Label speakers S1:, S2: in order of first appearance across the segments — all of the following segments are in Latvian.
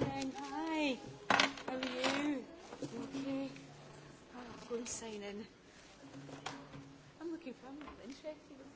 S1: darling. Hi. How are
S2: you? You okay? Oh, ah, I'll go and sign in. I'm looking for, I'm not interested in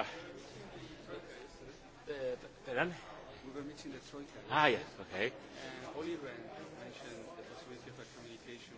S2: Voilà. Uh, eh, pardon? We were meeting the Troika. Ah, yes, okay. And Oliver mentioned the possibility of a communication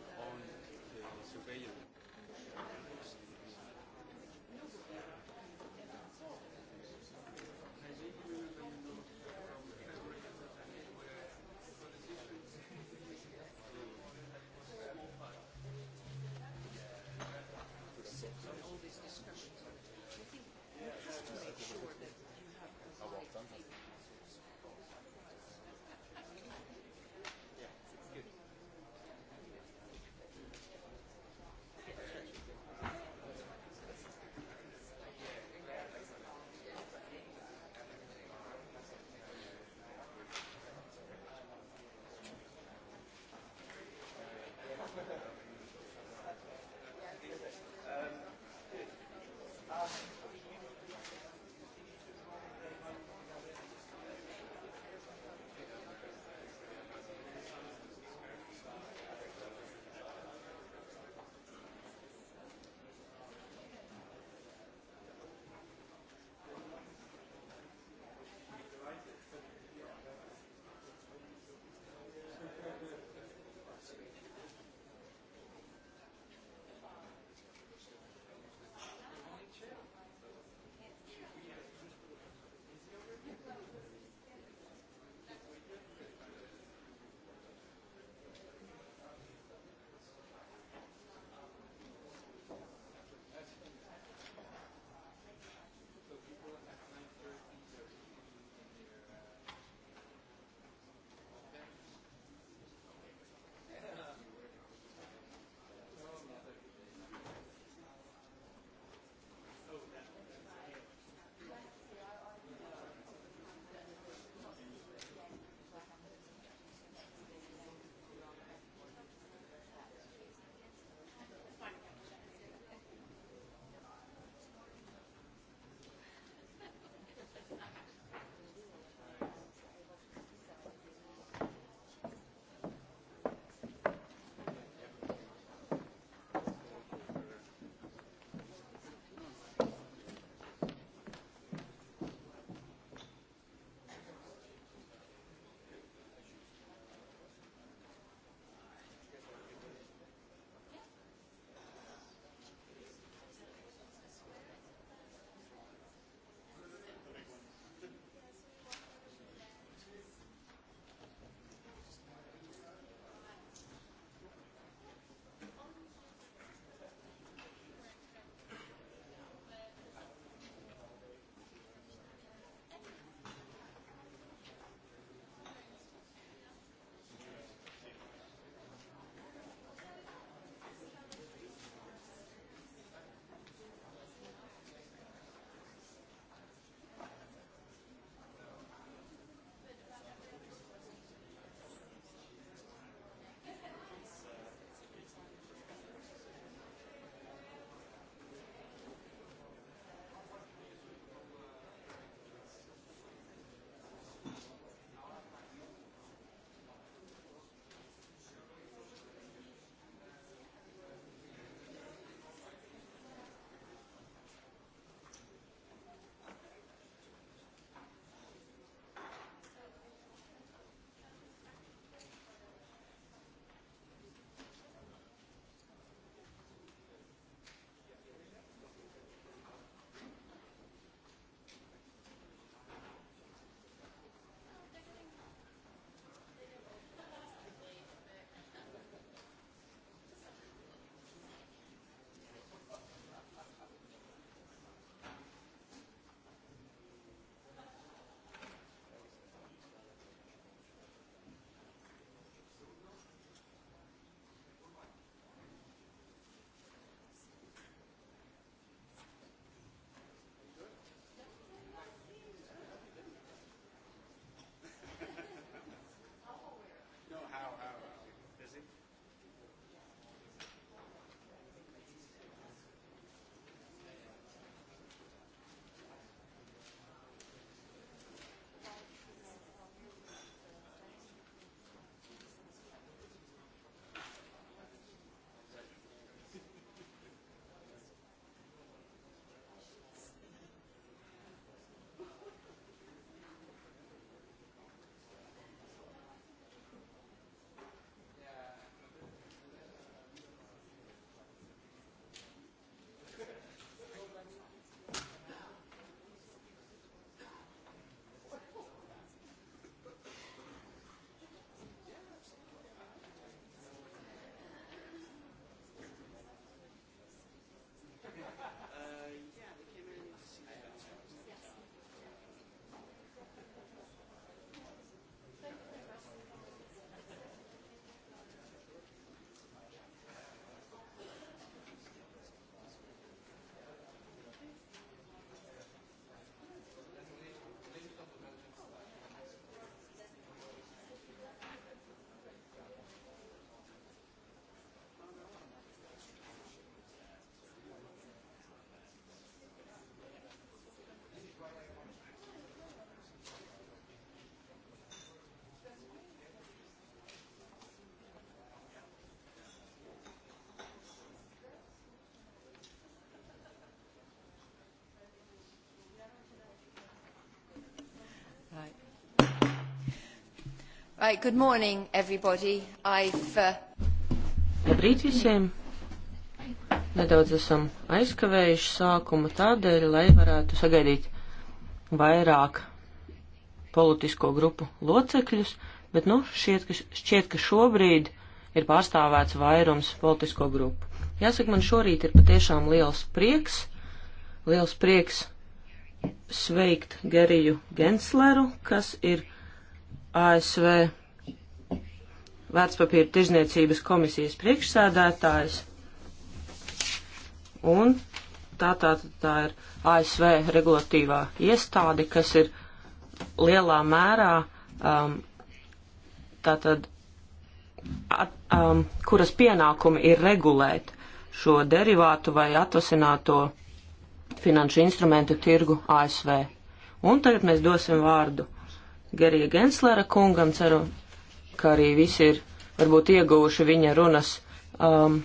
S1: Right, good morning, everybody. I've, uh... Labrīt visiem! Nedaudz esam aizkavējuši sākumu tādēļ, lai varētu sagaidīt vairāk politisko grupu locekļus, bet, nu, šķiet, ka, šķiet, ka šobrīd ir pārstāvēts vairums politisko grupu. Jāsaka, man šorīt ir patiešām liels prieks, liels prieks sveikt Geriju Gensleru, kas ir ASV vērtspapīra tirzniecības komisijas priekšsēdētājs. Un tā, tā, tā ir ASV regulatīvā iestāde, kas ir lielā mērā um, tātad, at, um, kuras pienākumi ir regulēt šo derivātu vai atvasināto finanšu instrumentu tirgu ASV. Un tagad mēs dosim vārdu Gerija Genslera kungam. Ceru, ka arī visi ir varbūt ieguvuši viņa runas. Um,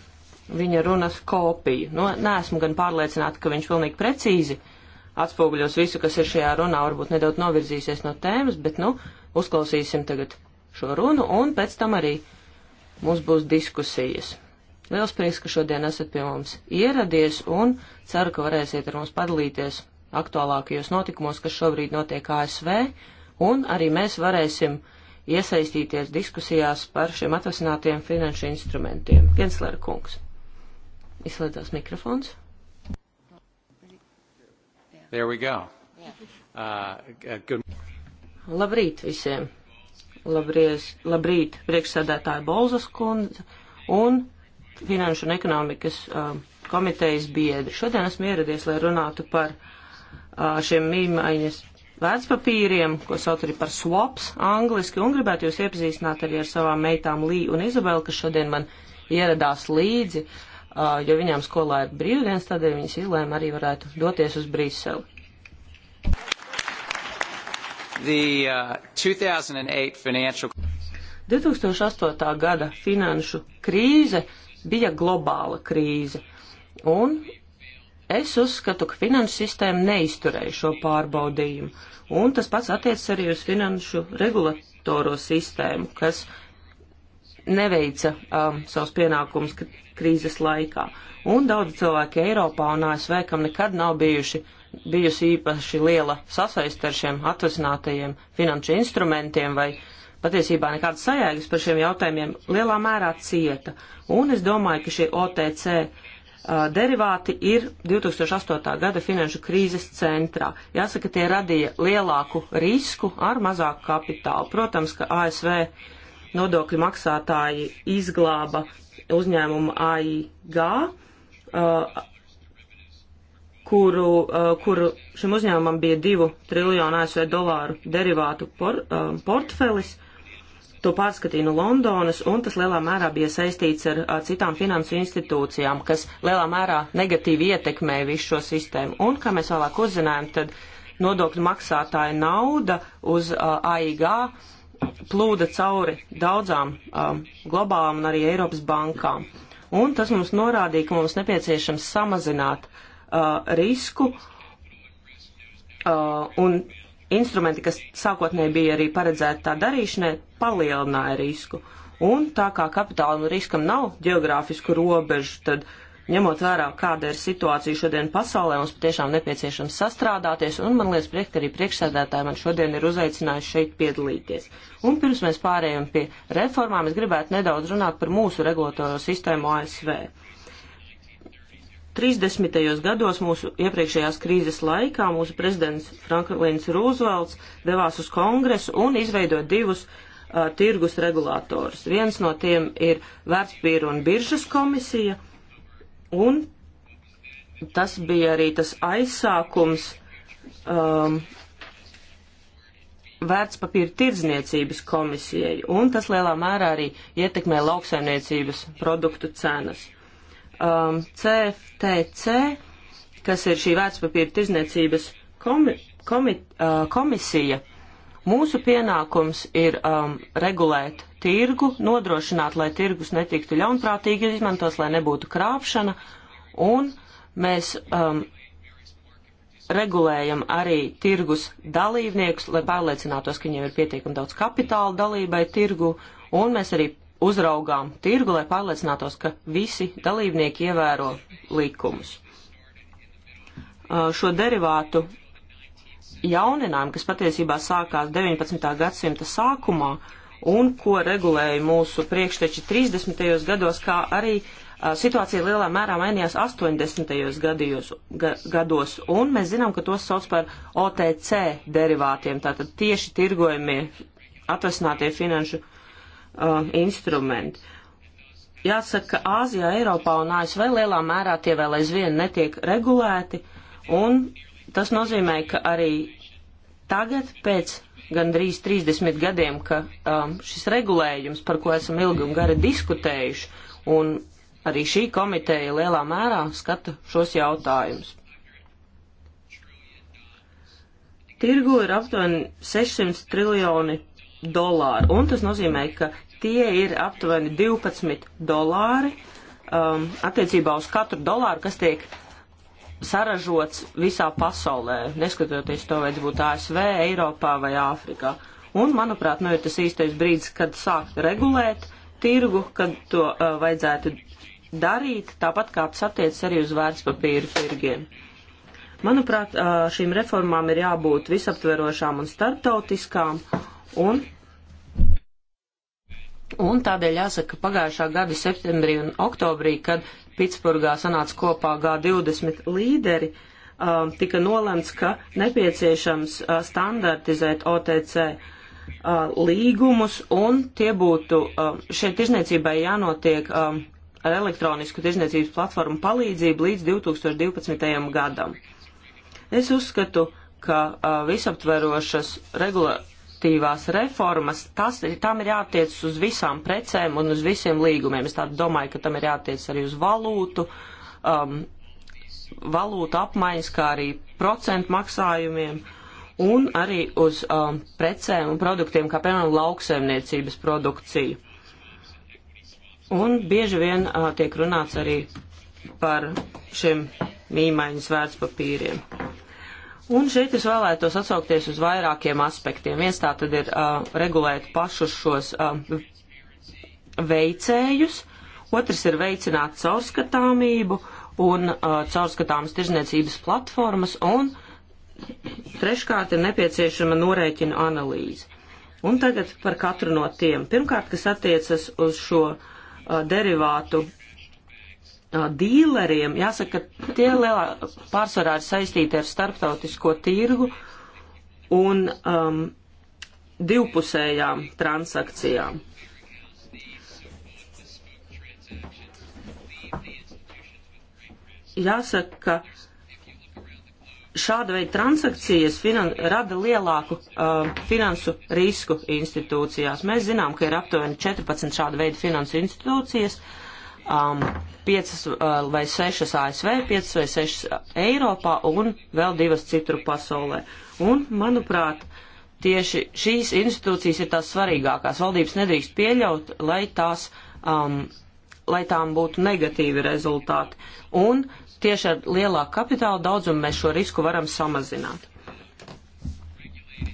S1: viņa runas kopiju. Nu, neesmu gan pārliecināta, ka viņš pilnīgi precīzi atspoguļos visu, kas ir šajā runā, varbūt nedaudz novirzīsies no tēmas, bet, nu, uzklausīsim tagad šo runu, un pēc tam arī mums būs diskusijas. Liels prieks, ka šodien esat pie mums ieradies, un ceru, ka varēsiet ar mums padalīties aktuālākajos notikumos, kas šobrīd notiek ASV, un arī mēs varēsim iesaistīties diskusijās par šiem atvasinātiem finanšu instrumentiem. Genslera kungs. Izslēdzās mikrofons.
S2: There we go. Uh, uh, good...
S1: Labrīt visiem. Labrīz, labrīt priekšsēdētāja Bolzas kundze un Finanšu un ekonomikas uh, komitejas biedri. Šodien esmu ieradies, lai runātu par uh, šiem mīmaiņas vērtspapīriem, ko sauc arī par swaps angliski, un gribētu jūs iepazīstināt arī ar savām meitām Lī un Izabeli, kas šodien man ieradās līdzi, uh, jo viņām skolā ir brīvdienas, tādēļ viņas izlēma arī varētu doties uz Briseli.
S2: The, uh, 2008, financial...
S1: 2008. gada finanšu krīze bija globāla krīze, un Es uzskatu, ka finanšu sistēma neizturēja šo pārbaudījumu, un tas pats attiecas arī uz finanšu regulatoro sistēmu, kas neveica um, savus pienākumus krīzes laikā. Un daudz cilvēku Eiropā un ASV, kam nekad nav bijuši, bijusi īpaši liela sasaiste ar šiem atvasinātajiem finanšu instrumentiem vai patiesībā nekādas sajēgas par šiem jautājumiem lielā mērā cieta. Un es domāju, ka šie OTC Uh, derivāti ir 2008. gada finanšu krīzes centrā. Jāsaka, tie radīja lielāku risku ar mazāku kapitālu. Protams, ka ASV nodokļu maksātāji izglāba uzņēmumu AIG, uh, kuru, uh, kuru šim uzņēmumam bija 2 triljonu ASV dolāru derivātu por, uh, portfelis to pārskatīja no Londonas, un tas lielā mērā bija saistīts ar, ar citām finansu institūcijām, kas lielā mērā negatīvi ietekmēja visu šo sistēmu. Un, kā mēs vēlāk uzzinājām, tad nodokļu maksātāja nauda uz uh, AIG plūda cauri daudzām um, globālām un arī Eiropas bankām. Un tas mums norādīja, ka mums nepieciešams samazināt uh, risku uh, un instrumenti, kas sākotnēji bija arī paredzēti tā darīšanai, palielināja risku. Un tā kā kapitālam nu riskam nav geogrāfisku robežu, tad ņemot vērā, kāda ir situācija šodien pasaulē, mums patiešām nepieciešams sastrādāties, un man liekas priekt arī priekšsēdētāji man šodien ir uzaicinājuši šeit piedalīties. Un pirms mēs pārējām pie reformām, es gribētu nedaudz runāt par mūsu regulatoro sistēmu ASV. 30. gados mūsu iepriekšējās krīzes laikā mūsu prezidents Franklins Rūzvelts devās uz kongresu un izveidoja divus uh, tirgus regulātorus. Viens no tiem ir Vērtspīra un biržas komisija, un tas bija arī tas aizsākums um, vērtspapīra tirdzniecības komisijai, un tas lielā mērā arī ietekmē lauksaimniecības produktu cenas um, CFTC, kas ir šī vērtspapīra tirzniecības komi, komi, uh, komisija, mūsu pienākums ir um, regulēt tirgu, nodrošināt, lai tirgus netiktu ļaunprātīgi izmantos, lai nebūtu krāpšana, un mēs um, regulējam arī tirgus dalībniekus, lai pārliecinātos, ka viņiem ir pietiekami daudz kapitāla dalībai tirgu, un mēs arī uzraugām tirgu, lai pārliecinātos, ka visi dalībnieki ievēro likumus. Šo derivātu jauninājumu, kas patiesībā sākās 19. gadsimta sākumā un ko regulēja mūsu priekšteči 30. gados, kā arī situācija lielā mērā mainījās 80. Gadījos, ga, gados, un mēs zinām, ka tos sauc par OTC derivātiem, tātad tieši tirgojumie atvesinātie finanšu uh, uh, instrumenti. Jāsaka, ka Āzijā, Eiropā un ASV lielā mērā tie vēl aizvien netiek regulēti, un tas nozīmē, ka arī tagad, pēc gandrīz 30 gadiem, ka um, šis regulējums, par ko esam ilgi un gari diskutējuši, un arī šī komiteja lielā mērā skata šos jautājumus. Tirgu ir aptuveni 600 triljoni dolāru, un tas nozīmē, ka tie ir aptuveni 12 dolāri um, attiecībā uz katru dolāru, kas tiek saražots visā pasaulē, neskatoties to, vai tas būtu ASV, Eiropā vai Āfrikā. Un, manuprāt, nu ir tas īstais brīdis, kad sākt regulēt tirgu, kad to uh, vajadzētu darīt, tāpat kā tas attiecas arī uz vērtspapīru tirgiem. Manuprāt, uh, šīm reformām ir jābūt visaptverošām un starptautiskām, un Un tādēļ jāsaka, ka pagājušā gada septembrī un oktobrī, kad Pitsburgā sanāca kopā G20 līderi, um, tika nolemts, ka nepieciešams uh, standartizēt OTC uh, līgumus, un tie būtu, um, šeit tirzniecībai jānotiek um, ar elektronisku tirzniecības platformu palīdzību līdz 2012. gadam. Es uzskatu, ka uh, visaptverošas regulāri aktīvās reformas, tas, tam ir jātiec uz visām precēm un uz visiem līgumiem. Es tādu domāju, ka tam ir jātiec arī uz valūtu, um, valūtu apmaiņas, kā arī procentu maksājumiem un arī uz um, precēm un produktiem, kā piemēram lauksaimniecības produkciju. Un bieži vien uh, tiek runāts arī par šiem mīmaiņas vērtspapīriem. Un šeit es vēlētos atsaukties uz vairākiem aspektiem. Viens tā tad ir uh, regulēt pašus šos uh, veicējus, otrs ir veicināt caurskatāmību un uh, caurskatāmas tirzniecības platformas, un treškārt ir nepieciešama norēķina analīze. Un tagad par katru no tiem. Pirmkārt, kas attiecas uz šo uh, derivātu dīleriem, jāsaka, ka tie lielā pārsvarā ir saistīti ar starptautisko tirgu un um, divpusējām transakcijām. Jāsaka, ka šāda veida transakcijas finan rada lielāku uh, finansu risku institūcijās. Mēs zinām, ka ir aptuveni 14 šāda veida finansu institūcijas, uh, um, 5 uh, vai 6 ASV, 5 vai 6 Eiropā un vēl divas citur pasaulē. Un, manuprāt, tieši šīs institūcijas ir tās svarīgākās. Valdības nedrīkst pieļaut, lai, tās, um, lai tām būtu negatīvi rezultāti. Un tieši ar lielāku kapitāla daudzumu mēs šo risku varam samazināt.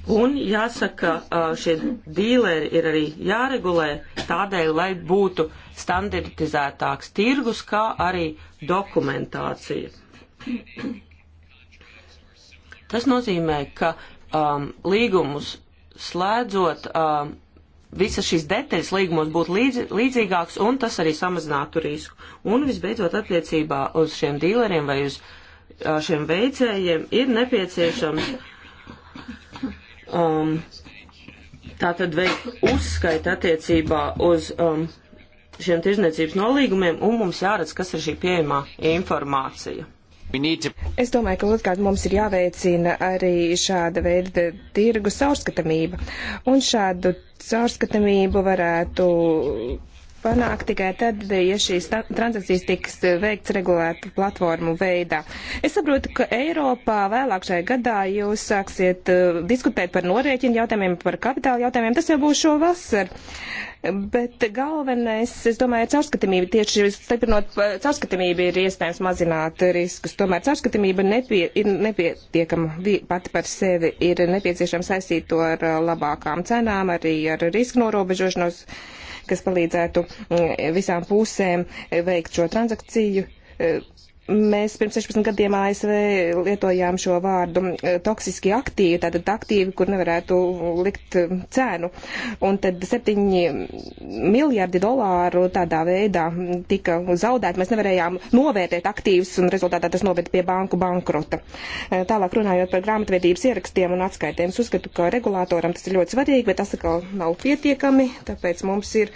S1: Un jāsaka, uh, šie dīleri ir arī jāregulē tādēļ, lai būtu standartizētāks tirgus, kā arī dokumentācija. Tas nozīmē, ka um, līgumus slēdzot, um, visas šīs detaļas līgumos būtu līdz, līdzīgāks, un tas arī samazinātu risku. Un visbeidzot, attiecībā uz šiem dīleriem vai uz uh, šiem veicējiem ir nepieciešams um, tātad veikt uzskaita attiecībā uz um, šiem tirzniecības nolīgumiem, un mums jāredz, kas ir šī pieejamā informācija. To... Es domāju,
S3: ka otrkārt mums ir jāveicina arī šāda veida tirgu caurskatamība, un šādu caurskatamību varētu panākt tikai tad, ja šīs transakcijas tiks eh, veikts regulētu platformu veidā. Es saprotu, ka Eiropā vēlāk šajā gadā jūs sāksiet uh, diskutēt par norēķinu jautājumiem, par kapitāla jautājumiem. Tas jau būs šo vasaru. Bet galvenais, es domāju, ir caurskatāmība. Tieši stiprinot eh, caurskatāmību ir iespējams mazināt riskus. Tomēr caurskatāmība nepie, ir nepietiekama pati par sevi. Ir nepieciešams saistīt to ar labākām cenām, arī ar risku norobežošanos. No kas palīdzētu mm, visām pusēm veikt šo transakciju Mēs pirms 16 gadiem ASV lietojām šo vārdu e, toksiski aktīvi, tātad aktīvi, kur nevarētu likt e, cēnu. Un tad 7 miljardi dolāru tādā veidā tika zaudēti. Mēs nevarējām novērtēt aktīvus un rezultātā tas noved pie banku bankrota. E, tālāk runājot par grāmatvedības ierakstiem un atskaitēm, es uzskatu, ka regulātoram tas ir ļoti svarīgi, bet tas atkal nav pietiekami, tāpēc mums ir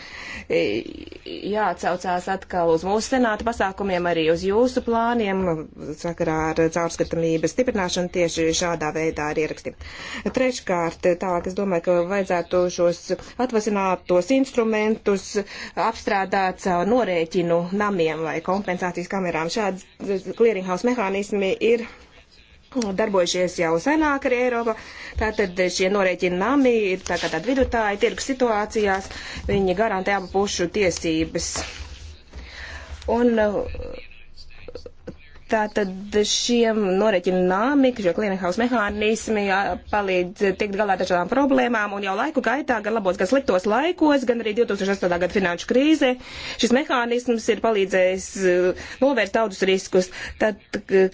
S3: jāatcaucās atkal uz mūsu senāta pasākumiem, arī uz jūsu plānu plāniem sakarā ar caurskatamības stiprināšanu tieši šādā veidā ir ieraksti. Treškārt, tālāk es domāju, ka vajadzētu šos atvasinātos instrumentus apstrādāt caur norēķinu namiem vai kompensācijas kamerām. Šāds clearinghouse mehānismi ir darbojušies jau senāk arī Eiropā. Tātad šie norēķina nami ir tā kā tāda vidutāja tirgus situācijās. Viņi garantē abu pušu tiesības. Un Tātad šiem noreķināmi Kļūklienhaus mehānismi jā, palīdz tikt galā ar dažādām problēmām, un jau laiku gaitā, gan labos, gan sliktos laikos, gan arī 2008. gada finanšu krīzē, šis mehānisms ir palīdzējis eh, novērst daudzus riskus. Tad,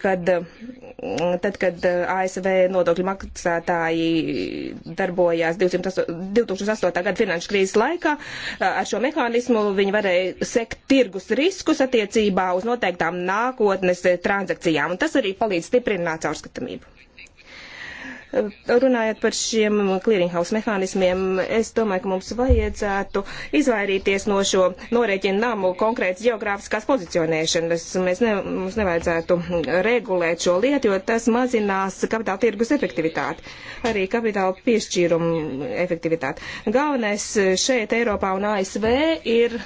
S3: kad, mm, tad, kad eh, ASV nodokļu maksātāji darbojās 208, 2008. gada finanšu krīzes laikā, eh, ar šo mehānismu viņi varēja sekt tirgus riskus attiecībā uz noteiktām nākotnes transakcijām, un tas arī palīdz stiprināt caurskatamību. Runājot par šiem clearinghouse mehānismiem, es domāju, ka mums vajadzētu izvairīties no šo norēķinu namu konkrētas geogrāfiskās pozicionēšanas. Mēs ne, mums nevajadzētu regulēt šo lietu, jo tas mazinās kapitāla tirgus efektivitāti, arī kapitāla piešķīrumu efektivitāti. Galvenais šeit Eiropā un ASV ir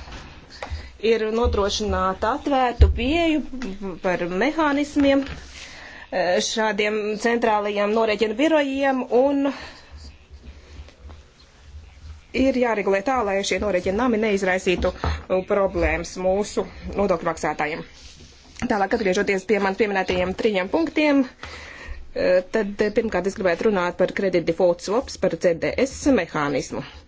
S3: ir nodrošināta atvērtu pieju par mehānismiem eh, šādiem centrālajiem norēķinu birojiem un ir jāregulē tā, lai šie norēķinu nami neizraisītu problēmas mūsu nodokļu maksātājiem. Tālāk, atgriežoties pie man pieminētajiem trījiem punktiem, eh, tad eh, pirmkārt es gribētu runāt par kredit default swaps, par CDS mehānismu. Uh,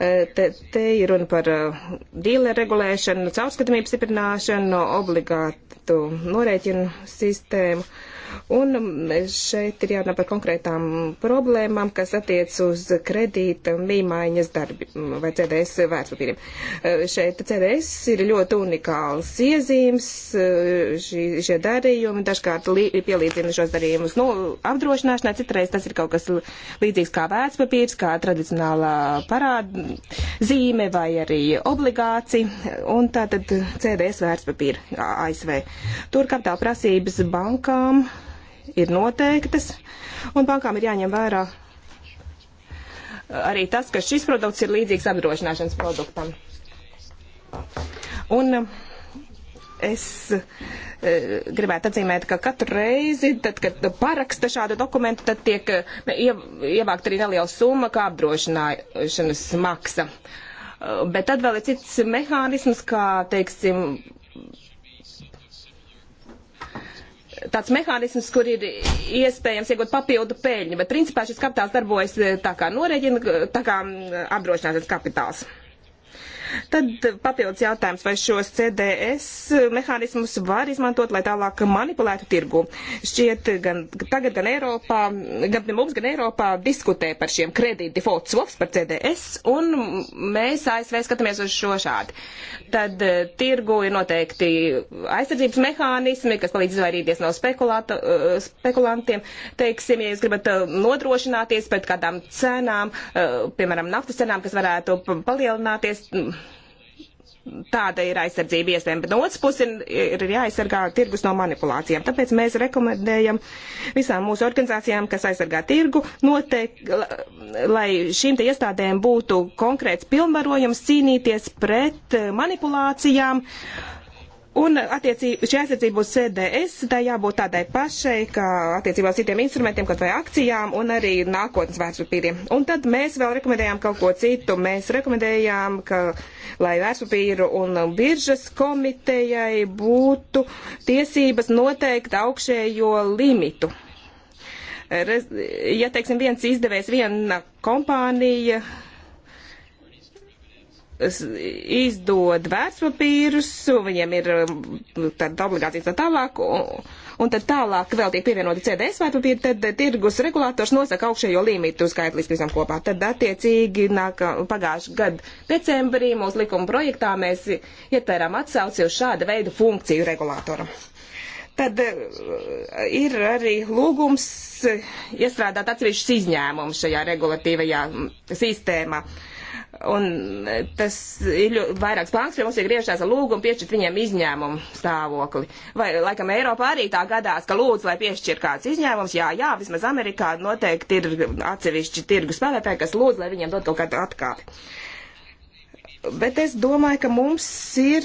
S3: Eh, te, te ir runa par eh, dīle regulēšanu, caurskatāmību stiprināšanu, obligātu norēķinu sistēmu. Un um, šeit ir jārunā par konkrētām problēmām, kas attiec uz kredīta mīmaiņas darbi um, vai CDS vērtspapīriem. Uh, šeit CDS ir ļoti unikāls iezīmes, uh, šī, šie darījumi dažkārt pielīdzina šos darījumus nu, apdrošināšanai, citreiz tas ir kaut kas līdzīgs kā vērtspapīrs, kā tradicionālā parāda zīme vai arī obligācija, un tātad CDS vērtspapīri ASV. Tur kapitāla prasības bankām ir noteiktas, un bankām ir jāņem vērā arī tas, ka šis produkts ir līdzīgs apdrošināšanas produktam. Un um, es eh, gribētu atzīmēt, ka katru reizi, tad, kad paraksta šādu dokumentu, tad tiek eh, ievākt arī neliela summa kā apdrošināšanas maksa. Uh, bet tad vēl ir cits mehānisms, kā, teiksim, tāds mehānisms, kur ir iespējams iegūt papildu peļņu, bet principā šis kapitāls darbojas eh, tā kā norēķina, eh, tā kā eh, apdrošinātais kapitāls. Tad papildus jautājums, vai šos CDS mehānismus var izmantot, lai tālāk manipulētu tirgu. Šķiet, gan tagad, gan Eiropā, gan mums, gan Eiropā diskutē par šiem kredīt default swaps, par CDS, un mēs ASV skatāmies uz šo šādi. Tad eh, tirgu ir noteikti aizsardzības mehānismi, kas palīdz izvairīties no eh, spekulantiem. Teiksim, ja jūs gribat eh, nodrošināties pret kādām cenām, piemēram, naftas cenām, kas varētu palielināties, Tāda ir aizsardzība iespējama, bet no otras puses ir, ir jāaizsargā tirgus no manipulācijām. Tāpēc mēs rekomendējam visām mūsu organizācijām, kas aizsargā tirgu, noteikti, lai šīm te iestādēm būtu konkrēts pilnvarojums cīnīties pret manipulācijām. Uh, Un attiecība, šī aizsardzība uz CDS, tā jābūt tādai pašai, kā attiecībā uz citiem instrumentiem, kaut vai akcijām un arī nākotnes vērtspapīriem. Un tad mēs vēl rekomendējām kaut ko citu. Mēs rekomendējām, ka, lai vērtspapīru un biržas komitejai būtu tiesības noteikt augšējo limitu. Ja, teiksim, viens izdevējs, viena kompānija izdod vērtspapīrus, viņiem ir um, tad obligācijas tā tālāk, un, un tad tālāk vēl tiek pievienoti CDS vērtspapīri, tad tirgus regulators nosaka augšējo limitu skaitlis visam kopā. Tad attiecīgi nāk uh, pagājuši gadu decembrī mūsu likuma projektā mēs ietērām atsauci uz šāda veida funkciju regulātoram. Tad uh, ir arī lūgums uh, iestrādāt atsevišķus izņēmumus šajā regulatīvajā mm, sistēmā. Uh, Un tas ir vairākas bankas pie mums ir griežās ar lūgumu piešķirt viņiem izņēmumu stāvokli. Vai, laikam, Eiropā arī tā gadās, ka lūdzu, lai piešķir kāds izņēmums. Jā, jā, vismaz Amerikā noteikti ir atsevišķi tirgu spēlētāji, kas lūdzu, lai viņiem dod kaut kādu atkāpi. Bet es domāju, ka mums ir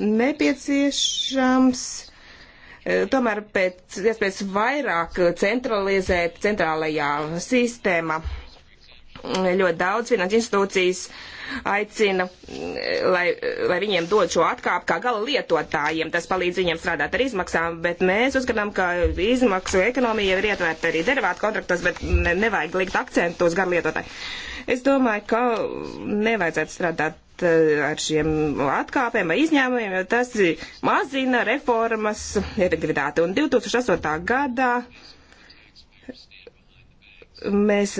S3: nepieciešams e, tomēr pēc iespējas vairāk centralizēt centrālajā sistēmā ļoti daudz finanšu institūcijas aicina, mm, lai, lai viņiem dod šo atkāpu kā gala lietotājiem. Tas palīdz viņiem strādāt ar izmaksām, bet mēs uzskatām, ka izmaksu ekonomija jau ir ietverta arī derivātu kontraktos, bet ne, nevajag likt akcentu uz gala lietotāju. Es domāju, ka nevajadzētu strādāt eh, ar šiem atkāpēm vai izņēmumiem, jo tas mazina reformas efektivitāti. Un 2008. gadā mēs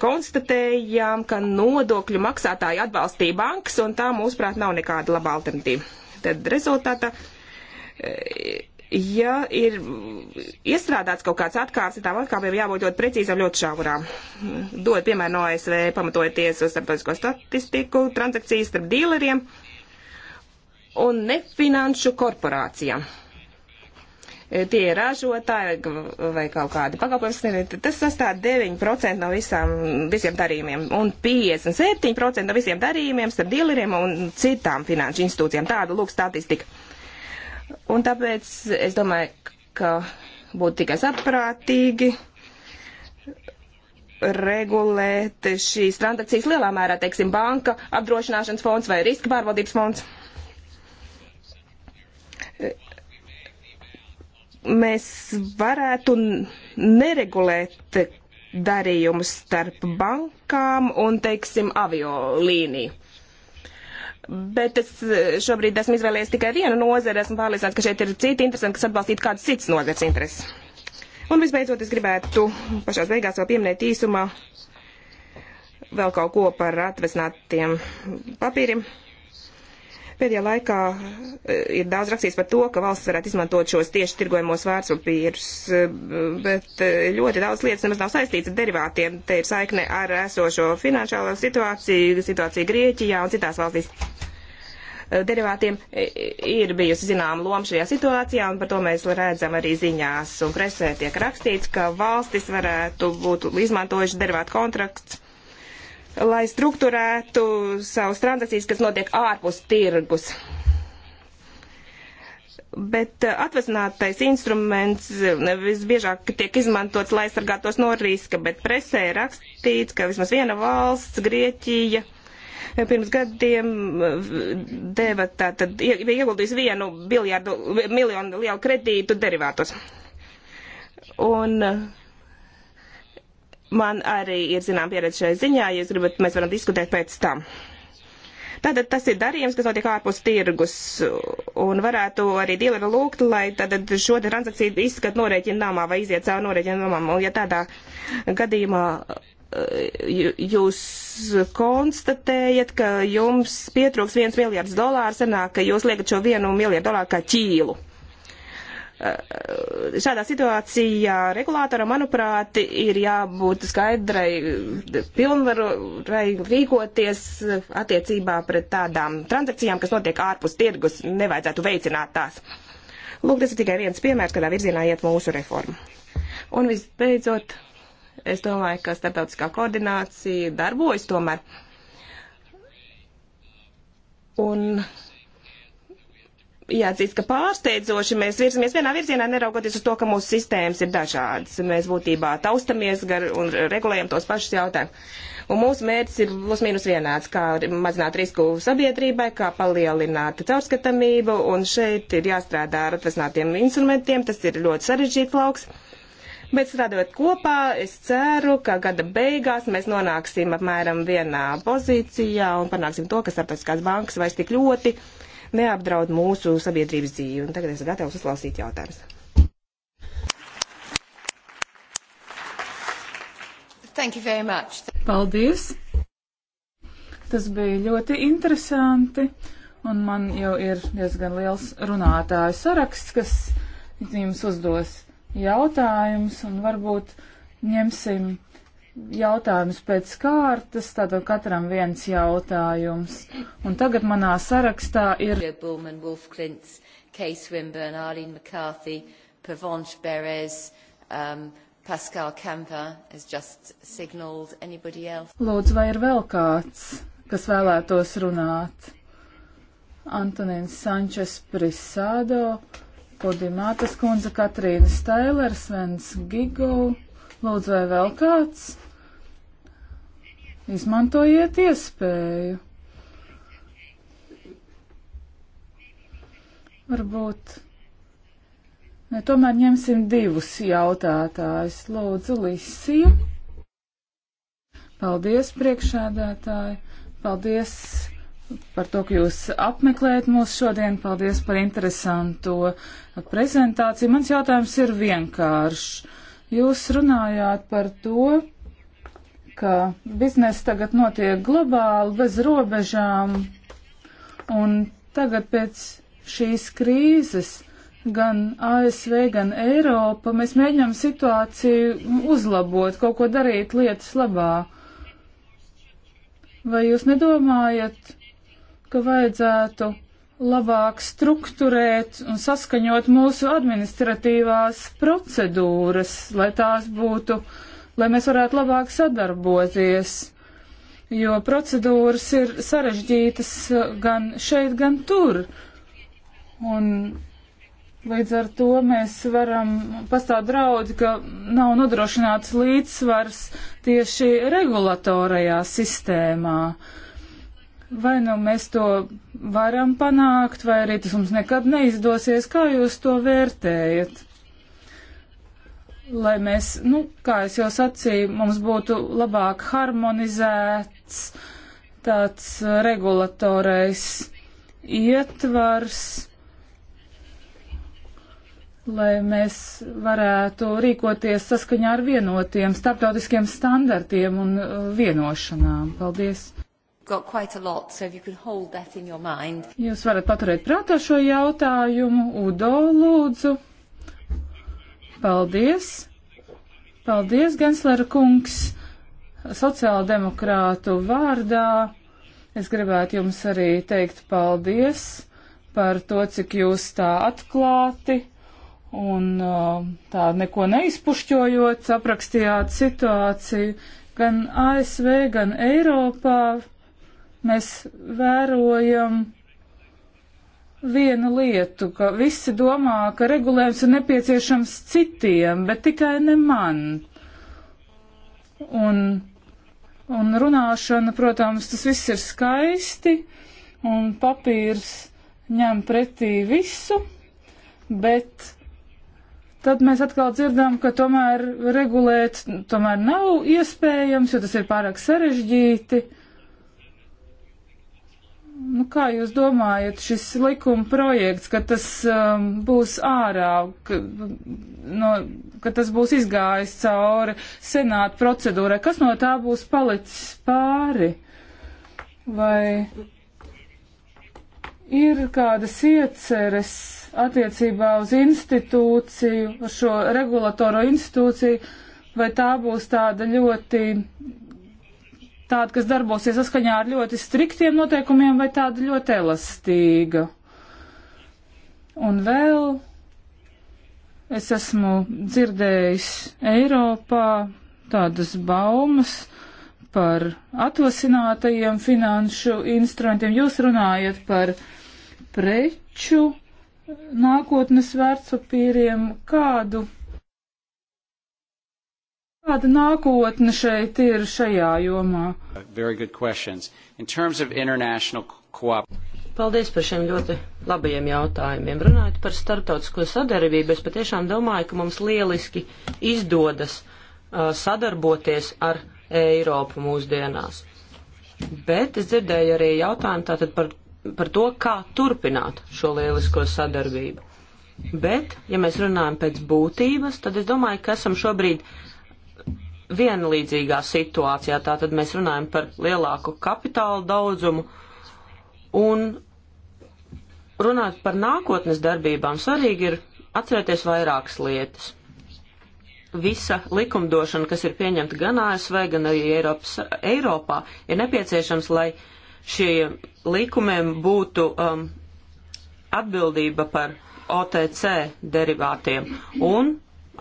S3: konstatējām, ka nodokļu maksātāji atbalstīja bankas, un tā, mūsuprāt, nav nekāda laba alternatīva. Tad rezultātā, e, ja ir iestrādāts kaut kāds atkāps, tām atkāpēm jābūt ļoti precīzām, ļoti šaurām. Dod, piemēram, no ASV, pamatojoties uz starptautisko statistiku, transakcijas starp dīleriem un nefinanšu korporācijām tie ir ražotāji vai kaut kādi pakalpojumi. Tas sastāv 9% no visām, visiem darījumiem un 57% no visiem darījumiem starp dīleriem un citām finanšu institūcijām. Tāda lūk statistika. Un tāpēc es domāju, ka būtu tikai saprātīgi regulēt šīs transakcijas lielā mērā, teiksim, banka apdrošināšanas fonds vai riska pārvaldības fonds. mēs varētu neregulēt darījumus starp bankām un, teiksim, aviolīniju. Bet es e, šobrīd esmu izvēlējies tikai vienu nozari, esmu pārliecināts, ka šeit ir citi interesanti, kas atbalstītu kādas citas nozares intereses. Un visbeidzot, es gribētu pašās beigās vēl pieminēt īsumā vēl kaut ko par atvesinātiem papīriem. Pēdējā laikā eh, ir daudz rakstīts par to, ka valsts varētu izmantot šos tieši tirgojamos vērtspapīrus, eh, bet eh, ļoti daudz lietas nemaz nav saistīts ar derivātiem. Te ir saikne ar esošo finanšālo situāciju, situāciju Grieķijā un citās valstīs. Derivātiem ir bijusi zināma loma šajā situācijā, un par to mēs redzam arī ziņās un presē tiek rakstīts, ka valstis varētu būt izmantojuši derivātu kontrakts lai struktūrētu savus transakcijas, kas notiek ārpus tirgus. Bet eh, atvesinātais instruments eh, visbiežāk tiek izmantots, lai aizsargātos no riska, bet presē ir rakstīts, ka vismaz viena valsts, Grieķija, eh, pirms gadiem deva tātad, ieguldījis vienu biljārdu, miljonu lielu kredītu derivātos. Un uh, Man arī ir zinām pieredze šai ziņā, ja jūs gribat, mēs varam diskutēt pēc tam. Tātad tas ir darījums, kas notiek ārpus tirgus, un varētu arī dīleru lūgt, lai tātad šo transakciju izskat norēķināmā vai iziet caur norēķināmām, un ja tādā gadījumā eh, jūs konstatējat, ka jums pietrūks viens miljards dolāru, sanāk, ka jūs liekat šo vienu miljardu dolāru kā ķīlu. Eh, šādā situācijā regulātoram, manuprāt, ir jābūt skaidrai pilnvarai rīkoties attiecībā pret tādām transakcijām, kas notiek ārpus tirgus, nevajadzētu veicināt tās. Lūk, tas ir tikai viens piemērs, kādā virzienā iet mūsu reforma. Un visbeidzot, es domāju, ka starptautiskā koordinācija darbojas tomēr. Un jāatzīst, ka pārsteidzoši mēs virzamies vienā virzienā, neraugoties uz to, ka mūsu sistēmas ir dažādas. Mēs būtībā taustamies gar un regulējam tos pašus jautājumus. Un mūsu mērķis ir plus mīnus vienāds, kā mazināt risku sabiedrībai, kā palielināt caurskatamību, un šeit ir jāstrādā ar atvesinātiem instrumentiem, tas ir ļoti sarežģīts lauks. Bet strādājot kopā, es ceru, ka gada beigās mēs nonāksim apmēram vienā pozīcijā un panāksim to, ka starptautiskās bankas vairs tik ļoti uh, neapdraud mūsu sabiedrības dzīvi. Un tagad esmu gatavs uzklausīt jautājumus.
S2: Paldies! Tas bija ļoti interesanti, un man jau ir diezgan liels runātāju saraksts, kas jums uzdos jautājumus, un varbūt ņemsim jautājumus pēc kārtas, tātad katram viens jautājums. Un tagad manā sarakstā ir. Bullman, Wolf Klints, Kay Swinburne, Arlene McCarthy, Pavanche Beres, um, Pascal Campa has just signaled anybody else. Lūdzu, vai ir vēl kāds, kas vēlētos runāt? Antonins Sančes Prisādo, Podimātas kundze, Katrīna Stailers, Svens Gigou. Lūdzu, vai vēl kāds? Izmantojiet iespēju. Varbūt. Ne, tomēr ņemsim divus jautātājus. Lūdzu, Lisija. Paldies, priekšādātāji. Paldies par to, ka jūs apmeklējat mūs šodien. Paldies par interesanto prezentāciju. Mans jautājums ir vienkāršs. Jūs runājāt par to, ka biznesa tagad notiek globāli, bez robežām, un tagad pēc šīs krīzes gan ASV, gan Eiropa, mēs mēģinām situāciju uzlabot, kaut ko darīt lietas labā. Vai jūs nedomājat, ka vajadzētu labāk strukturēt un saskaņot mūsu administratīvās procedūras, lai tās būtu uh, lai mēs varētu labāk sadarboties, jo procedūras ir sarežģītas gan šeit, gan tur. Un līdz ar to mēs varam pastāv draudi, ka nav nodrošināts līdzsvars tieši regulatorajā sistēmā. Vai nu mēs to varam panākt, vai arī tas mums nekad neizdosies, kā jūs to vērtējat? lai mēs, nu, kā es jau sacīju, mums būtu labāk harmonizēts tāds regulatorais ietvars, lai mēs varētu rīkoties saskaņā ar vienotiem starptautiskiem standartiem un uh, vienošanām. Paldies! got quite a lot, so if you could hold that in your mind. Jūs varat paturēt prātā šo jautājumu, Udo, lūdzu. Paldies! Paldies, Genslera kungs! Sociāldemokrātu vārdā es gribētu jums arī teikt paldies par to, cik jūs tā atklāti un um, tā neko neizpušķojot aprakstījāt situāciju gan ASV, gan Eiropā. Mēs vērojam vienu lietu, ka visi domā, ka regulējums ir nepieciešams citiem, bet tikai ne man. Un, un runāšana, protams, tas viss ir skaisti, un papīrs ņem pretī visu, bet tad mēs atkal dzirdam, ka tomēr regulēt tomēr nav iespējams, jo tas ir pārāk sarežģīti. Nu, kā jūs domājat, šis likuma projekts, ka tas um, būs ārā, ka, no, ka tas būs izgājis cauri senāta procedūrai, kas no tā būs palicis pāri? Vai ir kādas ieceres attiecībā uz institūciju, uz šo regulatoro institūciju, vai tā būs tāda ļoti tāda, kas darbosies saskaņā ar ļoti striktiem noteikumiem, vai tāda ļoti elastīga. Un vēl es esmu dzirdējis Eiropā tādas baumas par atvasinātajiem finanšu instrumentiem. Jūs runājat par preču nākotnes vērtspapīriem, kādu Kāda nākotne šeit ir šajā jomā? Paldies par šiem ļoti labajiem
S1: jautājumiem. Runājot par starptautisko sadarbību, es patiešām domāju, ka mums lieliski izdodas uh, sadarboties ar Eiropu mūsdienās. Bet es dzirdēju arī jautājumu tātad par, par to, kā turpināt šo lielisko sadarbību. Bet, ja mēs runājam pēc būtības, tad es domāju, ka esam šobrīd vienlīdzīgā situācijā. Tātad mēs runājam par lielāku kapitālu daudzumu un runājot par nākotnes darbībām, svarīgi ir atcerēties vairākas lietas. Visa likumdošana, kas ir pieņemta gan ASV, gan arī Eiropas, Eiropā, ir nepieciešams, lai šiem likumiem būtu um, atbildība par OTC derivātiem. Un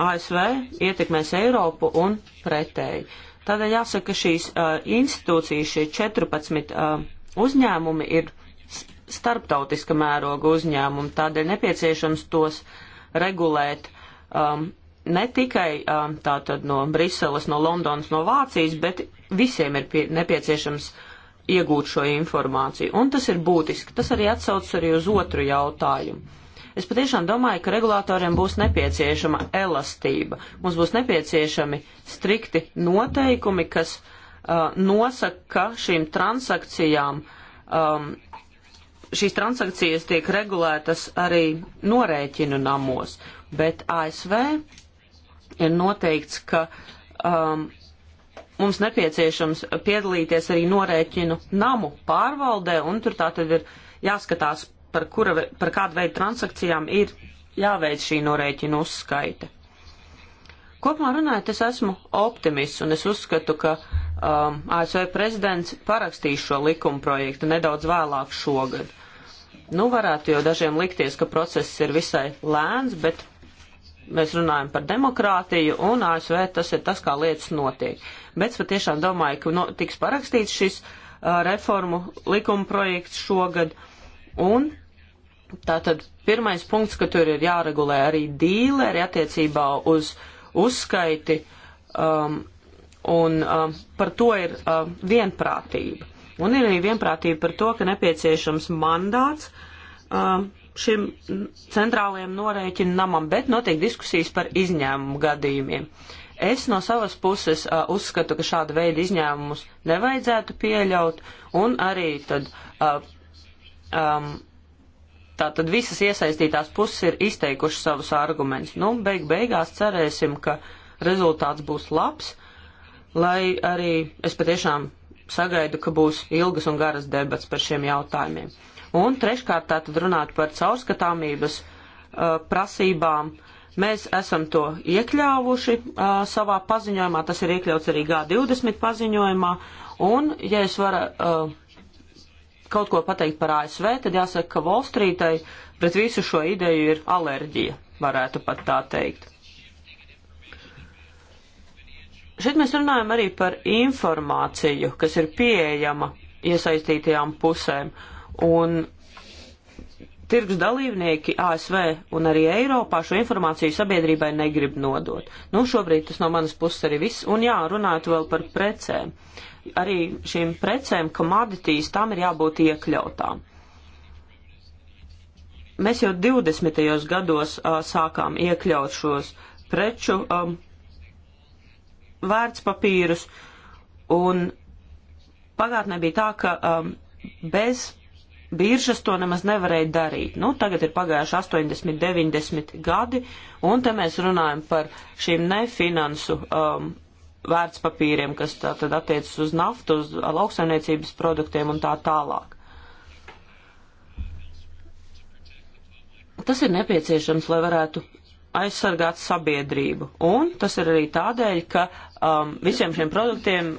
S1: ASV ietekmēs Eiropu un pretēji. Tādēļ jāsaka, ka šīs uh, institūcijas, šie 14 uh, uzņēmumi ir starptautiska mēroga uzņēmumi, tādēļ nepieciešams tos regulēt um, ne tikai um, tātad no Briseles, no Londonas, no Vācijas, bet visiem ir pie, nepieciešams iegūt šo informāciju. Un tas ir būtiski. Tas arī atsauc arī uz otru jautājumu. Es patiešām domāju, ka regulātoriem būs nepieciešama elastība. Mums būs nepieciešami strikti noteikumi, kas uh, nosaka, ka šīm transakcijām um, šīs transakcijas tiek regulētas arī norēķinu namos, bet ASV ir noteikts, ka um, mums nepieciešams piedalīties arī norēķinu namu pārvaldē, un tur tā tad ir jāskatās par, kura, par kādu veidu transakcijām ir jāveic šī norēķina uzskaite. Kopumā runājot, es esmu optimists un es uzskatu, ka um, ASV prezidents parakstīs šo likuma projektu nedaudz vēlāk šogad. Nu, varētu jau dažiem likties, ka process ir visai lēns, bet mēs runājam par demokrātiju, un ASV tas ir tas, kā lietas notiek. Bet es patiešām domāju, ka no, tiks parakstīts šis uh, reformu likuma projekts šogad, un Tātad pirmais punkts, ka tur ir jāregulē arī dīleri attiecībā uz uzskaiti, um, un um, par to ir um, vienprātība. Un ir arī vienprātība par to, ka nepieciešams mandāts um, šim centrālajiem norēķinu namam, bet notiek diskusijas par izņēmumu gadījumiem. Es no savas puses uh, uzskatu, ka šāda veida izņēmumus nevajadzētu pieļaut, un arī tad uh, um, Tātad visas iesaistītās puses ir izteikušas savus argumentus. Nu, beig beigās cerēsim, ka rezultāts būs labs, lai arī es patiešām sagaidu, ka būs ilgas un garas debats par šiem jautājumiem. Un treškārt tātad runāt par caurskatāmības uh, prasībām. Mēs esam to iekļāvuši uh, savā paziņojumā, tas ir iekļauts arī G20 paziņojumā, un, ja es varu uh, kaut ko pateikt par ASV, tad jāsaka, ka Volstrītai pret visu šo ideju ir alerģija, varētu pat tā teikt. Šeit mēs runājam arī par informāciju, kas ir pieejama iesaistītajām pusēm, un tirgus dalībnieki ASV un arī Eiropā šo informāciju sabiedrībai negrib nodot. Nu, šobrīd tas no manas puses arī viss. Un jā, runājot vēl par precēm. Arī šīm precēm, komoditīs, tam ir jābūt iekļautām. Mēs jau 20. gados uh, sākām iekļaut šos preču um, vērtspapīrus, un pagātnē bija tā, ka um, bez biržas to nemaz nevarēja darīt. Nu, tagad ir pagājuši 80, 90 gadi, un te mēs runājam par šīm nefinansu um, vērtspapīriem, kas tātad attiecas uz naftu, uz lauksaimniecības produktiem un tā tālāk. Tas ir nepieciešams, lai varētu aizsargāt sabiedrību, un tas ir arī tādēļ, ka um, visiem šiem produktiem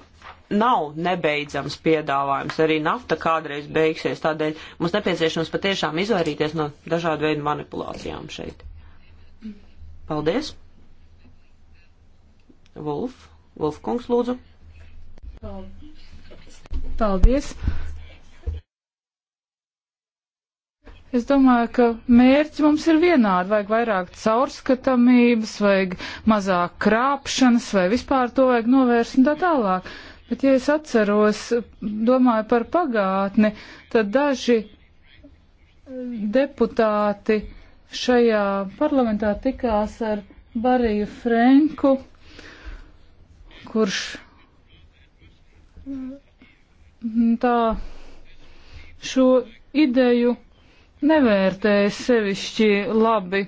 S1: nav nebeidzams piedāvājums. Arī nafta kādreiz beigsies, tādēļ mums nepieciešams patiešām izvairīties no dažādu veidu manipulācijām šeit. Paldies! Vulf, Vulf kungs lūdzu.
S2: Paldies! Es domāju, ka mērķi mums ir vienādi. Vajag vairāk caurskatāmības, vajag mazāk krāpšanas, vai vispār to vajag novērst un tā tālāk. Bet, ja es atceros, domāju par pagātni, tad daži deputāti šajā parlamentā tikās ar Bariju Frenku, kurš mm, tā šo ideju nevērtēja sevišķi labi.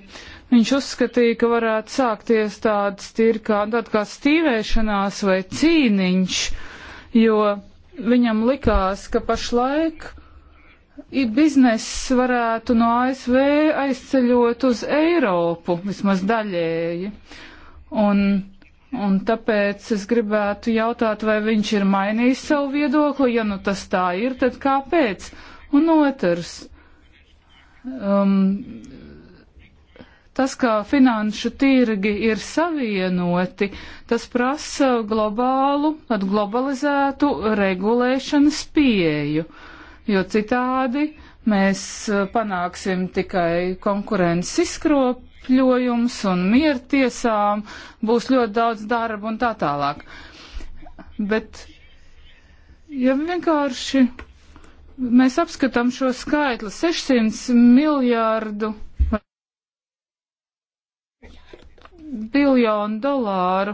S2: Viņš uzskatīja, ka varētu sākties tāds tīri kā, tād kā stīvēšanās vai cīniņš. Uh, jo viņam likās, ka pašlaik bizness varētu no ASV aizceļot uz Eiropu, vismaz daļēji. Un, un tāpēc es gribētu jautāt, vai viņš ir mainījis savu viedokli, ja nu tas tā ir, tad kāpēc? Un otrs, um, Tas, kā finanšu tirgi ir savienoti, tas prasa globālu, globalizētu regulēšanas pieeju, jo citādi mēs eh, panāksim tikai konkurences izkropļojums un miertiesām, būs ļoti daudz darba un tā tālāk. Bet, ja vienkārši mēs apskatām šo skaitli 600 miljārdu biljonu dolāru.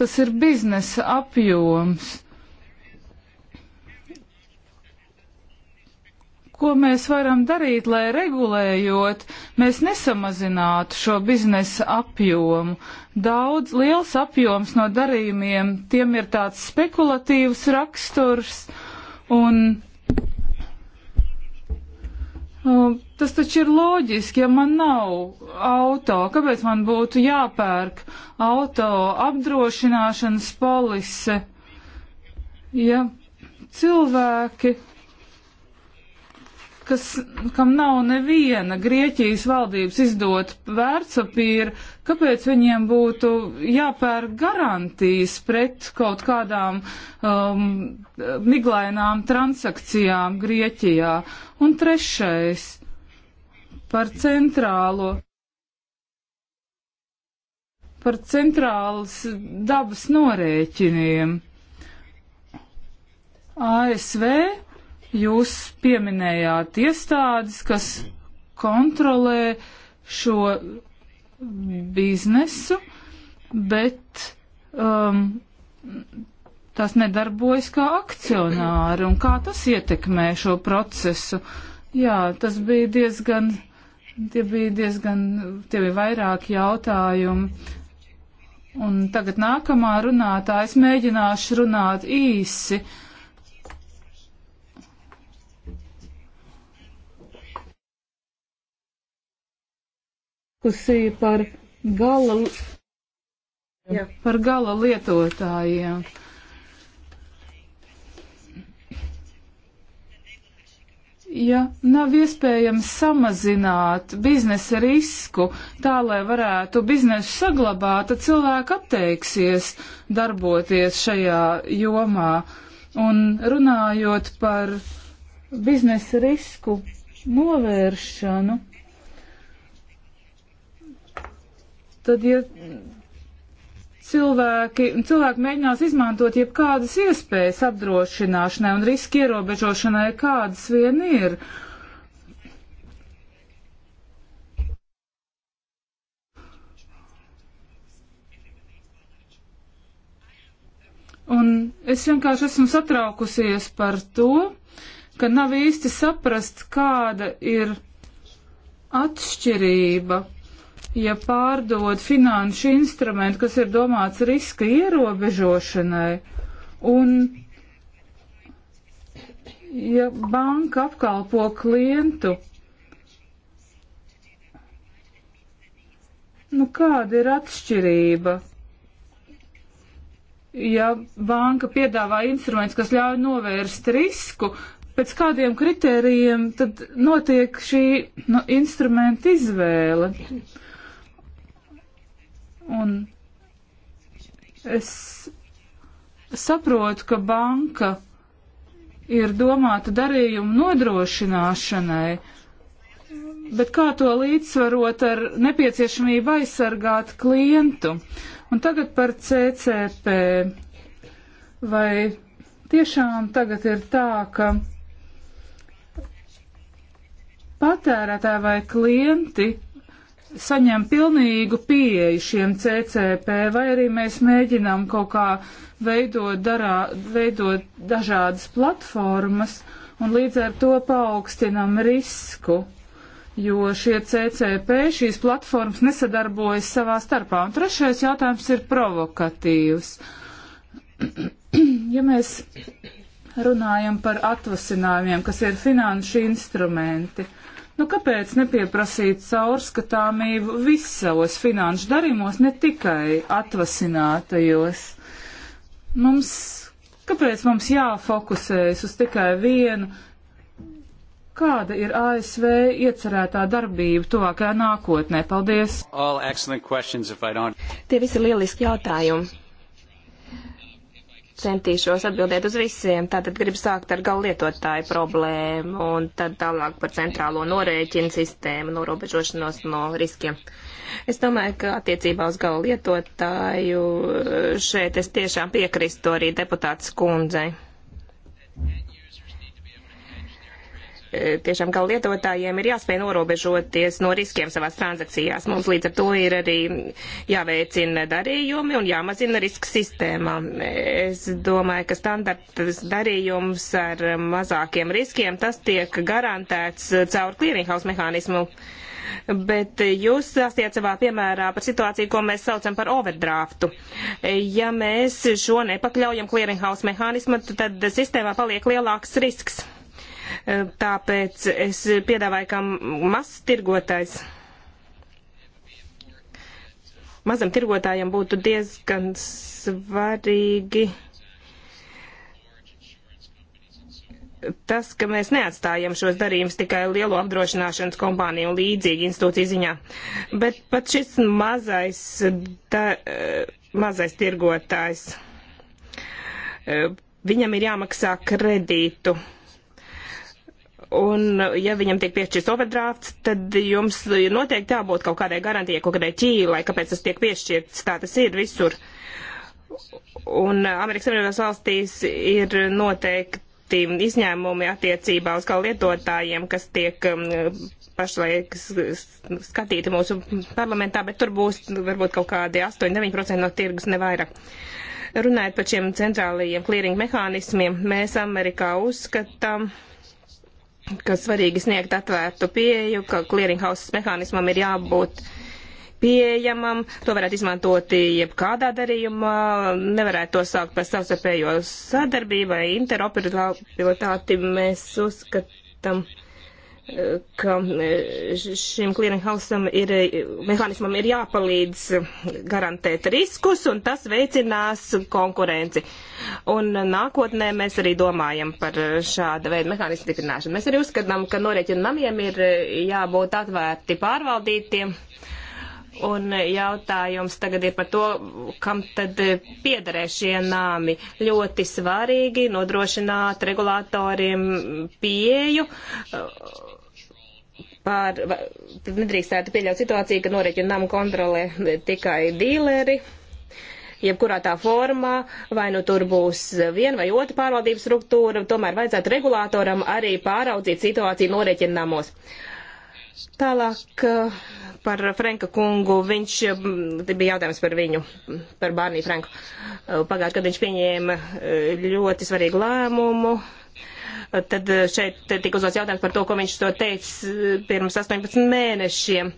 S2: Tas ir biznesa apjoms. Ko mēs varam darīt, lai regulējot, mēs nesamazinātu šo biznesa apjomu? Daudz liels apjoms no darījumiem, tiem ir tāds spekulatīvs raksturs un Nu, tas taču ir loģiski, ja man nav auto, kāpēc man būtu jāpērk auto apdrošināšanas polise, ja cilvēki, kas, kam nav neviena Grieķijas valdības izdot vērtspapīra, kāpēc viņiem būtu jāpērk garantijas pret kaut kādām um, miglainām transakcijām Grieķijā? Un trešais par centrālo, par centrālas dabas norēķiniem. ASV jūs pieminējāt iestādes, kas kontrolē šo biznesu, bet um, tās nedarbojas kā akcionāri un kā tas ietekmē šo procesu. Jā, tas bija diezgan, tie bija diezgan, tie bija vairāki jautājumi. Un tagad nākamā runātāja, es mēģināšu runāt īsi. diskusija par gala, Jā. par gala lietotājiem. ja nav iespējams samazināt biznesa risku tā, lai varētu biznesu saglabāt, tad cilvēki atteiksies darboties šajā jomā. Un runājot par biznesa risku novēršanu, tad, ja cilvēki, cilvēki mēģinās izmantot jebkādas iespējas apdrošināšanai un riski ierobežošanai, kādas vien ir. Un es vienkārši esmu satraukusies par to, ka nav īsti saprast, kāda ir atšķirība ja pārdod finanšu instrumentu, kas ir domāts riska ierobežošanai, un ja banka apkalpo klientu, nu kāda ir atšķirība? Ja banka piedāvā instruments, kas ļauj novērst risku, pēc kādiem kritērijiem tad notiek šī nu, instrumenta izvēle? Un es saprotu, ka banka ir domāta darījumu nodrošināšanai, bet kā to līdzsvarot ar nepieciešamību aizsargāt klientu? Un tagad par CCP. Vai tiešām tagad ir tā, ka patērētāji vai klienti saņem pilnīgu pieeju šiem CCP, vai arī mēs mēģinām kaut kā veidot, darā, veidot dažādas platformas un līdz ar to paaugstinam risku, jo šie CCP, šīs platformas nesadarbojas savā starpā. Un trešais jautājums ir provokatīvs. ja mēs runājam par atvasinājumiem, kas ir finanšu instrumenti, uh, Nu, kāpēc nepieprasīt caurskatāmību visos finanšu darījumos, ne tikai atvasinātajos? Mums, kāpēc mums jāfokusējas uz tikai vienu? Kāda ir ASV iecerētā darbība tuvākajā nākotnē? Paldies! Tie visi lieliski
S3: jautājumi centīšos atbildēt uz visiem. Tātad gribu sākt ar galu lietotāju problēmu un tad tālāk par centrālo norēķinu sistēmu, norobežošanos no riskiem. Es domāju, ka attiecībā uz galu lietotāju eh, šeit es tiešām piekrīstu arī deputāts kundzei tiešām kā lietotājiem ir jāspēj norobežoties no riskiem savās transakcijās. Mums līdz ar to ir arī jāveicina darījumi un jāmazina riska sistēmā. Es domāju, ka standarts darījums ar mazākiem riskiem, tas tiek garantēts caur clearinghouse mehānismu. Bet jūs stāstījāt savā piemērā par situāciju, ko mēs saucam par overdraftu. Ja mēs šo nepakļaujam clearinghouse mehānismu, tad sistēmā paliek lielāks risks. Tāpēc es piedāvāju kā mazs tirgotājs. Mazam tirgotājam būtu diezgan svarīgi tas, ka mēs neatstājam šos darījumus tikai lielo apdrošināšanas kompāniju un līdzīgi institūciju ziņā. Bet pat šis mazais, da, mazais tirgotājs, eh, viņam ir jāmaksā kredītu Un, ja viņam tiek piešķirts overdrafts, tad jums noteikti jābūt kaut kādai garantijai, kaut kādai ķīlai, kāpēc tas tiek piešķirts. Tā tas ir visur. Un Amerikas Savienotās valstīs ir noteikti izņēmumi attiecībā uz kā lietotājiem, kas tiek um, pašlaik skatīti mūsu parlamentā, bet tur būs varbūt kaut kādi 8-9% no tirgus nevairāk. Runājot par šiem centrālajiem klīringa mehānismiem, mēs Amerikā uzskatām, ka svarīgi sniegt atvērtu pieeju, ka clearinghouse mehānismam ir jābūt pieejamam, to varētu izmantot jebkādā darījumā, nevarētu to saukt par savstarpējo sadarbību vai interoperabilitāti. Mēs uzskatām, ka e, šim clearinghousam ir, e, mehānismam ir jāpalīdz garantēt riskus, un tas veicinās konkurenci. Un nākotnē mēs arī domājam par šāda veida mehānismu stiprināšanu. Mēs arī uzskatām, ka norēķinu namiem ir e, jābūt atvērti pārvaldītiem. Un jautājums tagad ir par to, kam tad piederē šie nāmi. Ļoti svarīgi nodrošināt regulātoriem pieju pār, nedrīkstētu pieļaut situāciju, ka noreķinu namu kontrolē tikai dīleri, jebkurā tā formā, vai nu tur būs viena vai otra pārvaldības struktūra, tomēr vajadzētu regulātoram arī pāraudzīt situāciju noreķinu namos. Tālāk eh, par Franka kungu, viņš, eh, bija jautājums par viņu, par Bārniju Franku. Eh, pagājušajā gadā viņš pieņēma ļoti svarīgu lēmumu Tad eh, šeit tika uzdots jautājums par to, ko viņš to teica eh, pirms 18 mēnešiem.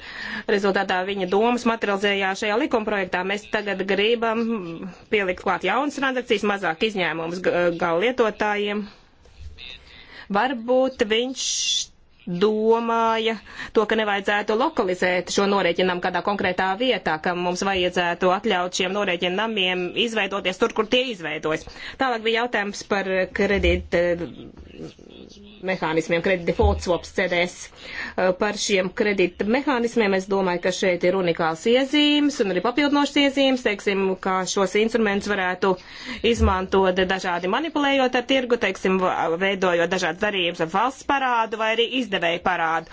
S3: Rezultātā viņa domas materializējās šajā likumprojektā. Mēs tagad gribam pielikt klāt jaunas transakcijas, mazāk izņēmumus eh, gal lietotājiem. Varbūt viņš domāja to, ka nevajadzētu lokalizēt šo norēķinam kādā konkrētā vietā, ka mums vajadzētu atļaut šiem norēķinamiem izveidoties tur, kur tie izveidojas. Tālāk bija jautājums par kredīt eh, mehānismiem, kredīt default swaps CDS. Eh, par šiem kredīt mehānismiem es domāju, ka šeit ir unikāls iezīmes un arī papildinošs iezīmes, teiksim, kā šos instrumentus varētu izmantot dažādi manipulējot ar tirgu, teiksim, veidojot dažādas darījumus ar valsts parādu vai arī izdevumu aizdevēju parādu.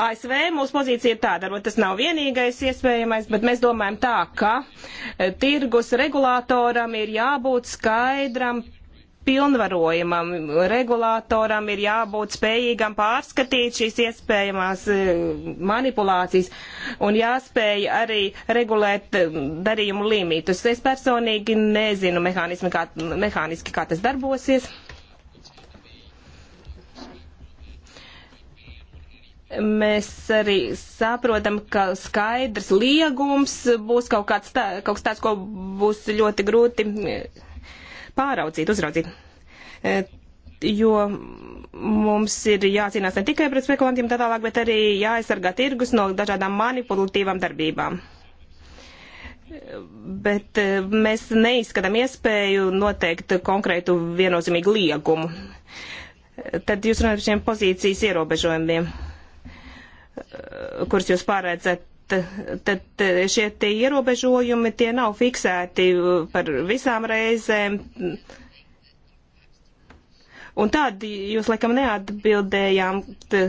S3: ASV mūsu pozīcija ir tāda, varbūt tas nav vienīgais iespējamais, bet mēs domājam tā, ka e, tirgus regulātoram ir jābūt skaidram pilnvarojumam regulātoram ir jābūt spējīgam pārskatīt šīs iespējamās e, manipulācijas un jāspēj arī regulēt e, darījumu limitus. Es personīgi nezinu mehānismi, kā, mehāniski, kā tas darbosies. mēs arī saprotam, ka skaidrs liegums būs kaut kāds tā, kaut tāds, ko būs ļoti grūti eh, pāraudzīt, uzraudzīt. Eh, jo mums ir jācīnās ne tikai pret spekulantiem tā tālāk, bet arī jāaizsargā tirgus no dažādām manipulatīvām darbībām. Bet eh, mēs neizskatām iespēju noteikt konkrētu viennozīmīgu liegumu. Tad jūs runājat par šiem pozīcijas ierobežojumiem. Uh, Eh, kurus jūs pārēdzat, tad šie tie ierobežojumi, tie nav fiksēti par visām reizēm. Un tādi jūs laikam neatbildējām e,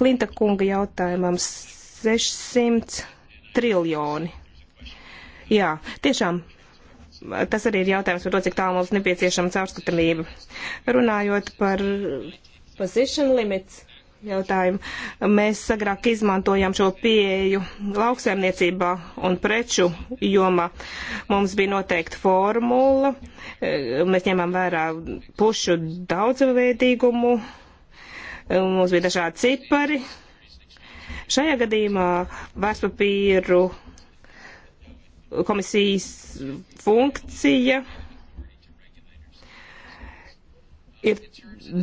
S3: Klinta kunga jautājumam 600 triljoni. Jā, tiešām tas arī ir jautājums par to, cik tālu mums nepieciešama caurskatāmība. Runājot par position limits, jautājumu. Mēs agrāk izmantojām šo pieeju lauksaimniecībā un preču jomā. Mums bija noteikta formula, mēs ņemam vērā pušu daudzveidīgumu, mums bija dažādi cipari. Šajā gadījumā vērtspapīru komisijas funkcija ir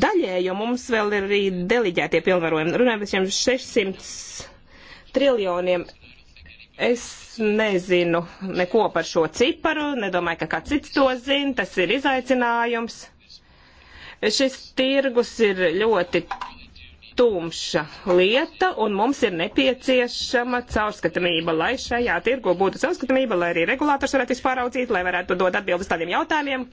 S3: daļēji, jo mums vēl ir arī deliģētie pilnvarojumi. Runājot par šiem 600 triljoniem, es nezinu neko par šo ciparu, nedomāju, ka kāds cits to zina, tas ir izaicinājums. Šis tirgus ir ļoti tumša lieta, un mums ir nepieciešama caurskatāmība, lai šajā tirgu būtu caurskatāmība, lai arī regulātors varētu izpāraudzīt, lai varētu dot atbildes tādiem jautājumiem,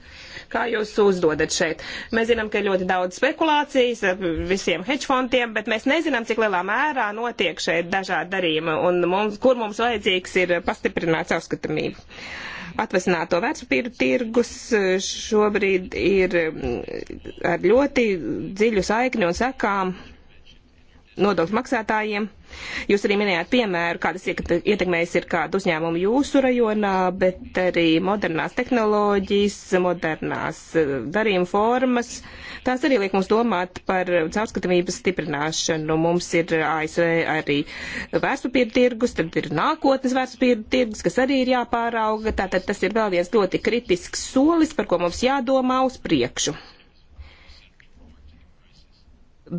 S3: kā jūs uzdodat šeit. Mēs zinām, ka ir ļoti daudz spekulācijas ar eh, visiem hedžfondiem, bet mēs nezinām, cik lielā mērā notiek šeit dažādi darījumi, un mums, kur mums vajadzīgs ir pastiprināt caurskatāmību. Atvesināto vērtspapīru tirgus eh, šobrīd ir mm, ar ļoti dziļu saikni un sekām nodokļu maksātājiem. Jūs arī minējāt piemēru, kādas ietekmējas ir kāda uzņēmuma jūsu rajonā, bet arī modernās tehnoloģijas, modernās e, darījuma formas. Tās arī liek mums domāt par caurskatāmības stiprināšanu. Mums ir ASV arī vērtspapīra tirgus, tad ir nākotnes vērtspapīra tirgus, kas arī ir jāpārauga. Tātad tas ir vēl viens ļoti kritisks solis, par ko mums jādomā uz priekšu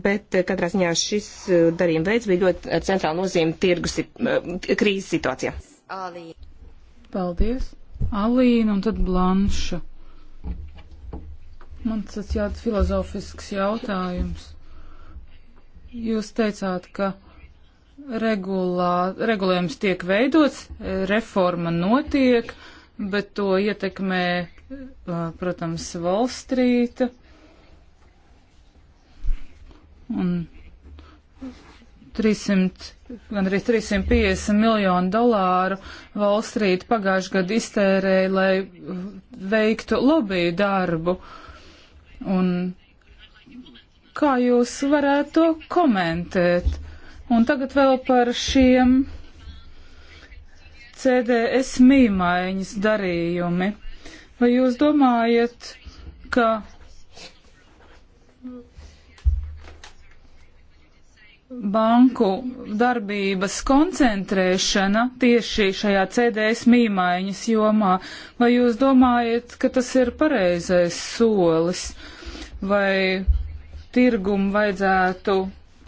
S3: bet eh, katrā ziņā šis eh, darījuma veids bija ļoti eh, centrāla nozīme tirgus krīzes situācijā.
S2: Paldies! Alīna un tad Blanša. Man tas tāds filozofisks jautājums. Jūs teicāt, ka regulā, regulējums tiek veidots, reforma notiek, bet to ietekmē, protams, Wall Street un 300, gandrīz 350 miljonu dolāru Wall Street pagājušajā gadā iztērēja, lai veiktu lobby darbu. Un kā jūs varētu to komentēt? Un tagad vēl par šiem CDS mīmaiņas darījumi. Vai jūs domājat, ka banku darbības koncentrēšana tieši šajā CDS mīmaiņas jomā, vai jūs domājat, ka tas ir pareizais solis, vai tirgumu vajadzētu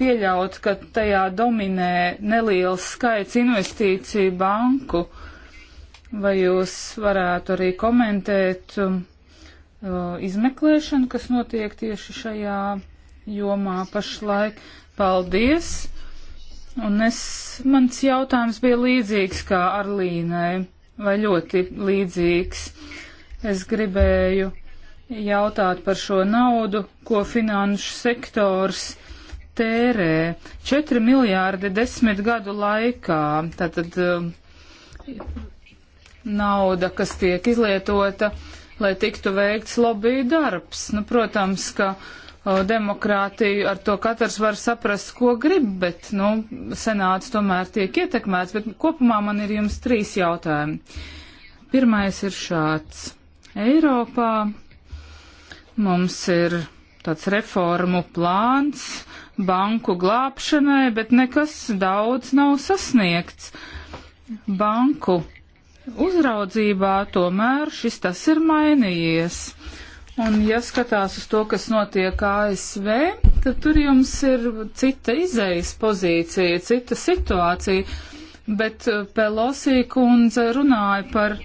S2: pieļaut, ka tajā dominē neliels skaits investīciju banku, vai jūs varētu arī komentēt um, uh, izmeklēšanu, kas notiek tieši šajā jomā pašlaik. Paldies! Un es, mans jautājums bija līdzīgs kā Arlīnai, vai ļoti līdzīgs. Es gribēju jautāt par šo naudu, ko finanšu sektors tērē 4 miljārdi desmit gadu laikā. Tātad um, nauda, kas tiek izlietota, lai tiktu veikts lobby darbs. Nu, protams, ka demokrātiju, ar to katrs var saprast, ko grib, bet, nu, senāts tomēr tiek ietekmēts, bet kopumā man ir jums trīs jautājumi. Pirmais ir šāds. Eiropā mums ir tāds reformu plāns banku glābšanai, bet nekas daudz nav sasniegts. Banku uzraudzībā tomēr šis tas ir mainījies Un, ja skatās uz to, kas notiek ASV, tad tur jums ir cita izējas pozīcija, cita situācija. Bet eh, Pelosī kundze runāja par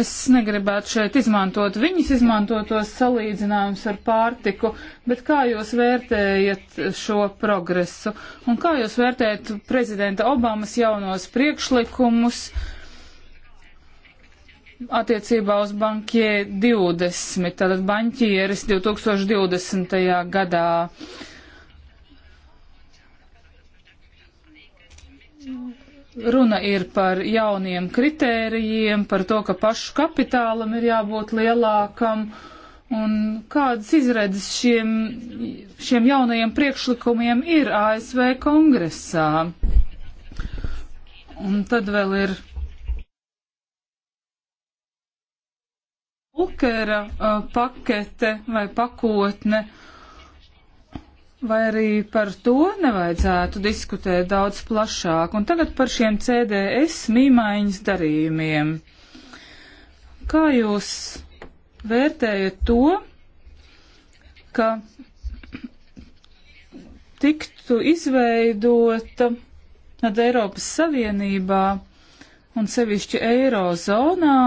S2: es negribētu šeit izmantot viņas izmantotos salīdzinājumus ar pārtiku, bet kā jūs vērtējat šo progresu un kā jūs vērtējat prezidenta Obamas jaunos priekšlikumus attiecībā uz bankie 20, tātad banķieris 2020. gadā? Runa ir par jauniem kritērijiem, par to, ka pašu kapitālam ir jābūt lielākam. Un kādas izredzes šiem, šiem jaunajiem priekšlikumiem ir ASV kongresā? Un tad vēl ir Ukera uh, pakete vai pakotne. Uh, Vai arī par to nevajadzētu diskutēt daudz plašāk? Un tagad par šiem CDS mīmaiņas darījumiem. Kā jūs vērtējat to, ka tiktu izveidota tad Eiropas Savienībā un sevišķi Eirozonā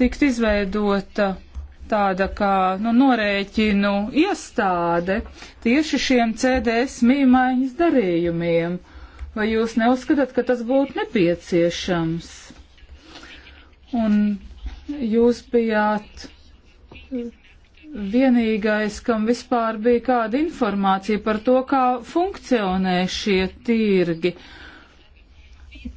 S2: tiktu izveidota tāda kā nu, norēķinu iestāde tieši šiem CDS mīmaiņas darījumiem. Vai jūs neuzskatāt, ka tas būtu nepieciešams? Un jūs bijāt vienīgais, kam vispār bija kāda informācija par to, kā funkcionē šie tirgi.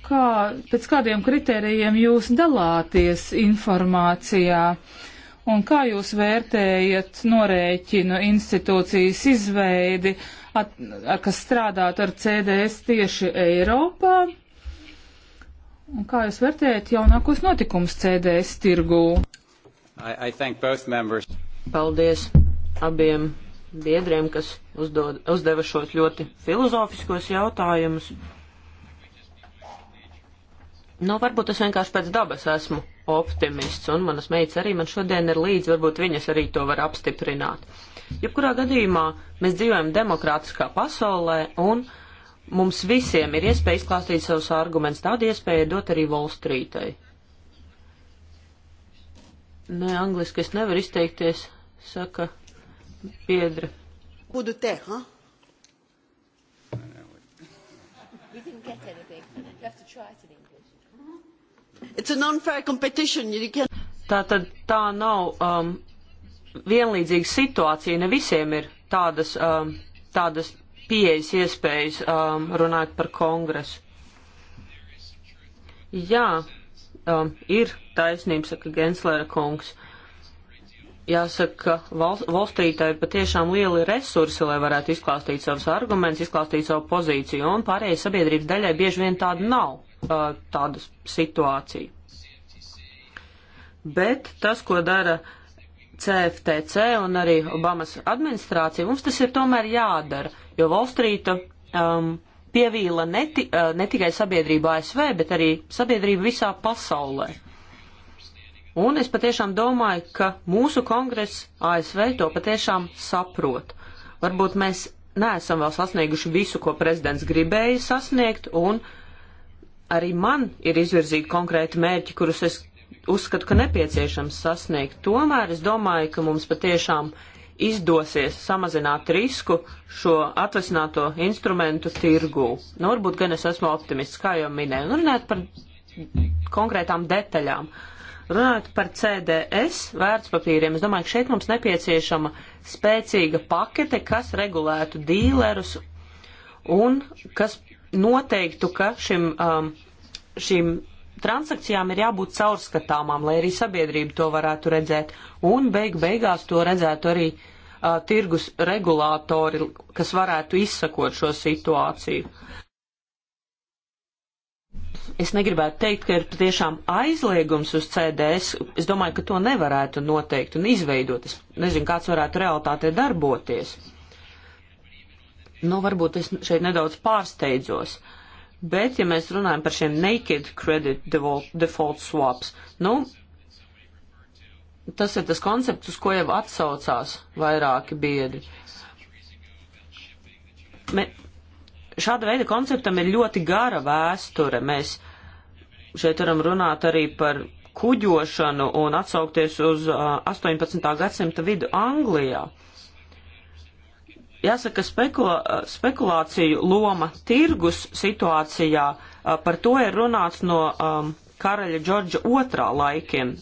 S2: Kā, pēc kādiem kritērijiem jūs dalāties informācijā? Uh, Un kā jūs vērtējat norēķinu institūcijas izveidi, at, kas strādātu ar CDS tieši Eiropā? Un kā jūs vērtējat jaunākos notikumus CDS tirgū? I, I Paldies
S1: abiem biedriem, kas uzdod, uzdeva šos ļoti filozofiskos jautājumus. Nu, varbūt es vienkārši pēc dabas esmu optimists, un manas meitas arī man šodien ir līdz, varbūt viņas arī to var apstiprināt. Jebkurā gadījumā mēs dzīvojam demokrātiskā pasaulē, un mums visiem ir iespēja izklāstīt savus argumentus. Tāda iespēja dot arī Wall Streetai. Nē, nu, angliski es nevaru izteikties, saka biedra. Budu te, ha? Huh? Can... Tā tad tā nav um, vienlīdzīga situācija, ne visiem ir tādas, um, tādas pieejas iespējas um, runāt par kongresu. Jā, um, ir taisnība, saka Genslera kungs. Uh, Jāsaka, ka Wall Valst, Streetā ir patiešām lieli resursi, lai varētu izklāstīt savus argumentus, izklāstīt savu pozīciju, un pārējai sabiedrības daļai bieži vien tāda nav, tāda situācija. Bet tas, ko dara CFTC un arī Obamas administrācija, mums tas ir tomēr jādara, jo Wall Street um, pievīla ne, ti, ne tikai sabiedrību ASV, bet arī sabiedrību visā pasaulē. Un es patiešām domāju, ka mūsu kongress ASV to patiešām saprot. Varbūt mēs neesam vēl sasnieguši visu, ko prezidents gribēja sasniegt, un arī man ir izvirzīti konkrēti mērķi, kurus es uzskatu, ka nepieciešams sasniegt. Tomēr es domāju, ka mums patiešām izdosies samazināt risku šo atvesināto instrumentu tirgū. Nu, varbūt gan es esmu optimists, kā jau minēju, un nu, runāt par konkrētām detaļām. Uh, Runājot par CDS vērtspapīriem, es domāju, ka šeit mums nepieciešama spēcīga pakete, kas regulētu dīlerus un kas noteiktu, ka šim, um, šīm transakcijām ir jābūt caurskatāmām, lai arī sabiedrība to varētu redzēt. Un beigu beigās to redzētu arī uh, tirgus regulātori, kas varētu izsakot šo situāciju es negribētu teikt, ka ir patiešām aizliegums uz CDS. Es domāju, ka to nevarētu noteikt un izveidot. Es nezinu, kāds varētu realitātē darboties. Nu, varbūt es šeit nedaudz pārsteidzos. Bet, ja mēs runājam par šiem naked credit default swaps, nu, tas ir tas koncepts, uz ko jau atsaucās vairāki biedri. Me, šāda veida konceptam ir ļoti gara vēsture. Mēs šeit varam runāt arī par kuģošanu un atsaukties uz uh, 18. gadsimta vidu Anglijā. Jāsaka, spekula, spekulāciju loma tirgus situācijā uh, par to ir runāts no um, karaļa Džordža otrā laikiem.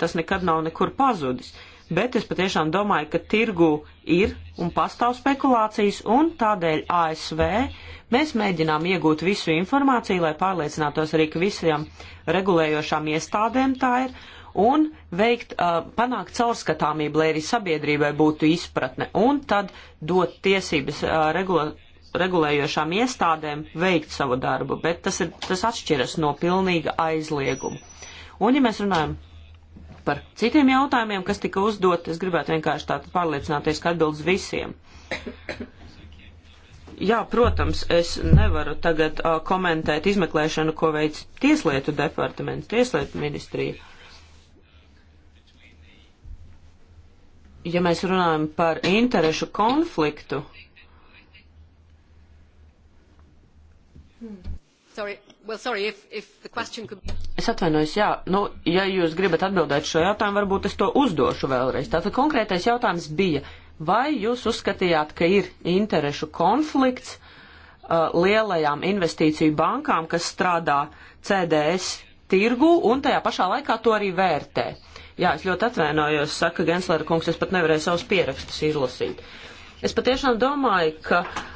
S1: Tas nekad nav nekur pazudis. Uh, bet es patiešām domāju, ka tirgu ir un pastāv spekulācijas, un tādēļ ASV mēs mēģinām iegūt visu informāciju, lai pārliecinātos arī, ka visiem regulējošām iestādēm tā ir, un veikt, uh, panākt caurskatāmību, lai arī sabiedrībai būtu izpratne, un tad dot tiesības uh, regulē, regulējošām iestādēm veikt savu darbu, bet tas, ir, tas atšķiras no pilnīga aizlieguma. Un, ja mēs runājam par citiem jautājumiem, kas tika uzdot. Es gribētu vienkārši tātad pārliecināties, ka atbild uz visiem. Jā, protams, es nevaru tagad uh, komentēt izmeklēšanu, ko veic Tieslietu departaments, Tieslietu ministrija. Ja mēs runājam par interešu konfliktu. Hmm. Sorry. Well, sorry, if, if the question could... Es atvainojos, jā, nu, ja jūs gribat atbildēt šo jautājumu, varbūt es to uzdošu vēlreiz. Tātad konkrētais jautājums bija, vai jūs uzskatījāt, ka ir interešu konflikts uh, lielajām investīciju bankām, kas strādā CDS tirgu un tajā pašā laikā to arī vērtē? Jā, es ļoti atvainojos, saka Genslera kungs, es pat nevarēju savus pierakstus izlasīt. Es patiešām domāju, ka. Uh,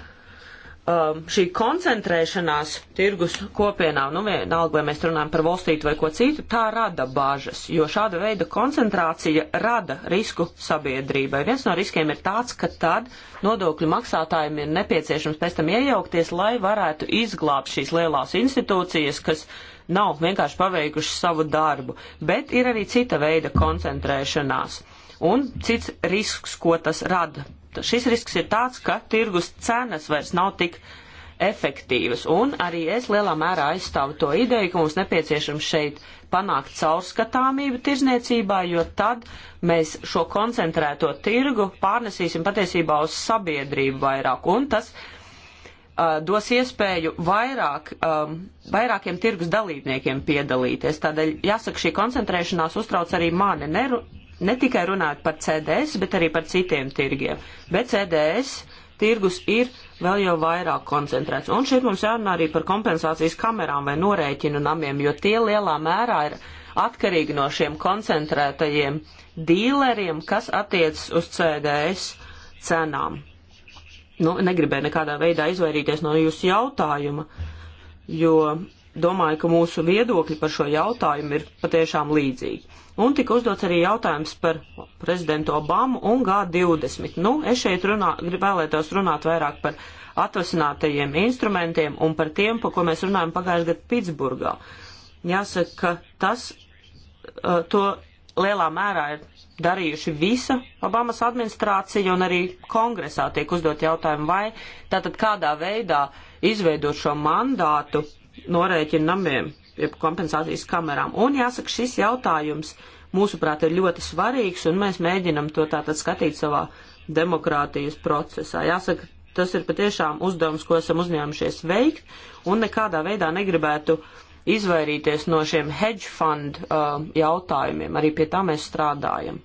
S1: um, šī koncentrēšanās tirgus kopienā, nu vienalga, vai mēs runājam par valstītu vai ko citu, tā rada bāžas, jo šāda veida koncentrācija rada risku sabiedrībai. Viens no riskiem ir tāds, ka tad nodokļu maksātājiem ir nepieciešams pēc tam iejaukties, lai varētu izglābt šīs lielās institūcijas, kas nav vienkārši paveikuši savu darbu, bet ir arī cita veida koncentrēšanās. Un cits risks, ko tas rada šis risks ir tāds, ka tirgus cenas vairs nav tik efektīvas. Un arī es lielā mērā aizstāvu to ideju, ka mums nepieciešams šeit panākt caurskatāmību tirzniecībā, jo tad mēs šo koncentrēto tirgu pārnesīsim patiesībā uz sabiedrību vairāk. Un tas uh, dos iespēju vairāk, um, vairākiem tirgus dalībniekiem piedalīties. Tādēļ, jāsaka, šī koncentrēšanās uztrauc arī mani. Neru, ne tikai runāt par CDS, bet arī par citiem tirgiem. Bet CDS tirgus ir vēl jau vairāk koncentrēts. Un šeit mums jārunā arī par kompensācijas kamerām vai norēķinu namiem, jo tie lielā mērā ir atkarīgi no šiem koncentrētajiem dīleriem, kas attiecas uz CDS cenām. Nu, negribēju nekādā veidā izvairīties no jūsu jautājuma, jo domāju, ka mūsu viedokļi par šo jautājumu ir patiešām līdzīgi. Un tika uzdots arī jautājums par prezidentu Obamu un G20. Nu, es šeit runā, vēlētos runāt vairāk par atvasinātajiem instrumentiem un par tiem, par ko mēs runājam pagājušajā gadā Pitsburgā. Jāsaka, ka tas uh, to lielā mērā ir darījuši visa Obamas administrācija un arī kongresā tiek uzdot jautājumu, vai tātad kādā veidā izveidot šo mandātu norēķinamiem jeb kompensācijas kamerām. Un jāsaka, šis jautājums mūsuprāt ir ļoti svarīgs, un mēs mēģinam to tātad skatīt savā demokrātijas procesā. Jāsaka, tas ir patiešām uzdevums, ko esam uzņēmušies veikt, un nekādā veidā negribētu izvairīties no šiem hedge fund uh, jautājumiem. Arī pie tā mēs strādājam.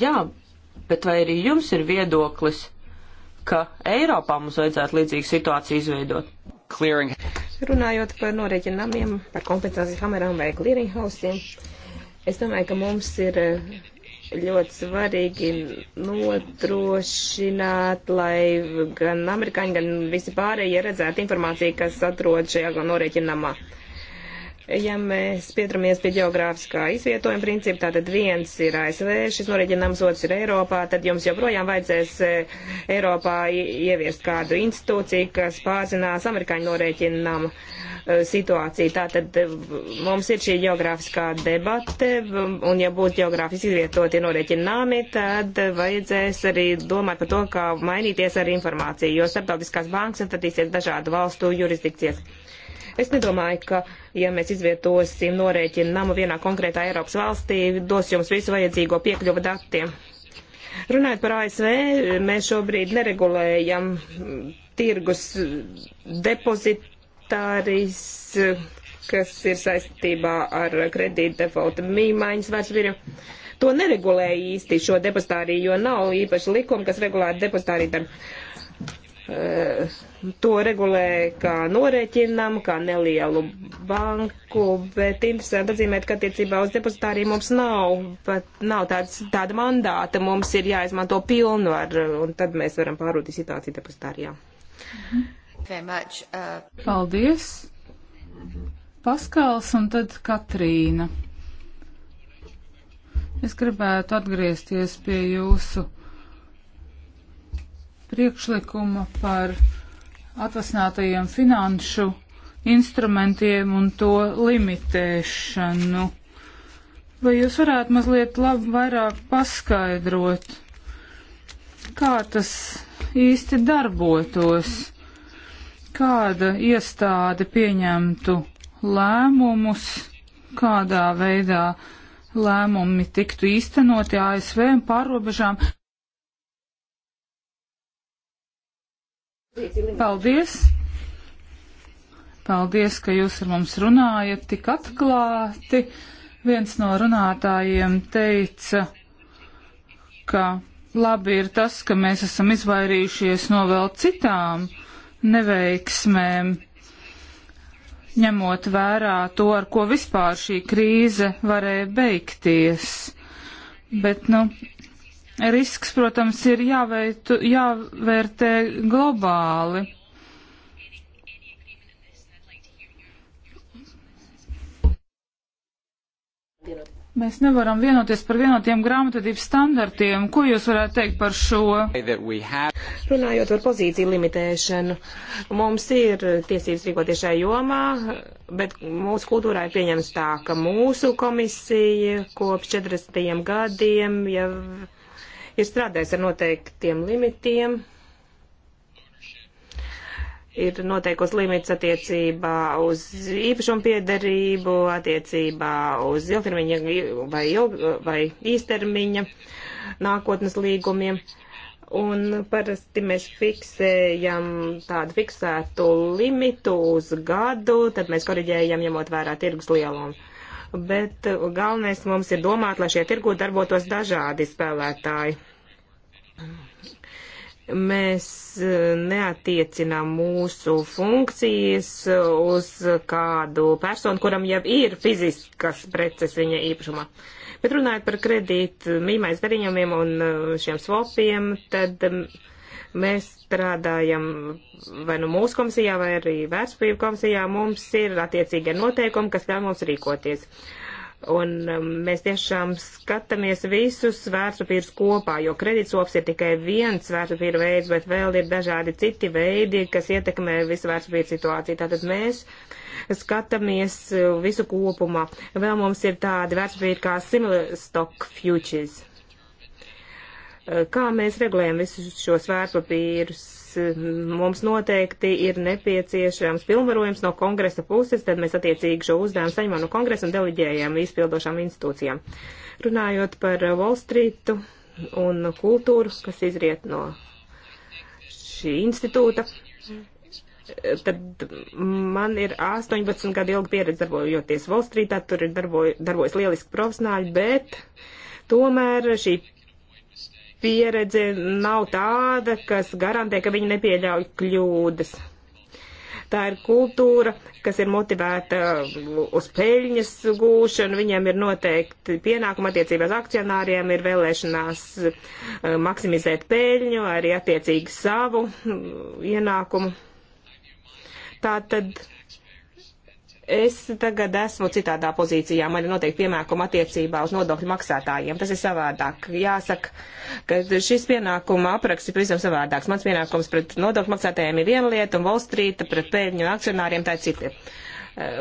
S1: Jā, bet vai arī jums ir viedoklis, ka Eiropā mums vajadzētu līdzīgu situāciju izveidot? clearing.
S3: Runājot par norēķinājumiem, par kompensācijas kamerām vai clearinghausiem, es domāju, ka mums ir eh, ļoti svarīgi nodrošināt, lai gan amerikāņi, gan visi pārējie redzētu informāciju, kas atrod šajā norēķinājumā. Uh, Ja mēs pieturamies pie geogrāfiskā izvietojuma principa, tātad viens ir ASV, šis norēģinājums otrs ir Eiropā, tad jums joprojām vajadzēs e, Eiropā ieviest kādu institūciju, kas pārzinās amerikāņu norēķinājumu e, situāciju. Tātad e, mums ir šī geogrāfiskā debate, un ja būtu geogrāfiski izvietoti norēķinājumi, tad vajadzēs arī domāt par to, kā mainīties ar informāciju, jo starptautiskās bankas atratīsies dažādu valstu jurisdikcijas. Es nedomāju, ka ja mēs izvietosim norēķinu namu vienā konkrētā Eiropas valstī, dos jums visu vajadzīgo piekļuvu datiem. Runājot par ASV, mēs šobrīd neregulējam tirgus depozitāris, kas ir saistībā ar kredīta defaulta mīmaiņas vairsviriem. To neregulēja īsti šo depozitāriju, jo nav īpaši likuma, kas regulētu depozitāriju darbu. Uh, to regulē kā norēķinam, kā nelielu banku, bet interesanti atzīmēt, ka attiecībā uz depozitāriem mums nav, pat nav tāds, tāda mandāta, mums ir jāizmanto pilnvaru, un tad mēs varam pārūtīt situāciju depozitārijā.
S2: Uh, Paldies! Paskals un tad Katrīna. Es gribētu atgriezties pie jūsu priekšlikuma par atvasinātajiem finanšu instrumentiem un to limitēšanu. Vai jūs varētu mazliet labi vairāk paskaidrot, kā tas īsti darbotos, kāda iestāde pieņemtu lēmumus, kādā veidā lēmumi tiktu īstenoti ASV un pārobežām? Paldies! Paldies, ka jūs ar mums runājat tik atklāti. Viens no runātājiem teica, ka labi ir tas, ka mēs esam izvairījušies no vēl citām neveiksmēm, ņemot vērā to, ar ko vispār šī krīze varēja beigties. Bet, nu, risks, protams, ir jāveitu, jāvērtē globāli. Mēs nevaram vienoties par vienotiem grāmatvedības standartiem. Ko jūs varētu teikt par šo? Runājot par pozīciju
S3: limitēšanu, mums ir tiesības rīkoties šajā jomā, bet mūsu kultūrā ir pieņemts tā, ka mūsu komisija kopš 40. gadiem jau ir strādājis ar noteiktiem limitiem, ir noteikts limits attiecībā uz īpašumu piederību, attiecībā uz ilgtermiņa vai, ilg, vai īstermiņa nākotnes līgumiem. Un parasti mēs fiksējam tādu fiksētu limitu uz gadu, tad mēs koriģējam, ņemot vērā tirgus lielumu bet uh, galvenais mums ir domāt, lai šie tirgu darbotos dažādi spēlētāji. Mēs uh, neatiecinām mūsu funkcijas uh, uz kādu personu, kuram jau ir fiziskas preces viņa īpašumā. Bet runājot par kredītu mīmais darījumiem un šiem svopiem, tad. Um, Mēs strādājam vai nu mūsu komisijā, vai arī vērtspapīru komisijā. Mums ir attiecīgie noteikumi, kas ļauj mums rīkoties. Un um, mēs tiešām skatāmies visus vērtspapīrus kopā, jo kredītsops ir tikai viens vērtspapīra veids, bet vēl ir dažādi citi veidi, kas ietekmē visu vērtspapīru situāciju. Tātad mēs skatāmies uh, visu kopumā. Vēl mums ir tādi vērtspapīri kā similar stock futures Kā mēs regulējam visus šos vērtpapīrus? Mums noteikti ir nepieciešams pilnvarojums no kongresa puses, tad mēs attiecīgi šo uzdevumu saņemam no kongresa un deliģējam izpildošām institūcijām. Runājot par Wall Streetu un kultūru, kas izriet no šī institūta, tad man ir 18 gadu ilga pieredze darbojoties Wall Streetā, tur ir darbojas lieliski profesionāļi, bet tomēr šī pieredze nav tāda, kas garantē, ka viņi nepieļauj kļūdas. Tā ir kultūra, kas ir motivēta uz peļņas gūšanu, viņiem ir noteikti pienākuma attiecībās akcionāriem, ir vēlēšanās eh, maksimizēt peļņu, arī attiecīgi savu mm, ienākumu. Tā tad Es tagad esmu citādā pozīcijā, man ir noteikti pienākumi attiecībā uz nodokļu maksātājiem. Tas ir savādāk. Jāsaka, ka šis pienākuma apraksts ir pavisam savādāks. Mans pienākums pret nodokļu maksātājiem ir viena lieta, un Wall Street pret pēļņu akcionāriem tā ir cita. Eh,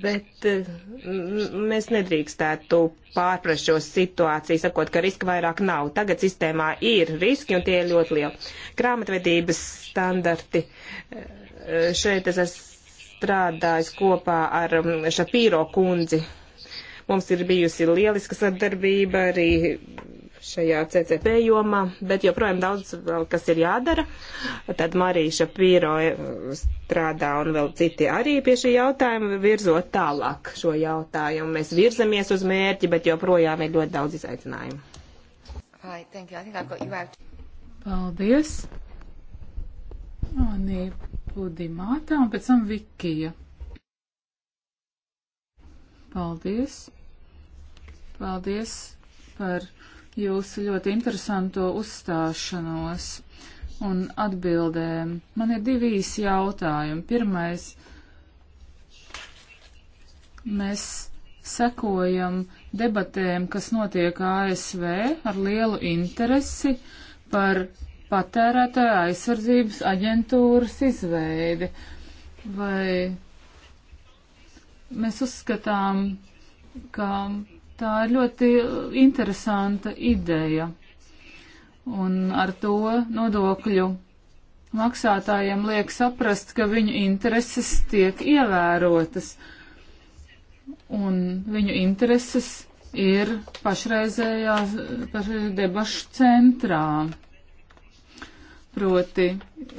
S3: bet eh, mēs nedrīkstētu pārprast šo situāciju, sakot, ka riska vairāk nav. Tagad sistēmā ir riski, un tie ir ļoti lieli. Krāmatvedības standarti. Eh, šeit es esmu strādājis kopā ar um, Šapīro kundzi. Mums ir bijusi lieliska sadarbība arī šajā CCP jomā, bet joprojām daudz vēl kas ir jādara. Tad Marija Šapīro eh, strādā un vēl citi arī pie šī jautājuma virzot tālāk šo jautājumu. Mēs virzamies uz mērķi, bet joprojām ir ļoti daudz izaicinājumu. Right,
S2: Paldies! Manī Podimātā un pēc tam Vikija. Paldies! Paldies par jūsu ļoti interesanto uzstāšanos un atbildēm. Man ir divi īsi jautājumi. Pirmais, mēs sekojam debatēm, kas notiek ASV ar lielu interesi par patērētāja aizsardzības aģentūras izveidi. Vai mēs uzskatām, ka tā ir ļoti interesanta ideja. Un ar to nodokļu maksātājiem liek saprast, ka viņu intereses tiek ievērotas. Un viņu intereses ir pašreizējās pašreiz debašu centrā proti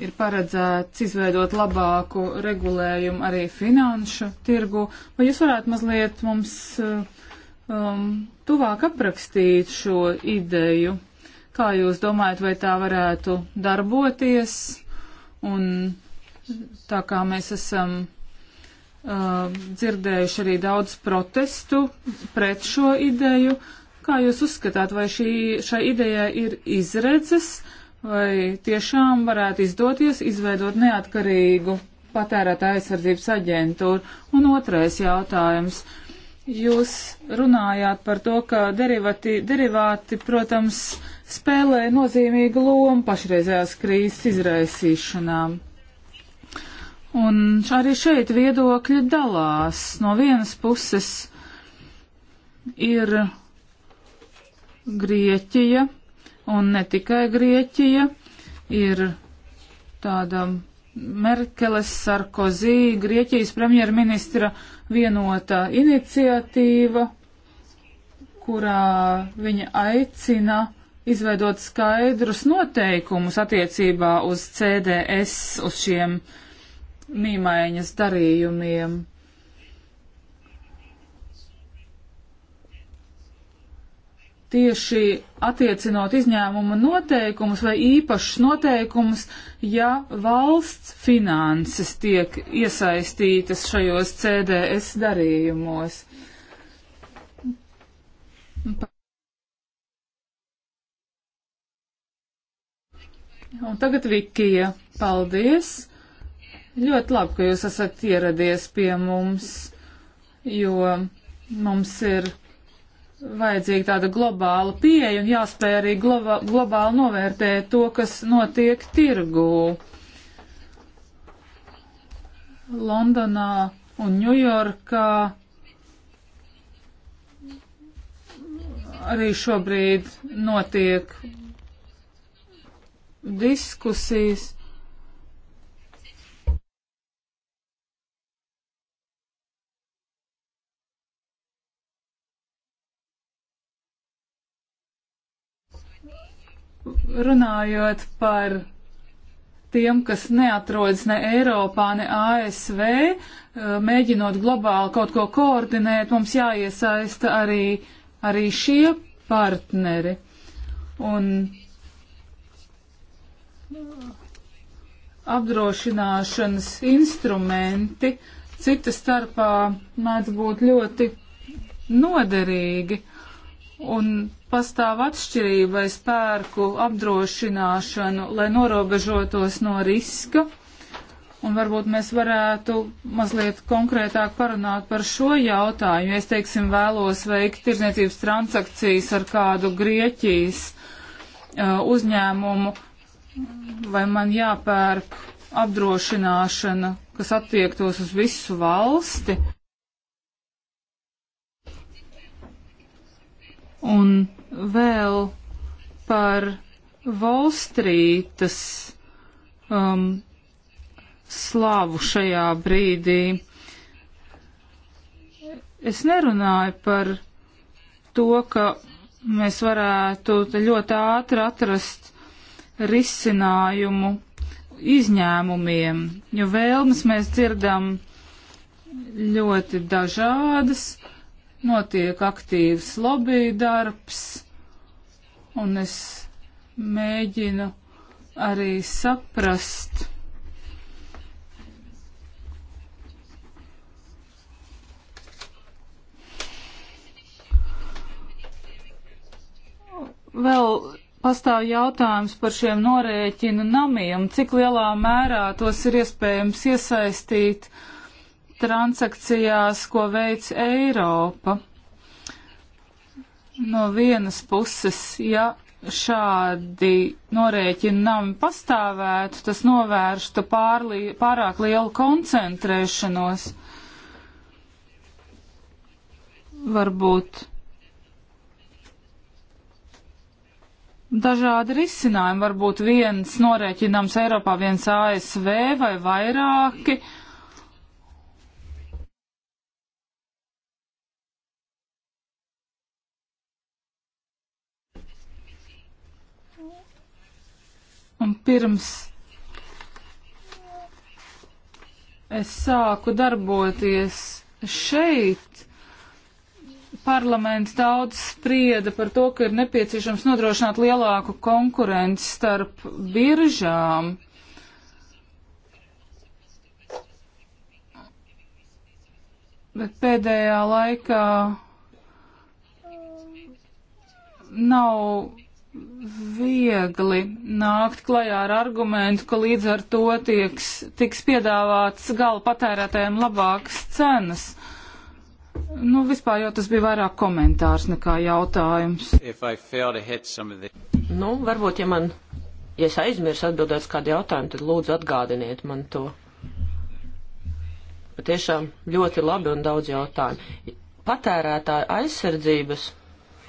S2: ir paredzēts izveidot labāku regulējumu arī finanšu tirgu. Vai jūs varētu mazliet mums eh, um, tuvāk aprakstīt šo ideju? Kā jūs domājat, vai tā varētu darboties? Un tā kā mēs esam uh, dzirdējuši arī daudz protestu pret šo ideju, kā jūs uzskatāt, vai šī, šai idejai ir izredzes? Uh, lai tiešām varētu izdoties izveidot neatkarīgu patērētā aizsardzības aģentūru. Un otrais jautājums. Jūs runājāt par to, ka derivati, derivāti, protams, spēlē nozīmīgu lomu pašreizējās krīzes izraisīšanā. Un arī šeit viedokļi dalās. No vienas puses ir Grieķija, un ne tikai Grieķija ir tāda Merkeles Sarkozī, Grieķijas premjerministra vienota iniciatīva, kurā viņa aicina izveidot skaidrus noteikumus attiecībā uz CDS, uz šiem mīmaiņas darījumiem. tieši attiecinot izņēmuma noteikumus vai īpašus noteikumus, ja valsts finanses tiek iesaistītas šajos CDS darījumos. Un tagad Vikija, paldies! Ļoti labi, ka jūs esat ieradies pie mums, jo mums ir vajadzīga tāda globāla pieeja un jāspēj arī globa, globāli novērtēt to, kas notiek tirgū. Londonā un Ņujorkā arī šobrīd notiek diskusijas. runājot par tiem, kas neatrodas ne Eiropā, ne ASV, eh, mēģinot globāli kaut ko koordinēt, mums jāiesaista arī, arī šie partneri. Un apdrošināšanas instrumenti cita starpā mēdz būt ļoti noderīgi un pastāv atšķirība, vai spērku apdrošināšanu, lai norobežotos no riska. Un varbūt mēs varētu mazliet konkrētāk parunāt par šo jautājumu. Es, teiksim, vēlos veikt tirzniecības transakcijas ar kādu Grieķijas uh, uzņēmumu, vai man jāpērk apdrošināšana, kas attiektos uz visu valsti. Un vēl par Volstrītas um, slavu šajā brīdī. Es nerunāju par to, ka mēs varētu ļoti ātri atrast risinājumu izņēmumiem, jo vēlmes mēs dzirdam ļoti dažādas notiek aktīvs lobby darbs, un es mēģinu arī saprast, Vēl pastāv jautājums par šiem norēķinu namiem, cik lielā mērā tos ir iespējams iesaistīt uh, transakcijās, ko veic Eiropa. No vienas puses, ja šādi norēķini nav pastāvētu, tas novērstu pārli, pārāk lielu koncentrēšanos. Varbūt dažādi risinājumi, varbūt viens norēķinams Eiropā, viens ASV vai vairāki. Mm Un pirms es sāku darboties šeit, parlaments daudz sprieda par to, ka ir nepieciešams nodrošināt lielāku konkurenci starp biržām. Bet pēdējā laikā nav viegli nākt klajā ar argumentu, ka līdz ar to tieks, tiks piedāvāts gala patērētājiem labākas cenas. Nu, vispār jau tas bija vairāk komentārs nekā jautājums. The... Nu, varbūt, ja man, ja es aizmirsu
S1: atbildēt kādu jautājumu, tad lūdzu atgādiniet man to. Patiešām ļoti labi un daudz jautājumu. Patērētāja aizsardzības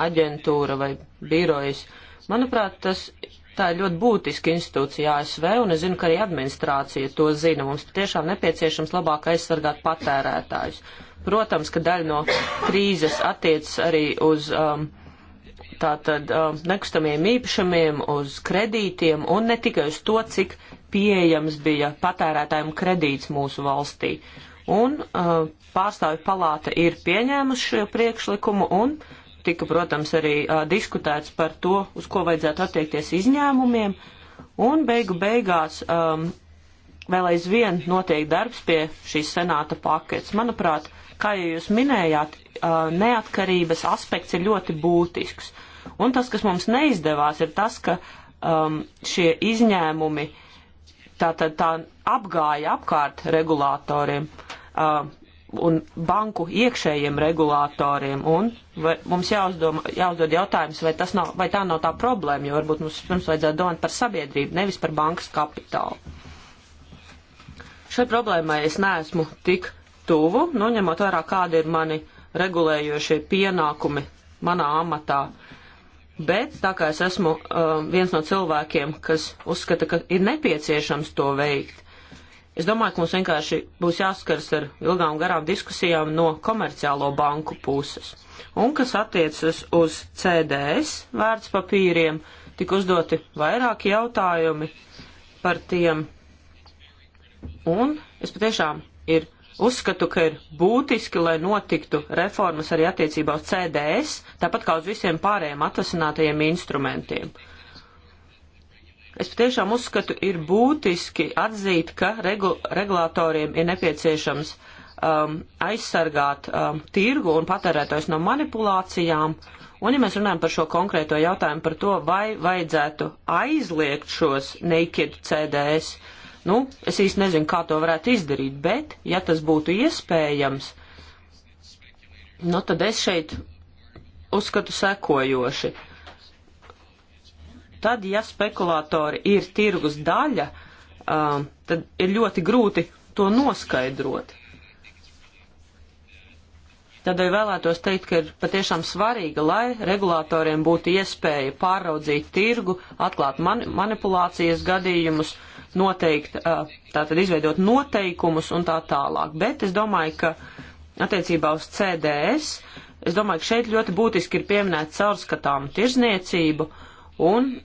S1: aģentūra vai birojas Manuprāt, tas tā ir ļoti būtiska institūcija ASV, un es zinu, ka arī administrācija to zina. Mums patiešām nepieciešams labāk aizsargāt patērētājus. Protams, ka daļa no krīzes attiecas arī uz. Um, tātad um, nekustamiem īpašumiem, uz kredītiem un ne tikai uz to, cik pieejams bija patērētājiem kredīts mūsu valstī. Un uh, pārstāvju palāta ir pieņēmusi šo priekšlikumu un tika, protams, arī uh, diskutēts par to, uz ko vajadzētu attiekties izņēmumiem, un beigu beigās um, vēl aizvien notiek darbs pie šīs senāta paketes. Manuprāt, kā jau jūs minējāt, uh, neatkarības aspekts ir ļoti būtisks. Un tas, kas mums neizdevās, ir tas, ka um, šie izņēmumi tā, tā, tā apgāja apkārt regulātoriem. Uh, un banku iekšējiem regulātoriem, un vai, mums jāuzdoma, jāuzdod jautājums, vai, tas nav, vai tā nav tā problēma, jo varbūt mums pirms vajadzētu domāt par sabiedrību, nevis par bankas kapitālu. Šai problēmai es neesmu tik tuvu, nu, ņemot vērā, kādi ir mani regulējošie pienākumi manā amatā. Bet tā kā es esmu uh, viens no cilvēkiem, kas uzskata, ka ir nepieciešams to veikt, Es domāju, ka mums vienkārši būs jāskars ar ilgām garām diskusijām no komerciālo banku puses. Un kas attiecas uz CDS vērtspapīriem, tik uzdoti vairāki jautājumi par tiem. Un es patiešām ir uzskatu, ka ir būtiski, lai notiktu reformas arī attiecībā uz CDS, tāpat kā uz visiem pārējiem atvasinātajiem instrumentiem. Uh, Es patiešām uzskatu, ir būtiski atzīt, ka regu, regulātoriem ir nepieciešams um, aizsargāt um, tirgu un patērētājs no manipulācijām. Un ja mēs runājam par šo konkrēto jautājumu par to, vai vajadzētu aizliegt šos naked CDS, nu, es īsti nezinu, kā to varētu izdarīt, bet, ja tas būtu iespējams, nu, tad es šeit uzskatu sekojoši. Uh, tad, ja spekulātori ir tirgus daļa, um, tad ir ļoti grūti to noskaidrot. Tādēļ vēlētos teikt, ka ir patiešām svarīgi, lai regulātoriem būtu iespēja pāraudzīt tirgu, atklāt mani manipulācijas gadījumus, noteikt, uh, tātad izveidot noteikumus un tā tālāk. Bet es domāju, ka attiecībā uz CDS, es domāju, ka šeit ļoti būtiski ir pieminēt caurskatām tirzniecību. Uh, Un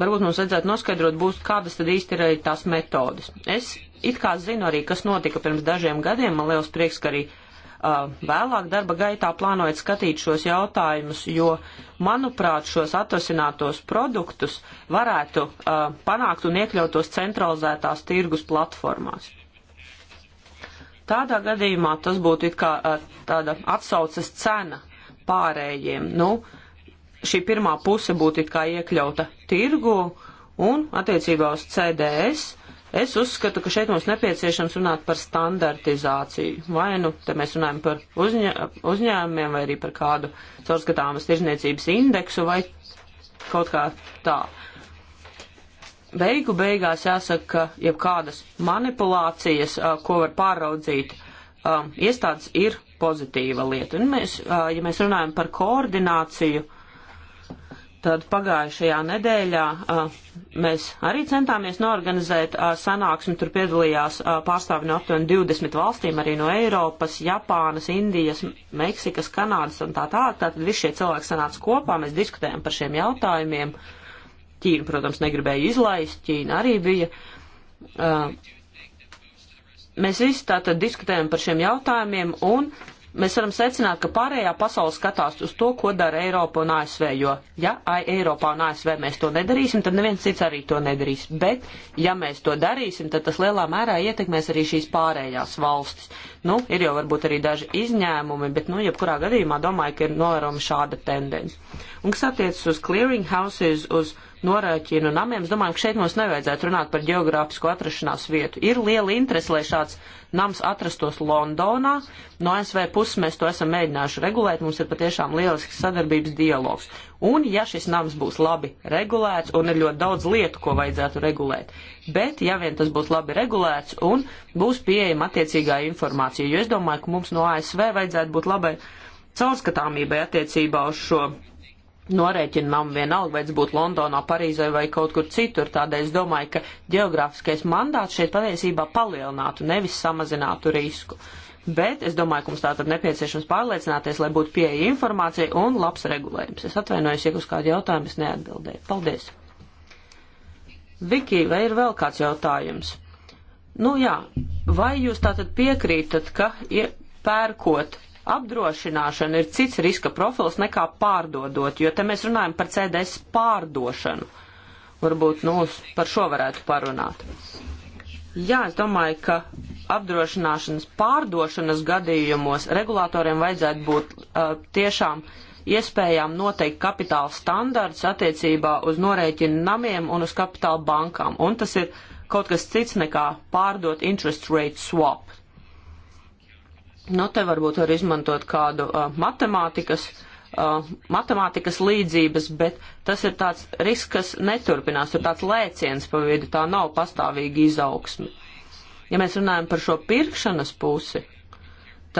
S1: varbūt mums vajadzētu noskaidrot, būs, kādas tad īsti ir tās metodes. Es it kā zinu arī, kas notika pirms dažiem gadiem. Man liels prieks, ka arī uh, vēlāk darba gaitā plānojat skatīt šos jautājumus, jo, manuprāt, šos atrasinātos produktus varētu uh, panākt un iekļautos centralizētās tirgus platformās. Tādā gadījumā tas būtu it kā uh, tāda atsauces cena pārējiem. Nu, uh, šī pirmā puse būtu it kā iekļauta tirgu un attiecībā uz CDS. Es uzskatu, ka šeit mums nepieciešams runāt par standartizāciju. Vai nu te mēs runājam par uzņē, uzņēmumiem vai arī par kādu caurskatāmas tirzniecības indeksu vai kaut kā tā. Beigu beigās jāsaka, ka jebkādas manipulācijas, ko var pāraudzīt, iestādes ir pozitīva lieta. Un mēs, ja mēs runājam par koordināciju, uh, Tad pagājušajā nedēļā a, mēs arī centāmies norganizēt a, sanāksmi, tur piedalījās a, pārstāvi no aptuveni 20 valstīm, arī no Eiropas, Japānas, Indijas, Meksikas, Kanādas un tā tā. Tātad visi šie cilvēki sanāca kopā, mēs diskutējām par šiem jautājumiem. Ķīna, protams, negribēja izlaist, Ķīna arī bija. Mēs visi tātad diskutējām par šiem jautājumiem un mēs varam secināt, ka pārējā pasaule skatās uz to, ko dara Eiropa un ASV, jo ja Eiropā un ASV mēs to nedarīsim, tad neviens cits arī to nedarīs. Bet, ja mēs to darīsim, tad tas lielā mērā ietekmēs arī šīs pārējās valstis. Nu, ir jau varbūt arī daži izņēmumi, bet, nu, jebkurā gadījumā domāju, ka ir novērojama šāda tendence. Un kas attiecas uz clearing houses, uz norēķinu namiem. Es domāju, ka šeit mums nevajadzētu runāt par geogrāfisko atrašanās vietu. Ir liela interese, lai šāds nams atrastos Londonā. No ASV puses mēs to esam mēģinājuši regulēt. Mums ir patiešām lielisks sadarbības dialogs. Un ja šis nams būs labi regulēts, un ir ļoti daudz lietu, ko vajadzētu regulēt, bet ja vien tas būs labi regulēts un būs pieejama attiecīgā informācija, jo es domāju, ka mums no ASV vajadzētu būt labai caurskatāmībai attiecībā uz šo norēķinām vienalga, vai tas būtu Londonā, Parīzē vai kaut kur citur. Tādēļ es domāju, ka geogrāfiskais mandāts šeit patiesībā palielinātu, nevis samazinātu risku. Bet es domāju, ka mums tātad nepieciešams pārliecināties, lai būtu pieeja informācija un labs regulējums. Es atvainojos, ja uz kādu jautājumu es neatbildēju. Paldies! Viki, vai ir vēl kāds jautājums? Nu jā, vai jūs tātad piekrītat, ka pērkot apdrošināšana ir cits riska profils nekā pārdodot, jo te mēs runājam par CDS pārdošanu. Varbūt nu, par šo varētu parunāt. Jā, es domāju, ka apdrošināšanas pārdošanas gadījumos regulātoriem vajadzētu būt uh, tiešām iespējām noteikt kapitāla standarts attiecībā uz norēķinu namiem un uz kapitāla bankām. Un tas ir kaut kas cits nekā pārdot interest rate swap. Nu, te varbūt var izmantot kādu uh, matemātikas, uh, matemātikas līdzības, bet tas ir tāds risks, kas neturpinās, tur tāds lēciens pa vidu, tā nav pastāvīga izaugsme. Ja mēs runājam par šo pirkšanas pusi,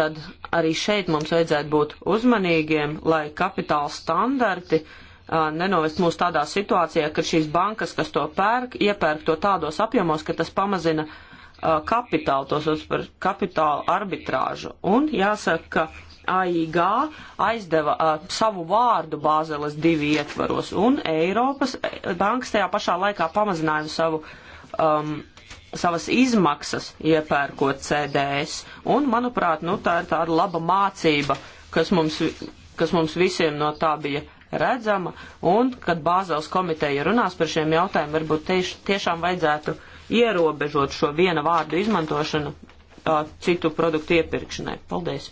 S1: tad arī šeit mums vajadzētu būt uzmanīgiem, lai kapitāla standarti uh, nenovest mūs tādā situācijā, ka šīs bankas, kas to pērk, iepērk to tādos apjomos, ka tas pamazina uh, Uh, kapitālu, to sauc par kapitālu arbitrāžu. Un jāsaka, ka AIG aizdeva uh, savu vārdu Bāzeles divi ietvaros, un Eiropas e, bankas tajā pašā laikā pamazināja savu, um, savas izmaksas iepērkot CDS. Un, manuprāt, nu, tā ir tāda laba mācība, kas mums, kas mums visiem no tā bija redzama, un kad Bāzeles komiteja runās par šiem jautājumiem, varbūt tieš, tiešām vajadzētu uh, ierobežot šo viena vārdu izmantošanu uh, citu produktu iepirkšanai. Paldies!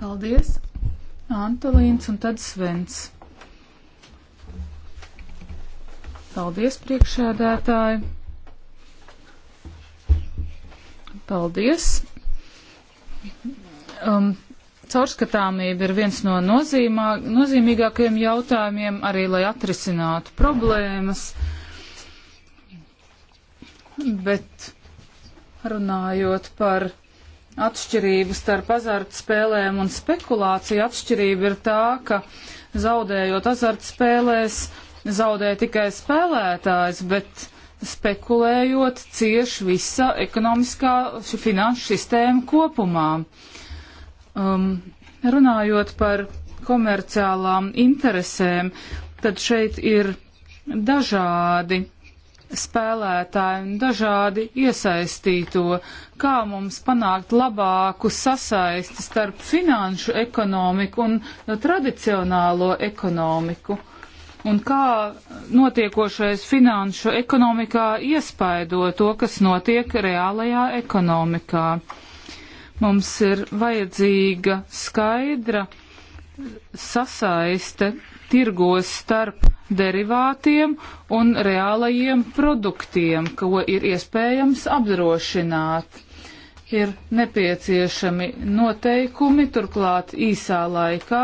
S2: Paldies! Antolīns un tad Svens. Paldies, priekšēdētāji! Paldies! Um, caurskatāmība ir viens no nozīmā, nozīmīgākajiem jautājumiem arī, lai atrisinātu problēmas bet runājot par atšķirību starp azartspēlēm un spekulāciju, atšķirība ir tā, ka zaudējot azartspēlēs, zaudē tikai spēlētājs, bet spekulējot cieš visa ekonomiskā finanšu sistēma kopumā. Um, runājot par komerciālām interesēm, tad šeit ir dažādi spēlētāju un dažādi iesaistīto, kā mums panākt labāku sasaisti starp finanšu ekonomiku un tradicionālo ekonomiku, un kā notiekošais finanšu ekonomikā iespaido to, kas notiek reālajā ekonomikā. Mums ir vajadzīga skaidra sasaiste tirgos starp derivātiem un reālajiem produktiem, ko ir iespējams apdrošināt. Ir nepieciešami noteikumi turklāt īsā laikā,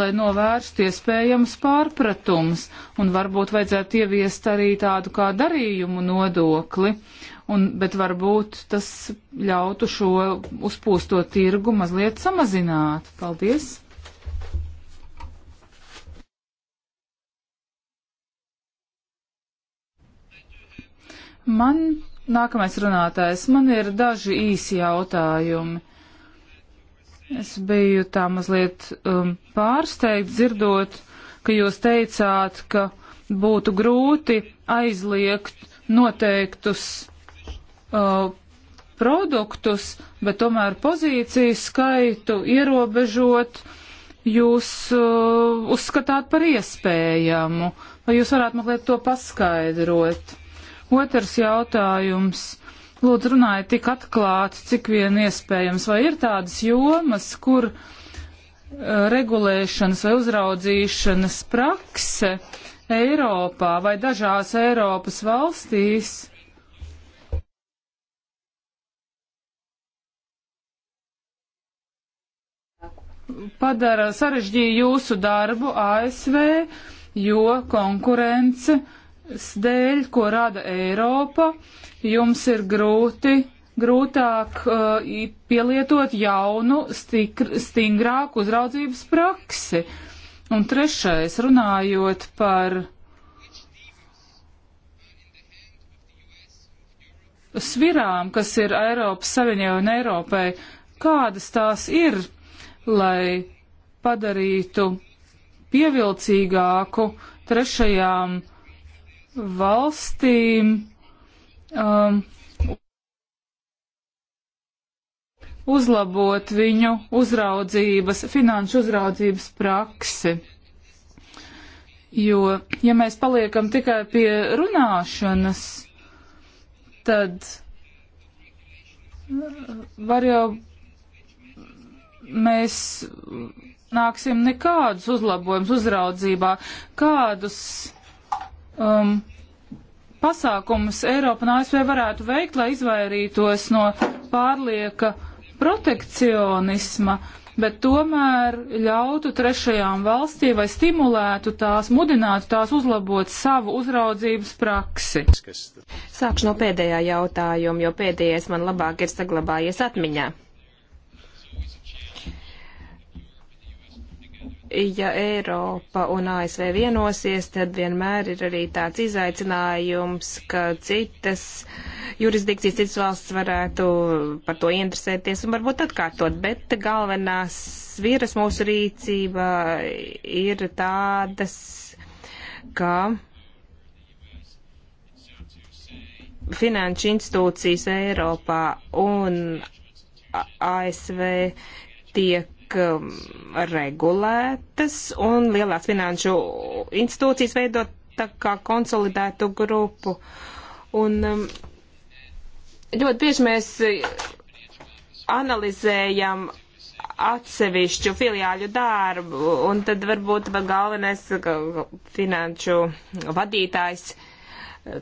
S2: lai novērstu iespējams pārpratums, un varbūt vajadzētu ieviest arī tādu kā darījumu nodokli, un, bet varbūt tas ļautu šo uzpūsto tirgu mazliet samazināt. Paldies! Man nākamais runātājs, man ir daži īsi jautājumi. Es biju tā mazliet um, pārsteigts dzirdot, ka jūs teicāt, ka būtu grūti aizliegt noteiktus uh, produktus, bet tomēr pozīciju skaitu ierobežot jūs uh, uzskatāt par iespējamu. Vai jūs varētu mazliet to paskaidrot? Otrs jautājums. Lūdzu, runājiet tik atklāti, cik vien iespējams. Vai ir tādas jomas, kur eh, regulēšanas vai uzraudzīšanas prakse Eiropā vai dažās Eiropas valstīs padara sarežģīju jūsu darbu ASV, jo konkurence dēļ, ko rada Eiropa, jums ir grūti, grūtāk uh, pielietot jaunu, stikr, stingrāku uzraudzības praksi. Un trešais, runājot par svirām, kas ir Eiropas Savienībai un Eiropai, kādas tās ir, lai padarītu pievilcīgāku trešajām uh, valstīm um, uzlabot viņu uzraudzības, finanšu uzraudzības praksi. Jo, ja mēs paliekam tikai pie runāšanas, tad var jau mēs nāksim nekādus uzlabojumus uzraudzībā, kādus um, pasākumus Eiropa un ASV varētu veikt, lai izvairītos no pārlieka protekcionisma, bet tomēr ļautu trešajām valstī vai stimulētu tās, mudinātu tās uzlabot savu uzraudzības praksi. Sākšu no pēdējā
S3: jautājuma, jo pēdējais man labāk ir saglabājies atmiņā. ja Eiropa un ASV vienosies, tad vienmēr ir arī tāds izaicinājums, ka citas jurisdikcijas, citas valsts varētu par to interesēties un varbūt atkārtot, bet galvenās viras mūsu rīcībā ir tādas, ka finanšu institūcijas Eiropā un ASV tiek Um, regulētas un lielās finanšu institūcijas veidot tā kā konsolidētu grupu. Un um, ļoti bieži mēs analizējam atsevišķu filiāļu darbu, un tad varbūt pat galvenais finanšu vadītājs eh,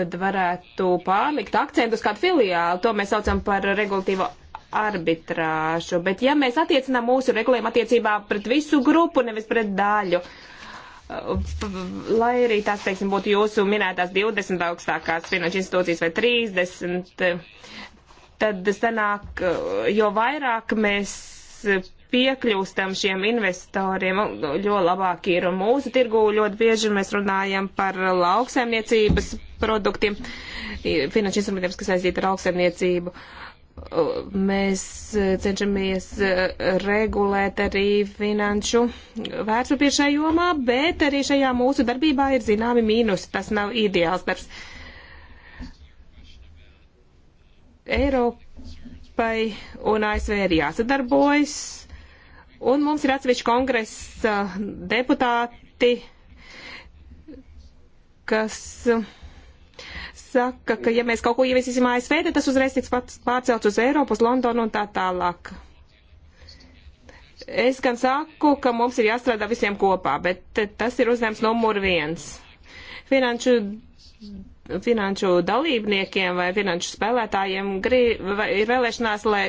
S3: tad varētu pārlikt akcentu uz kādu filiālu. To mēs saucam par regulatīvo arbitrāžu. Bet ja mēs attiecinām mūsu regulējumu attiecībā pret visu grupu, nevis pret daļu, lai arī tās, teiksim, būtu jūsu minētās 20 augstākās finanšu institūcijas vai 30, tad sanāk, jo vairāk mēs piekļūstam šiem investoriem, jo labāk ir. Un mūsu tirgū ļoti bieži mēs runājam par lauksaimniecības produktiem, finanšu instrumentiem, kas aiziet ar lauksaimniecību. Uh, mēs eh, cenšamies eh, regulēt arī finanšu vērtspapīru šajā jomā, bet arī šajā mūsu darbībā ir zināmi mīnusi. Tas nav ideāls darbs. Eiropai un ASV ir jāsadarbojas, un mums ir atsevišķi kongresa deputāti, kas. Uh, saka, ka ja mēs kaut ko ieviesīsim ASV, tad tas uzreiz tiks pārcelts uz Eiropu, uz Londonu un tā tālāk. Es gan saku, ka mums ir jāstrādā visiem kopā, bet tas ir uzdevums numur viens. Finanšu, finanšu dalībniekiem vai finanšu spēlētājiem grib, ir vēlēšanās, lai,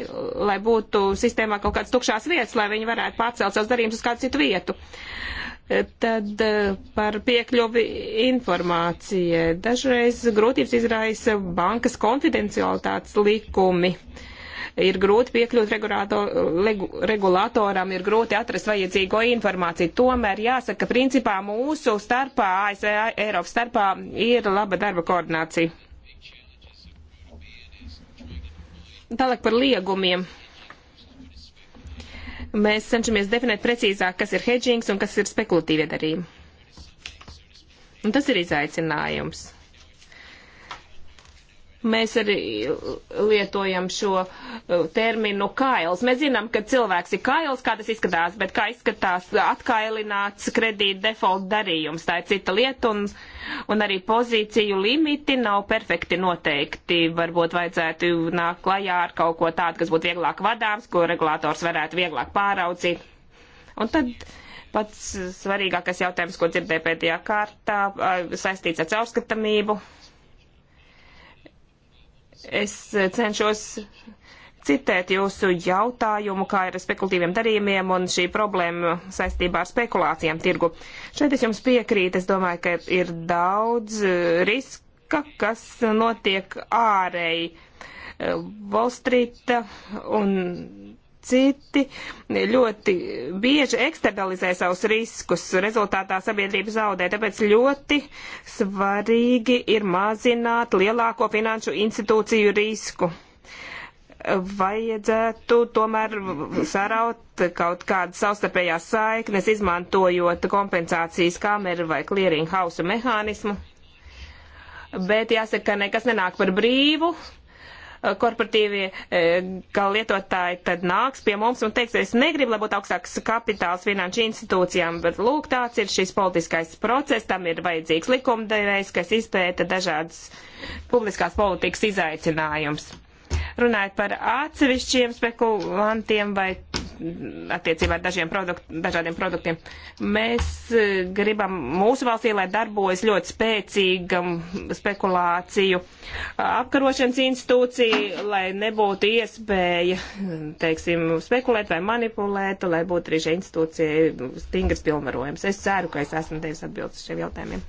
S3: lai būtu sistēmā kaut kādas tukšās vietas, lai viņi varētu pārcelt savus darījumus uz kādu citu vietu. Uh, Tad eh, par piekļuvi informācijai. Dažreiz grūtības izraisa bankas konfidencialitātes likumi. Ir grūti piekļūt regulātoram, ir grūti atrast vajadzīgo informāciju. Tomēr jāsaka, ka principā mūsu starpā, ASV, e, Eiropas starpā ir laba darba koordinācija. Tālāk par liegumiem Mēs cenšamies definēt precīzāk, kas ir hedžings un kas ir spekulatīvie darījumi. Un tas ir izaicinājums. Mēs arī lietojam šo uh, terminu kails. Mēs zinām, ka cilvēks ir kails, kā tas izskatās, bet kā izskatās atkailināts kredīt default darījums. Tā ir cita lieta, un, un arī pozīciju limiti nav perfekti noteikti. Varbūt vajadzētu nākt klajā ar kaut ko tādu, kas būtu vieglāk vadāms, ko regulators varētu vieglāk pāraudzīt. Un tad pats svarīgākais jautājums, ko dzirdēju pēdējā kārtā, uh, saistīts ar caurskatamību. Es eh, cenšos citēt jūsu jautājumu, kā ir ar spekulatīviem darījumiem un šī problēma saistībā ar spekulācijām tirgu. Šeit es jums piekrītu, es domāju, ka ir daudz eh, riska, kas notiek ārēji eh, Wall Street un citi ļoti bieži eksternalizē savus riskus, rezultātā sabiedrība zaudē. Tāpēc ļoti svarīgi ir mazināt lielāko finanšu institūciju risku vajadzētu tomēr saraut kaut kādas savstarpējās saiknes, izmantojot kompensācijas kameru vai clearing house mehānismu. Bet jāsaka, ka nekas nenāk par brīvu korporatīvie ka e, lietotāji tad nāks pie mums un teiks, es negribu, lai būtu augstāks kapitāls finanšu institūcijām, bet lūk, tāds ir šis politiskais process, tam ir vajadzīgs likumdevējs, kas izpēta dažādas publiskās politikas izaicinājums. Runājot par atsevišķiem spekulantiem vai attiecībā ar dažiem produkt, dažādiem produktiem. Mēs e, gribam mūsu valstī, lai darbojas ļoti spēcīga spekulāciju apkarošanas institūcija, lai nebūtu iespēja, teiksim, spekulēt vai manipulēt, lai būtu arī šai institūcijai stingrs pilnvarojums. Es ceru, ka es esmu devis atbildes šiem jautājumiem.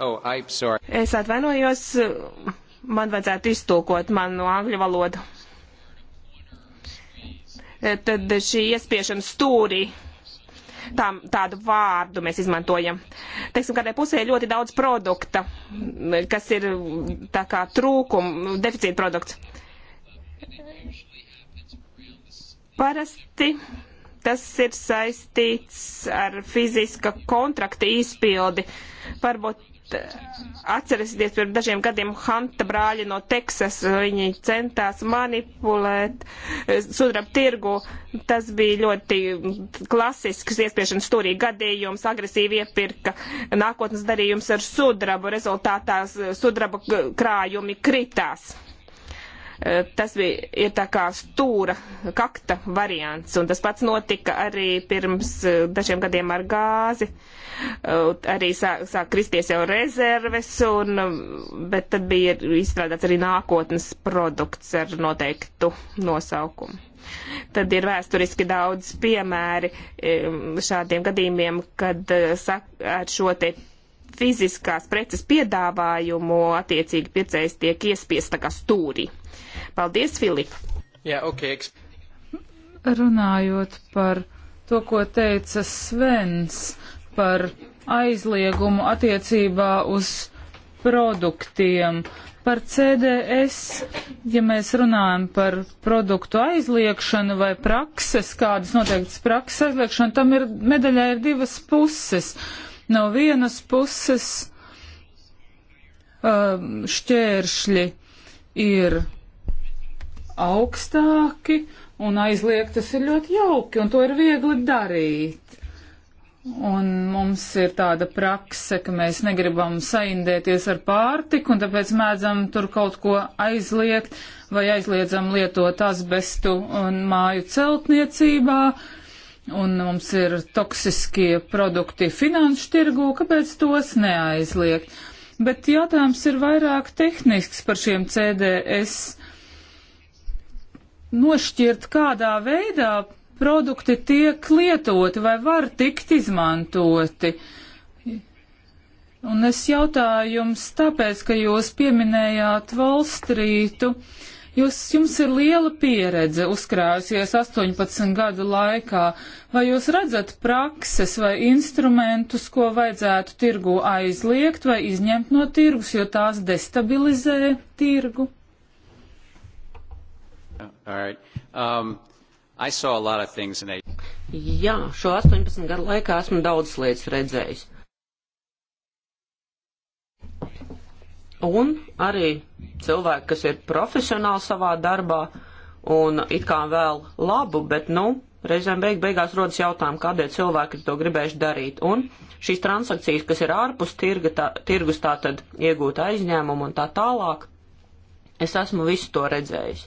S2: Oh, es
S3: atvainojos, man vajadzētu iztulkot manu angļu valodu. Eh, tad šī iespiešana stūrī tā, tādu vārdu mēs izmantojam. Teiksim, kādai pusē ir ļoti daudz produkta, eh, kas ir mm, tā kā trūkuma, deficīta produkts. Parasti tas ir saistīts ar fiziska kontrakta izpildi. Varbūt Atcerieties, pirms dažiem gadiem Hanta brāļi no Teksas, eh, viņi centās manipulēt eh, sudraba tirgu. Tas bija ļoti klasisks iespiešanas stūrī gadījums, agresīvi iepirka nākotnes darījums ar sudrabu, rezultātās sudraba krājumi kritās. Eh, tas bija, ir tā kā stūra kakta variants, un tas pats notika arī pirms eh, dažiem gadiem ar gāzi. Eh, arī sāk, sāk kristies jau rezerves, un, bet tad bija izstrādāts arī nākotnes produkts ar noteiktu nosaukumu. Tad ir vēsturiski daudz piemēri šādiem gadījumiem, kad ar šo te fiziskās preces piedāvājumu attiecīgi pircējs tiek iespiesta kā stūrī. Paldies, Filip!
S2: Jā, yeah, ok. Runājot par to, ko teica Svens par aizliegumu attiecībā uz produktiem. Par CDS, ja mēs runājam par produktu aizliekšanu vai prakses, kādas noteiktas prakses aizliekšana, tam ir medaļā ir divas puses. No vienas puses um, šķēršļi ir augstāki un aizliegt tas ir ļoti jauki un to ir viegli darīt. Un mums ir tāda prakse, ka mēs negribam saindēties ar pārtiku, un tāpēc mēdzam tur kaut ko aizliegt vai aizliedzam lietot asbestu un māju celtniecībā, un mums ir toksiskie produkti finanšu tirgū, kāpēc tos neaizliegt. Bet jautājums ir vairāk tehnisks par šiem CDS nošķirt, kādā veidā produkti tiek lietoti vai var tikt izmantoti. Un es jautāju jums tāpēc, ka jūs pieminējāt Volstrītu. Jūs, jums ir liela pieredze uzkrājusies 18 gadu laikā. Vai jūs redzat prakses vai instrumentus, ko vajadzētu tirgu aizliegt vai izņemt no tirgus, jo tās destabilizē tirgu? Right. Um, they...
S1: Jā, šo 18 gadu laikā esmu daudz lietas redzējis. Un arī cilvēki, kas ir profesionāli savā darbā un it kā vēl labu, bet, nu, reizēm beig beigās rodas jautājumi, kādēļ cilvēki to gribējuši darīt. Un šīs transakcijas, kas ir ārpus tirga, tā, tirgus, tā tad iegūta aizņēmuma un tā tālāk, es esmu visu to redzējis.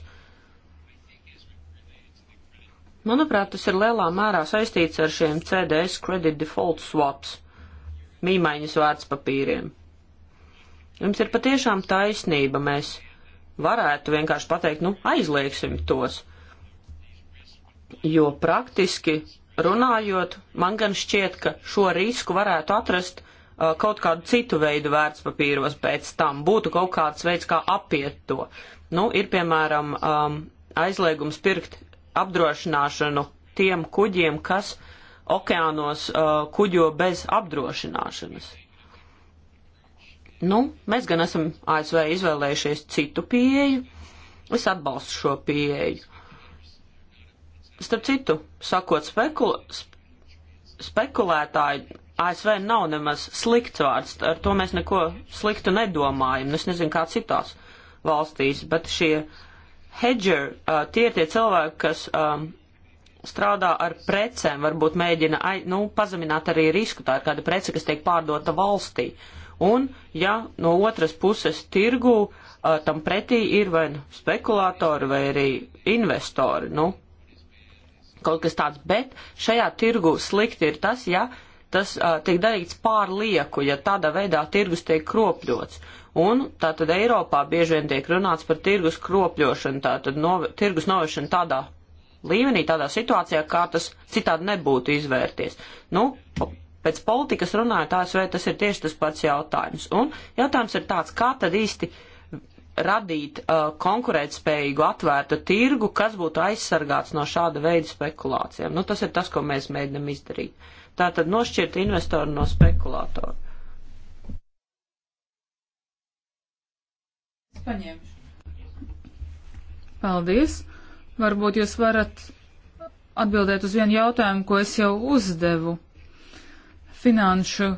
S1: Manuprāt, tas ir lielā mērā saistīts ar šiem CDS credit default swaps, mīmaiņas vērtspapīriem. Jums ir patiešām taisnība, mēs varētu vienkārši pateikt, nu, aizliegsim tos, jo praktiski runājot, man gan šķiet, ka šo risku varētu atrast uh, kaut kādu citu veidu vērtspapīros pēc tam. Būtu kaut kāds veids, kā apiet to. Nu, ir piemēram um, aizliegums pirkt apdrošināšanu tiem kuģiem, kas okeānos uh, kuģo bez apdrošināšanas. Nu, mēs gan esam ASV izvēlējušies citu pieeju. Es atbalstu šo pieeju. Starp citu, sakot spekul spekulētāji, ASV nav nemaz slikts vārds, ar to mēs neko sliktu nedomājam. Nu, es nezinu, kā citās valstīs, bet šie uh, hedger, uh, tie ir tie cilvēki, kas um, strādā ar precēm, varbūt mēģina ai, nu, pazemināt arī risku, tā ir kāda prece, kas tiek pārdota valstī. Un, ja no otras puses tirgu uh, tam pretī ir vai nu spekulātori vai arī investori, nu, kaut kas tāds, bet šajā tirgu slikti ir tas, ja tas uh, tiek darīts pārlieku, ja tādā veidā tirgus tiek kropļots. Un tātad Eiropā bieži vien tiek runāts par tirgus kropļošanu, tātad nove, tirgus novēršanu tādā līmenī, tādā situācijā, kā tas citādi nebūtu izvērties. Nu, pēc politikas runājot ASV tas ir tieši tas pats jautājums. Un jautājums ir tāds, kā tad īsti radīt uh, konkurētspējīgu atvērtu tirgu, kas būtu aizsargāts no šāda veida spekulācijām. Nu, tas ir tas, ko mēs mēģinam izdarīt. Uh, Tātad nošķirt investoru no spekulātoru.
S2: Paņemšu. Paldies. Varbūt jūs varat atbildēt uz vienu jautājumu, ko es jau uzdevu. Finanšu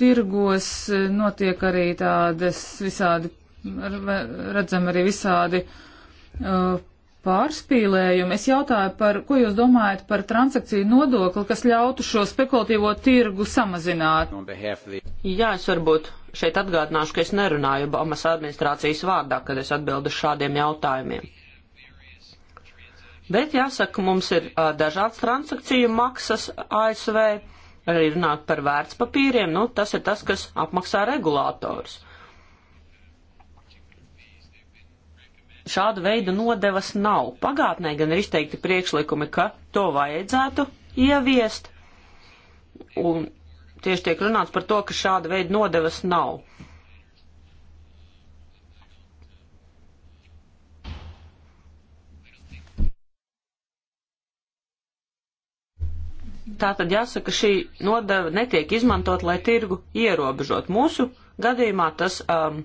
S2: tirgos eh, notiek arī tādas visādi, redzam arī visādi uh, pārspīlējumu. Es jautāju, par, ko jūs domājat par transakciju nodokli, kas ļautu šo spekulatīvo tirgu samazināt?
S1: Jā, es varbūt šeit atgādināšu, ka es nerunāju Obamas administrācijas vārdā, kad es atbildu šādiem jautājumiem. Bet jāsaka, mums ir uh, dažādas transakciju maksas ASV, arī runāt par vērtspapīriem, nu tas ir tas, kas apmaksā regulātors. šāda veida nodevas nav. Pagātnē gan ir izteikti priekšlikumi, ka to vajadzētu ieviest, un tieši tiek runāts par to, ka šāda veida nodevas nav. Tā tad jāsaka, šī nodeva netiek izmantot, lai tirgu ierobežot. Mūsu gadījumā tas um,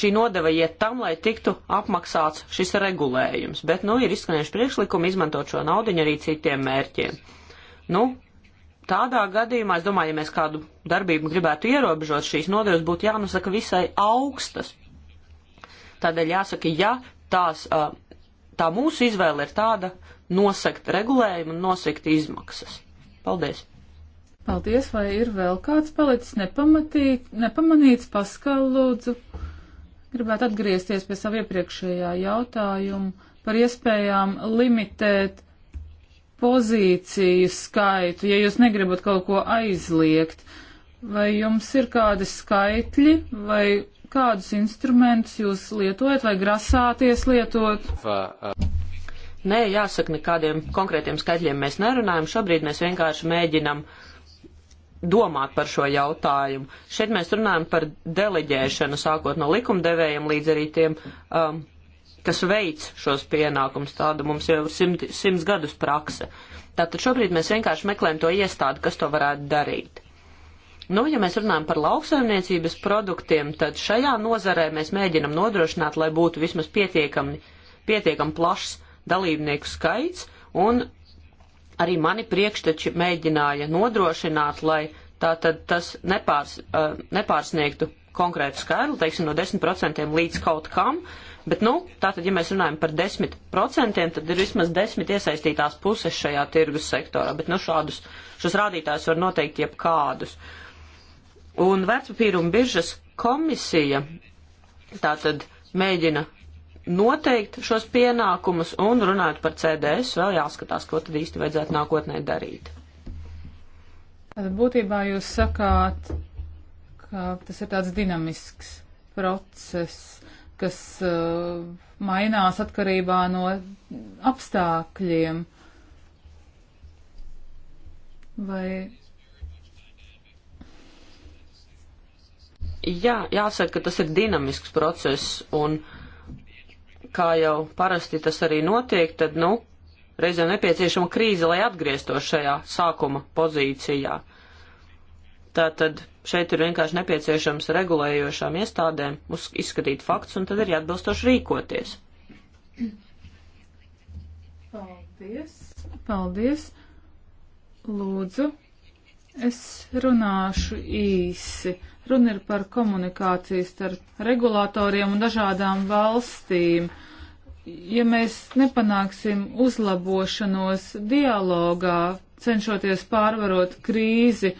S1: šī nodeva iet tam, lai tiktu apmaksāts šis regulējums, bet, nu, ir izskanējuši priekšlikumi izmantot šo naudiņu arī citiem mērķiem. Nu, tādā gadījumā, es domāju, ja mēs kādu darbību gribētu ierobežot, šīs nodevas būtu jānosaka visai augstas. Tādēļ jāsaka, ja tās, tā mūsu izvēle ir tāda, nosakt regulējumu un nosakt izmaksas. Paldies!
S2: Paldies, vai ir vēl kāds palicis nepamatīt, nepamanīts, paskal lūdzu? Gribētu atgriezties pie savu iepriekšējā jautājumu par iespējām limitēt pozīciju skaitu, ja jūs negribat kaut ko aizliegt. Vai jums ir kādi skaitļi vai kādus instrumentus jūs lietojat vai grasāties lietot?
S1: Nē, jāsaka, nekādiem konkrētiem skaitļiem mēs nerunājam. Šobrīd mēs vienkārši mēģinam uh, domāt par šo jautājumu. Šeit mēs runājam par deleģēšanu, sākot no likumdevējiem līdz arī tiem, um, kas veic šos pienākumus. Tāda mums jau ir simt, simts gadus prakse. Tātad šobrīd mēs vienkārši meklējam to iestādi, kas to varētu darīt. Nu, ja mēs runājam par lauksaimniecības produktiem, tad šajā nozarē mēs mēģinam nodrošināt, lai būtu vismaz pietiekami, pietiekami plašs dalībnieku skaits un arī mani priekšteči mēģināja nodrošināt, lai tātad tas nepārs, uh, nepārsniegtu konkrētu skaidru, teiksim, no 10% līdz kaut kam, bet, nu, tātad, ja mēs runājam par 10%, tad ir vismaz 10 iesaistītās puses šajā tirgus sektorā, bet, nu, šādus, šos rādītājus var noteikt jebkādus. Un vērtspapīru un biržas komisija tātad mēģina noteikt šos pienākumus un runājot par CDS, vēl jāskatās, ko tad īsti vajadzētu nākotnē darīt.
S2: Tad būtībā jūs sakāt, ka tas ir tāds dinamisks process, kas uh, mainās atkarībā no apstākļiem. Vai
S1: Jā, jāsaka, ka tas ir dinamisks process, un kā jau parasti tas arī notiek, tad, nu, reizēm nepieciešama krīze, lai atgrieztos šajā sākuma pozīcijā. Tātad šeit ir vienkārši nepieciešams regulējošām iestādēm izskatīt faktus un tad arī atbilstoši
S2: rīkoties. Paldies. Paldies. Lūdzu, es runāšu īsi. Runa ir par komunikāciju starp regulātoriem un dažādām valstīm ja mēs nepanāksim uzlabošanos dialogā, cenšoties pārvarot krīzi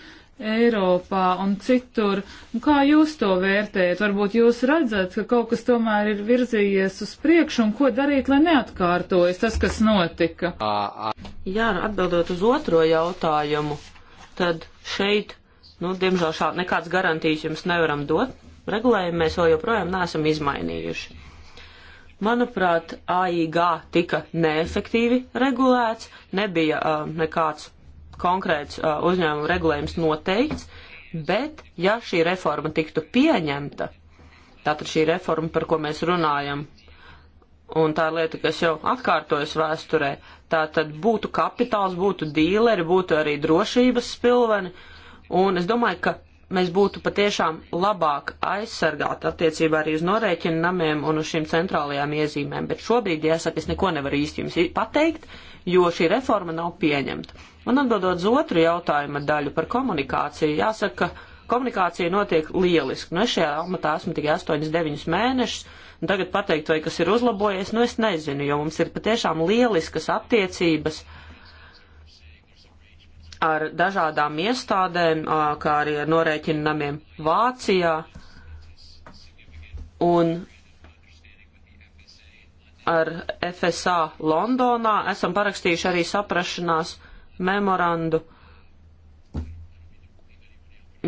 S2: Eiropā un citur, un nu, kā jūs to vērtējat? Varbūt jūs redzat, ka kaut kas tomēr ir virzījies uz priekšu, un ko darīt, lai neatkārtojas tas, kas notika? Jā, nu, atbildot uz otro jautājumu, tad šeit, nu, diemžēl
S1: šādi nekāds garantijas jums nevaram dot. Regulējumu mēs vēl joprojām neesam izmainījuši Manuprāt, AIG tika neefektīvi regulēts, nebija uh, nekāds konkrēts uh, uzņēmuma regulējums noteikts, bet ja šī reforma tiktu pieņemta, tātad šī reforma, par ko mēs runājam, un tā ir lieta, kas jau atkārtojas vēsturē, tātad būtu kapitāls, būtu dīleri, būtu arī drošības spilveni, un es domāju, ka mēs būtu patiešām labāk aizsargāti attiecībā arī uz norēķinu namiem un uz šīm centrālajām iezīmēm. Bet šobrīd, jāsaka, es neko nevaru īsti jums pateikt, jo šī reforma nav pieņemta. Un atbildot uz otru jautājuma daļu par komunikāciju, jāsaka, komunikācija notiek lieliski. Nu, es šajā amatā esmu tikai 8-9 mēnešus, un tagad pateikt, vai kas ir uzlabojies, nu es nezinu, jo mums ir patiešām lieliskas attiecības. Uh, ar dažādām iestādēm, kā arī ar norēķinu namiem Vācijā un ar FSA Londonā esam parakstījuši arī saprašanās memorandu.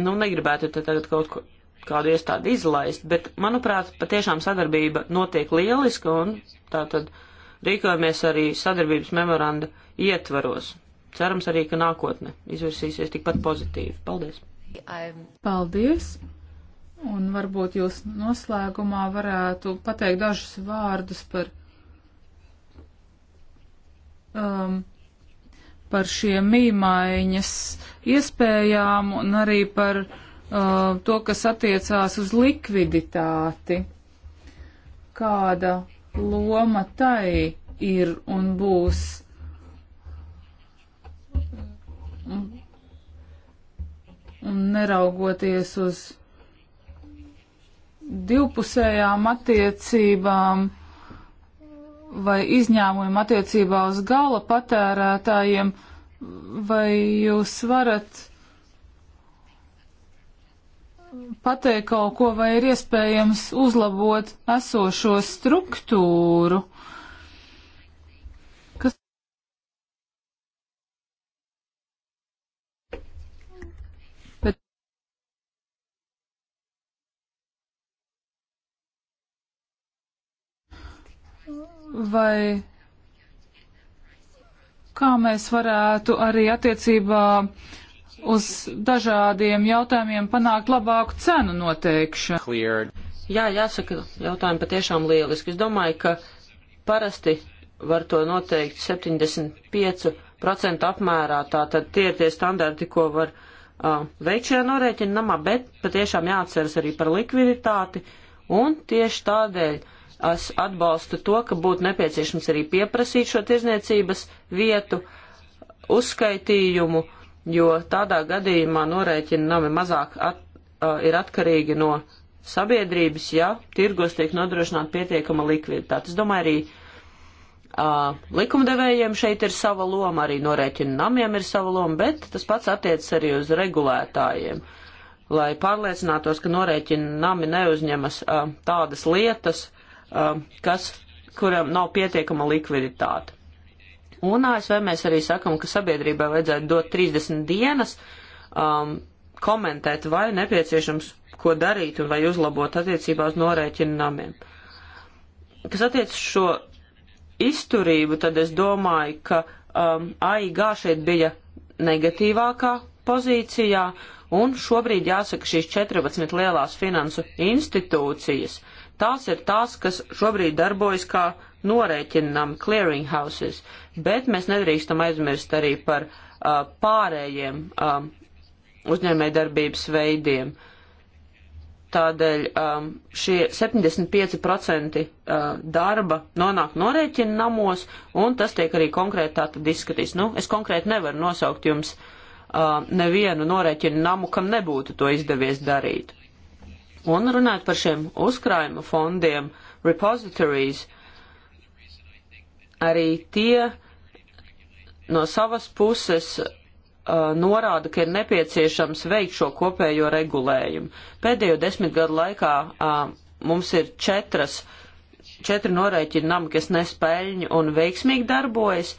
S1: Nu, negribētu te tagad kaut ko, kādu iestādi izlaist, bet, manuprāt, patiešām sadarbība notiek lieliska un tā tad rīkojamies arī sadarbības memoranda ietvaros cerams arī, ka nākotne izvērsīsies tikpat pozitīvi. Paldies!
S2: Paldies! Un varbūt jūs noslēgumā varētu pateikt dažus vārdus par, um, par šiem mīmaiņas iespējām un arī par uh, to, kas attiecās uz likviditāti. Kāda loma tai ir un būs? Un, un neraugoties uz divpusējām attiecībām vai izņēmumu attiecībā uz gala patērētājiem, vai jūs varat pateikt kaut ko, vai ir iespējams uzlabot esošo struktūru? Uh, vai kā mēs varētu arī attiecībā uz dažādiem jautājumiem panākt labāku cenu noteikšanu. Jā, jāsaka, jautājumi patiešām lieliski.
S1: Es domāju, ka parasti var to noteikt 75% apmērā, tātad tie ir tie standarti, ko var uh, veikt šajā norēķinamā, bet patiešām jāatceras arī par likviditāti, un tieši tādēļ uh, Es atbalstu to, ka būtu nepieciešams arī pieprasīt šo tirzniecības vietu uzskaitījumu, jo tādā gadījumā norēķinami mazāk at, uh, ir atkarīgi no sabiedrības, ja tirgos tiek nodrošināta pietiekama likviditāte. Es domāju, arī uh, likumdevējiem šeit ir sava loma, arī norēķinamiem ir sava loma, bet tas pats attiecas arī uz regulētājiem. Lai pārliecinātos, ka norēķinami neuzņemas uh, tādas lietas, Um, kas, kuram nav pietiekama likviditāte. Un ASV mēs arī sakam, ka sabiedrībai vajadzētu dot 30 dienas um, komentēt, vai nepieciešams ko darīt un vai uzlabot attiecībā uz norēķinu namiem. Kas attiec uz šo izturību, tad es domāju, ka um, AIG šeit bija negatīvākā pozīcijā, un šobrīd jāsaka šīs 14 lielās finansu institūcijas uh, Tās ir tās, kas šobrīd darbojas kā norēķinām clearinghouses, bet mēs nedrīkstam aizmirst arī par uh, pārējiem um, uzņēmējdarbības veidiem. Tādēļ um, šie 75% uh, darba nonāk norēķina namos, un tas tiek arī konkrēti tātad izskatīts. Nu, es konkrēti nevaru nosaukt jums uh, nevienu norēķinu namu, kam nebūtu to izdevies darīt. Un runāt par šiem uzkrājuma fondiem, repositories, arī tie no savas puses uh, norāda, ka ir nepieciešams veikt šo kopējo regulējumu. Pēdējo desmit gadu laikā uh, mums ir četras, četri norēķinami, kas nespēļņi un veiksmīgi darbojas,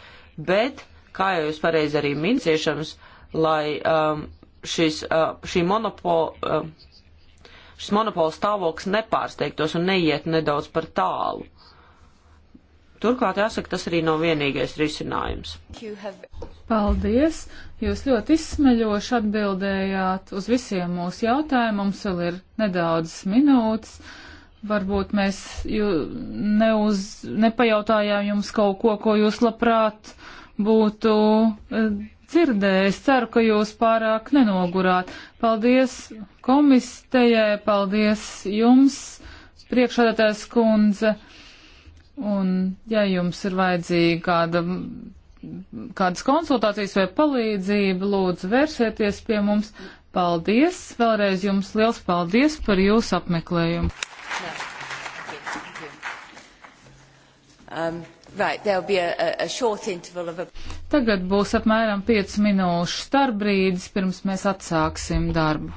S1: bet, kā jau jūs pareizi arī minciešams, lai um, šis, uh, šī monopola. Uh, šis monopola stāvoklis nepārsteigtos un neiet nedaudz par tālu. Turklāt jāsaka, tas arī nav vienīgais risinājums.
S2: Paldies! Jūs ļoti izsmeļoši atbildējāt uz visiem mūsu jautājumiem. Mums vēl ir nedaudz minūtes. Varbūt mēs neuz, nepajautājām jums kaut ko, ko jūs labprāt būtu eh, dzirdēju. Es ceru, ka jūs pārāk nenogurāt. Paldies komistejai, paldies jums, priekšādātājs kundze. Un, ja jums ir vajadzīga kāda, kādas konsultācijas vai palīdzība, lūdzu vērsieties pie mums. Paldies! Vēlreiz jums liels paldies par jūsu apmeklējumu. No. Okay. Um. Right, a, a Tagad būs apmēram 5 minūšu starpbrīdis, pirms mēs atsāksim darbu.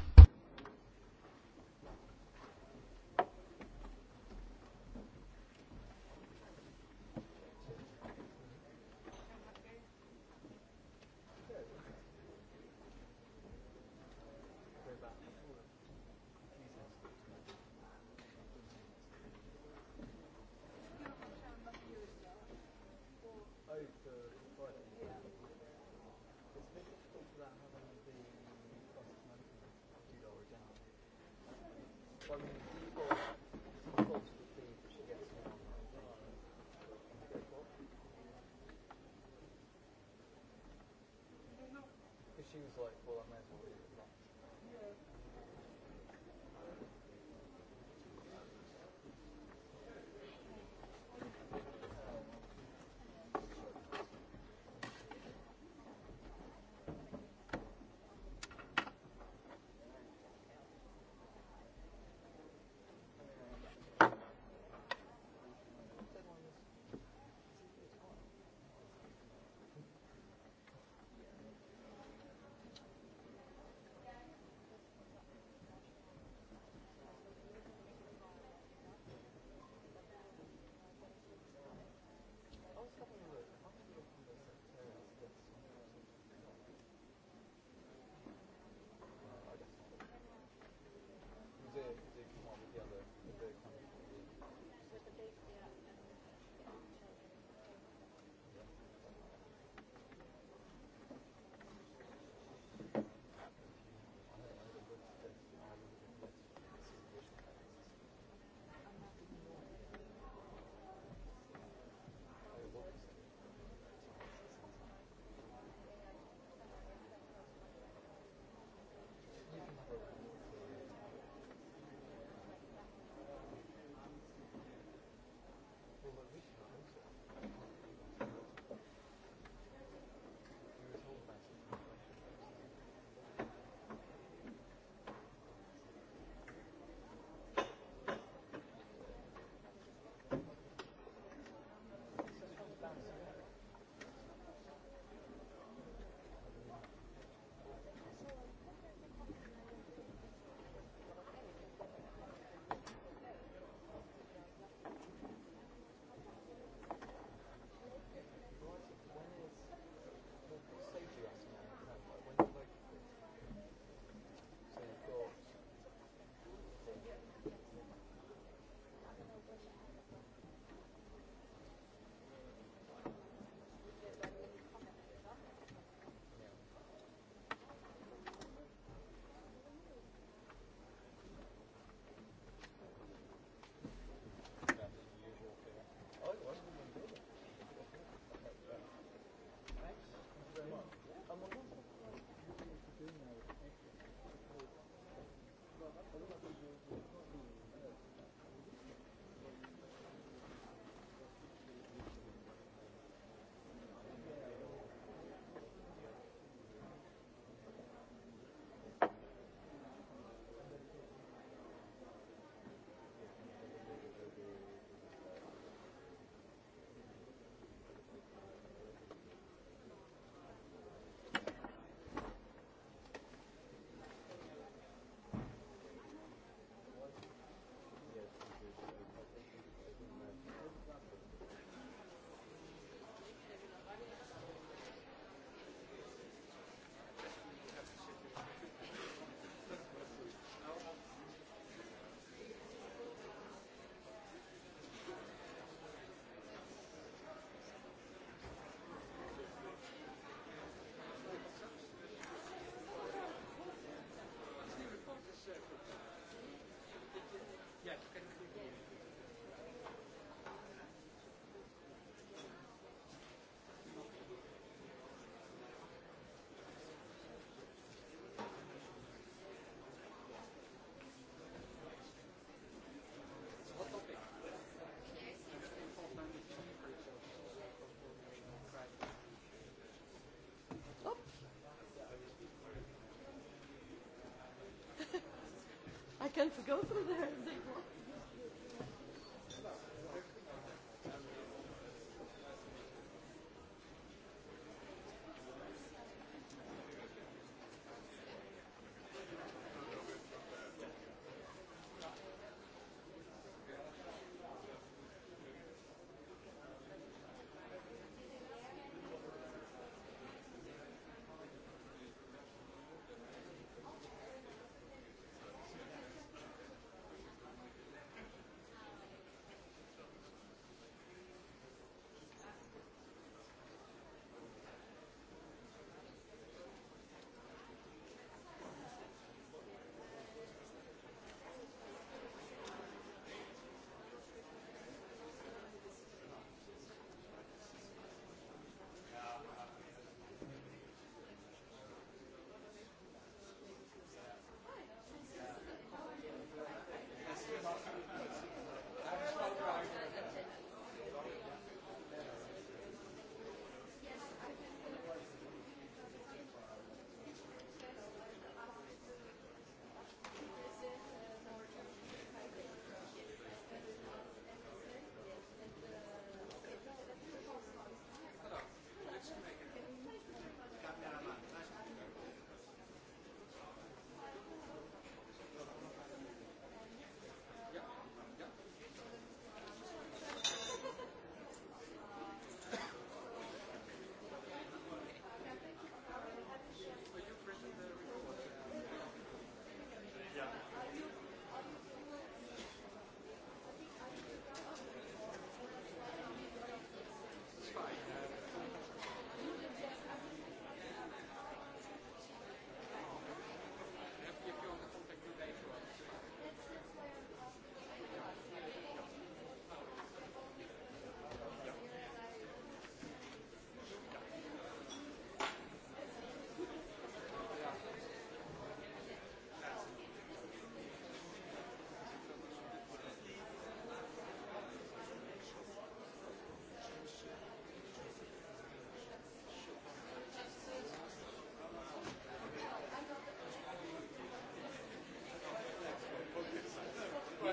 S1: I can't go through there.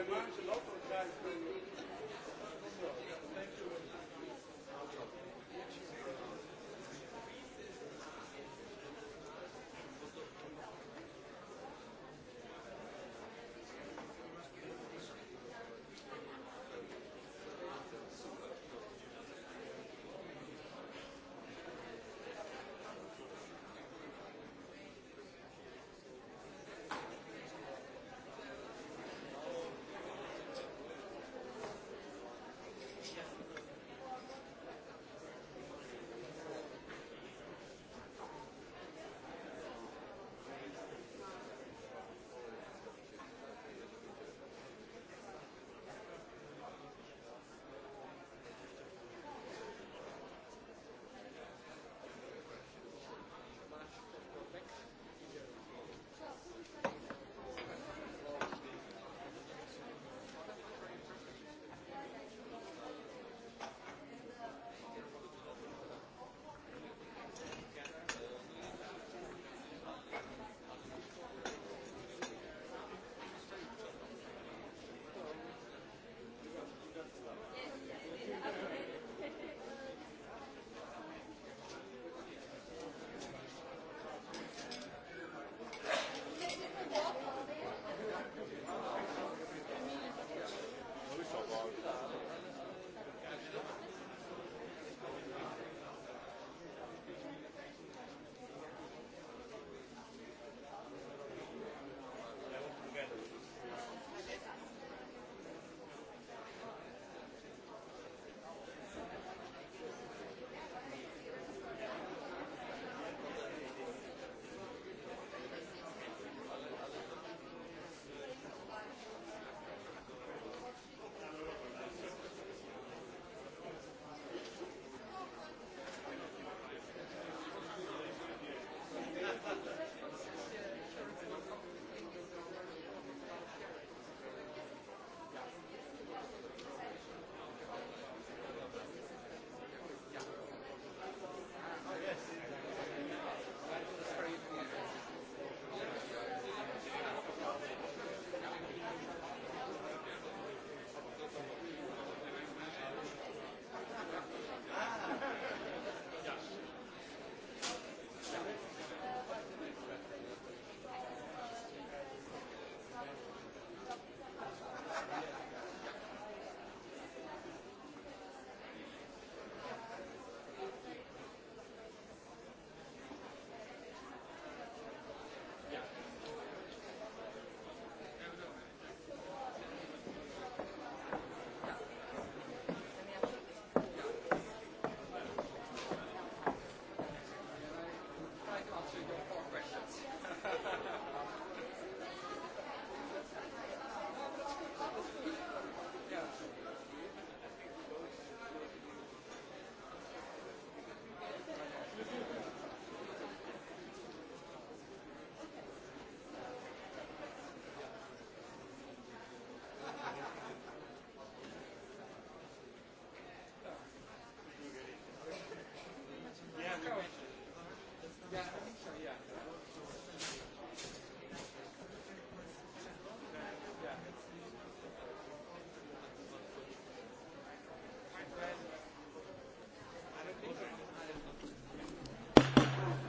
S1: bij Maarten Loper zijn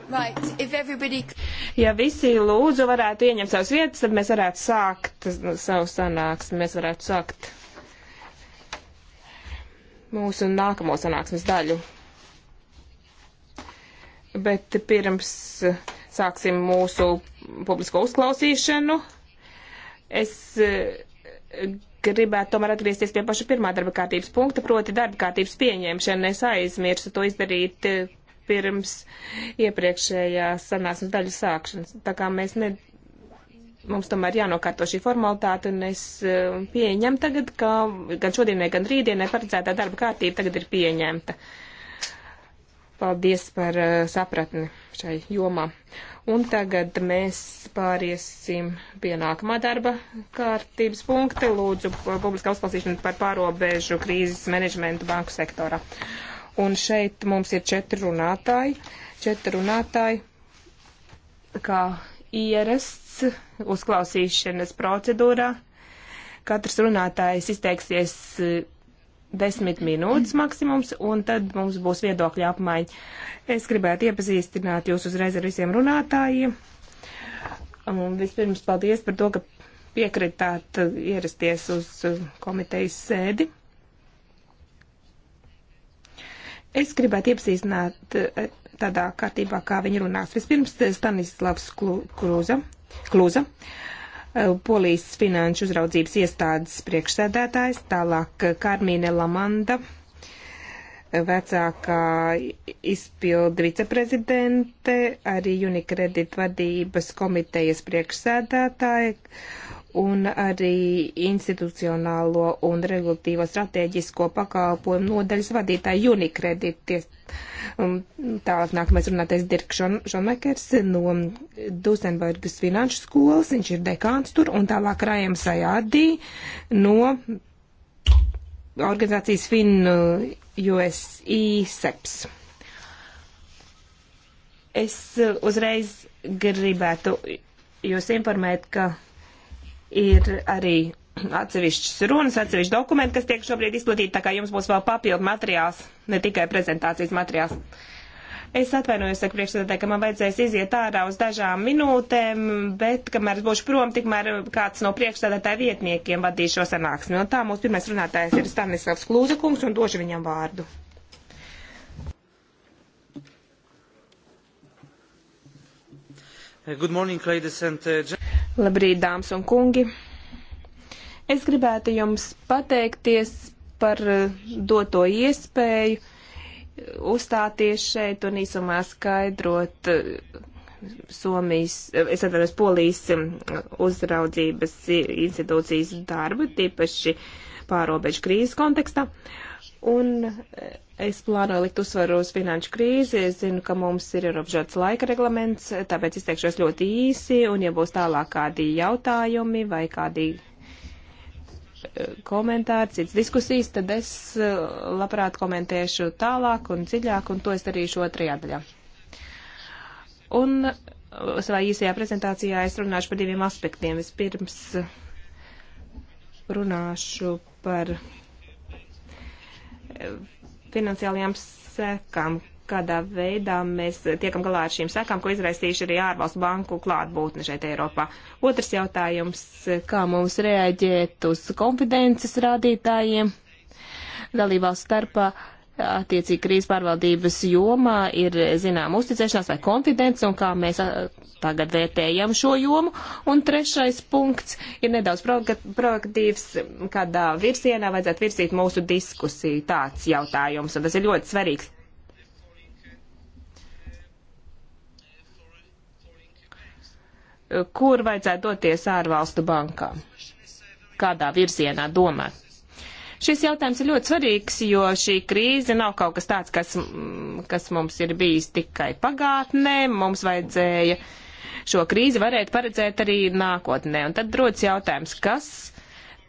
S3: Right. Ja visi lūdzu varētu ieņemt savas vietas, tad mēs varētu sākt savu sanāksmi, mēs varētu sākt mūsu nākamo sanāksmes daļu. Bet pirms sāksim mūsu publisko uzklausīšanu, es eh, gribētu tomēr atgriezties pie paša pirmā darba kārtības punkta, proti darba kārtības pieņemšana. Es aizmirsu to izdarīt eh, pirms iepriekšējās sanāksmes daļas sākšanas. Tā kā mēs ne, mums tomēr jānokārto šī formalitāte, un es eh, pieņemu tagad, ka gan šodienai, gan rītdienai paredzētā darba kārtība tagad ir pieņemta. Paldies par eh, sapratni šai jomā. Un tagad mēs pāriesim pie nākamā darba kārtības punkta. Lūdzu, publiskā uzklausīšana par pārobežu krīzes menedžmentu banku sektorā. Un šeit mums ir četri runātāji, četri runātāji, kā ierasts uzklausīšanas procedūrā. Katrs runātājs izteiksies eh, desmit minūtes maksimums, un tad mums būs viedokļa apmaiņa. Es gribētu iepazīstināt jūs uzreiz ar visiem runātājiem. Un vispirms paldies par to, ka piekritāt eh, ierasties uz eh, komitejas sēdi. Es gribētu iepazīstināt eh, tādā kārtībā, kā viņi runās. Vispirms eh, Stanislavs Kluza, Kluza eh, Polijas finanšu uzraudzības iestādes priekšsēdētājs, tālāk Karmīne Lamanda, vecākā izpildu viceprezidente, arī Unikredit vadības komitejas priekšsēdētāja un arī institucionālo un regulatīvo strateģisko pakalpojumu nodaļas vadītāju Unikredīties. Um, tālāk nākamais runātais Dirks Šonmekers no Dusenbergas finanšu skolas, viņš ir dekāns tur, un tālāk Rājam Sajādī no organizācijas Fin USI uh, SEPS. Es uh, uzreiz gribētu jūs informēt, ka Ir arī atsevišķas runas, atsevišķi dokumenti, kas tiek šobrīd izplatīti, tā kā jums būs vēl papildu materiāls, ne tikai prezentācijas materiāls. Es atvainojos, saku priekšsēdētāji, ka man vajadzēs iziet ārā uz dažām minūtēm, bet kamēr es būšu prom, tikmēr kāds no priekšsēdētāja vietniekiem vadīs šo sanāksmi. Un tā mūsu pirmais runātājs ir Stanislavs Klūzakungs un došu viņam vārdu.
S1: Good morning, ladies and uh, gentlemen.
S3: Labrīt, dāmas un kungi. Es gribētu jums pateikties par uh, doto iespēju uh, uzstāties šeit un īsumā skaidrot Somijas, es atvainojos, Polijas um, uzraudzības institūcijas darbu, tīpaši pārobežu krīzes kontekstā. Uh, Un es plānoju likt uzsvaru uz finanšu krīzi. Es zinu, ka mums ir ierobežots laika reglaments, tāpēc izteikšos ļoti īsi. Un, ja būs tālāk kādi jautājumi vai kādi e, komentāri, cits diskusijas, tad es e, labprāt komentēšu tālāk un dziļāk, un to es darīšu otrajā daļā. Un e, savā īsajā prezentācijā es runāšu par diviem aspektiem. Vispirms runāšu par finansiālajām sekām, kādā veidā mēs tiekam galā ar šīm sekām, ko izraisījuši arī ārvalstu banku klātbūtne šeit Eiropā. Otrs jautājums, kā mums reaģēt uz konfidences rādītājiem dalībvalstu starpā. Uh, attiecīgi krīzes pārvaldības jomā ir zinām uzticēšanās vai konfidence un kā mēs tagad vērtējam šo jomu. Un trešais punkts ir nedaudz proaktīvs, kādā virsienā vajadzētu virsīt mūsu diskusiju. Tāds jautājums, un tas ir ļoti svarīgs. Kur vajadzētu doties ārvalstu bankām? Kādā virzienā domāt? Šis jautājums ir ļoti svarīgs, jo šī krīze nav kaut kas tāds, kas, mm, kas mums ir bijis tikai pagātnē. Mums vajadzēja šo krīzi varēt paredzēt arī nākotnē. Un tad rodas jautājums, kas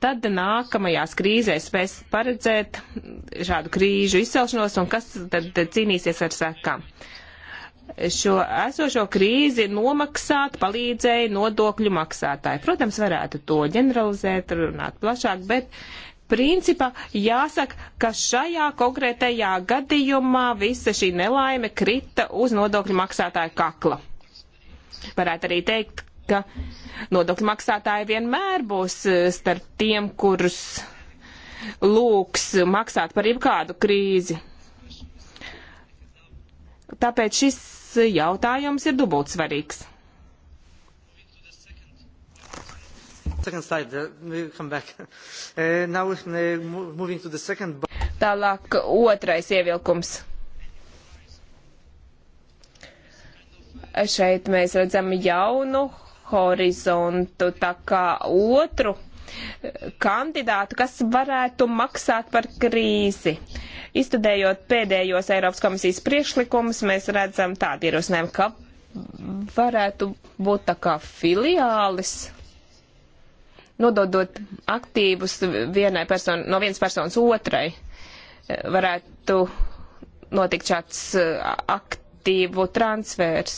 S3: tad nākamajās krīzēs spēs paredzēt šādu krīžu izcelšanos un kas tad cīnīsies ar sekām. Šo esošo krīzi nomaksāt palīdzēja nodokļu maksātāji. Protams, varētu to ģeneralizēt, runāt plašāk, bet principā jāsaka, ka šajā konkrētajā gadījumā visa šī nelaime krita uz nodokļu maksātāju kakla. Varētu arī teikt, ka nodokļu maksātāji vienmēr būs e, starp tiem, kurus lūks maksāt par jebkādu krīzi. Tāpēc šis jautājums ir dubult svarīgs. Second slide, uh, come back. Uh, now uh, moving to the second. Tālāk otrais ievilkums. Šeit mēs redzam jaunu horizontu, tā kā otru kandidātu, kas varētu maksāt par krīzi. Izstudējot pēdējos Eiropas komisijas priekšlikumus, mēs redzam tādu ierosinājumu, ka varētu būt tā kā filiālis nododot aktīvus vienai person, no vienas personas otrai, e, varētu notikt šāds e, aktīvu transfers.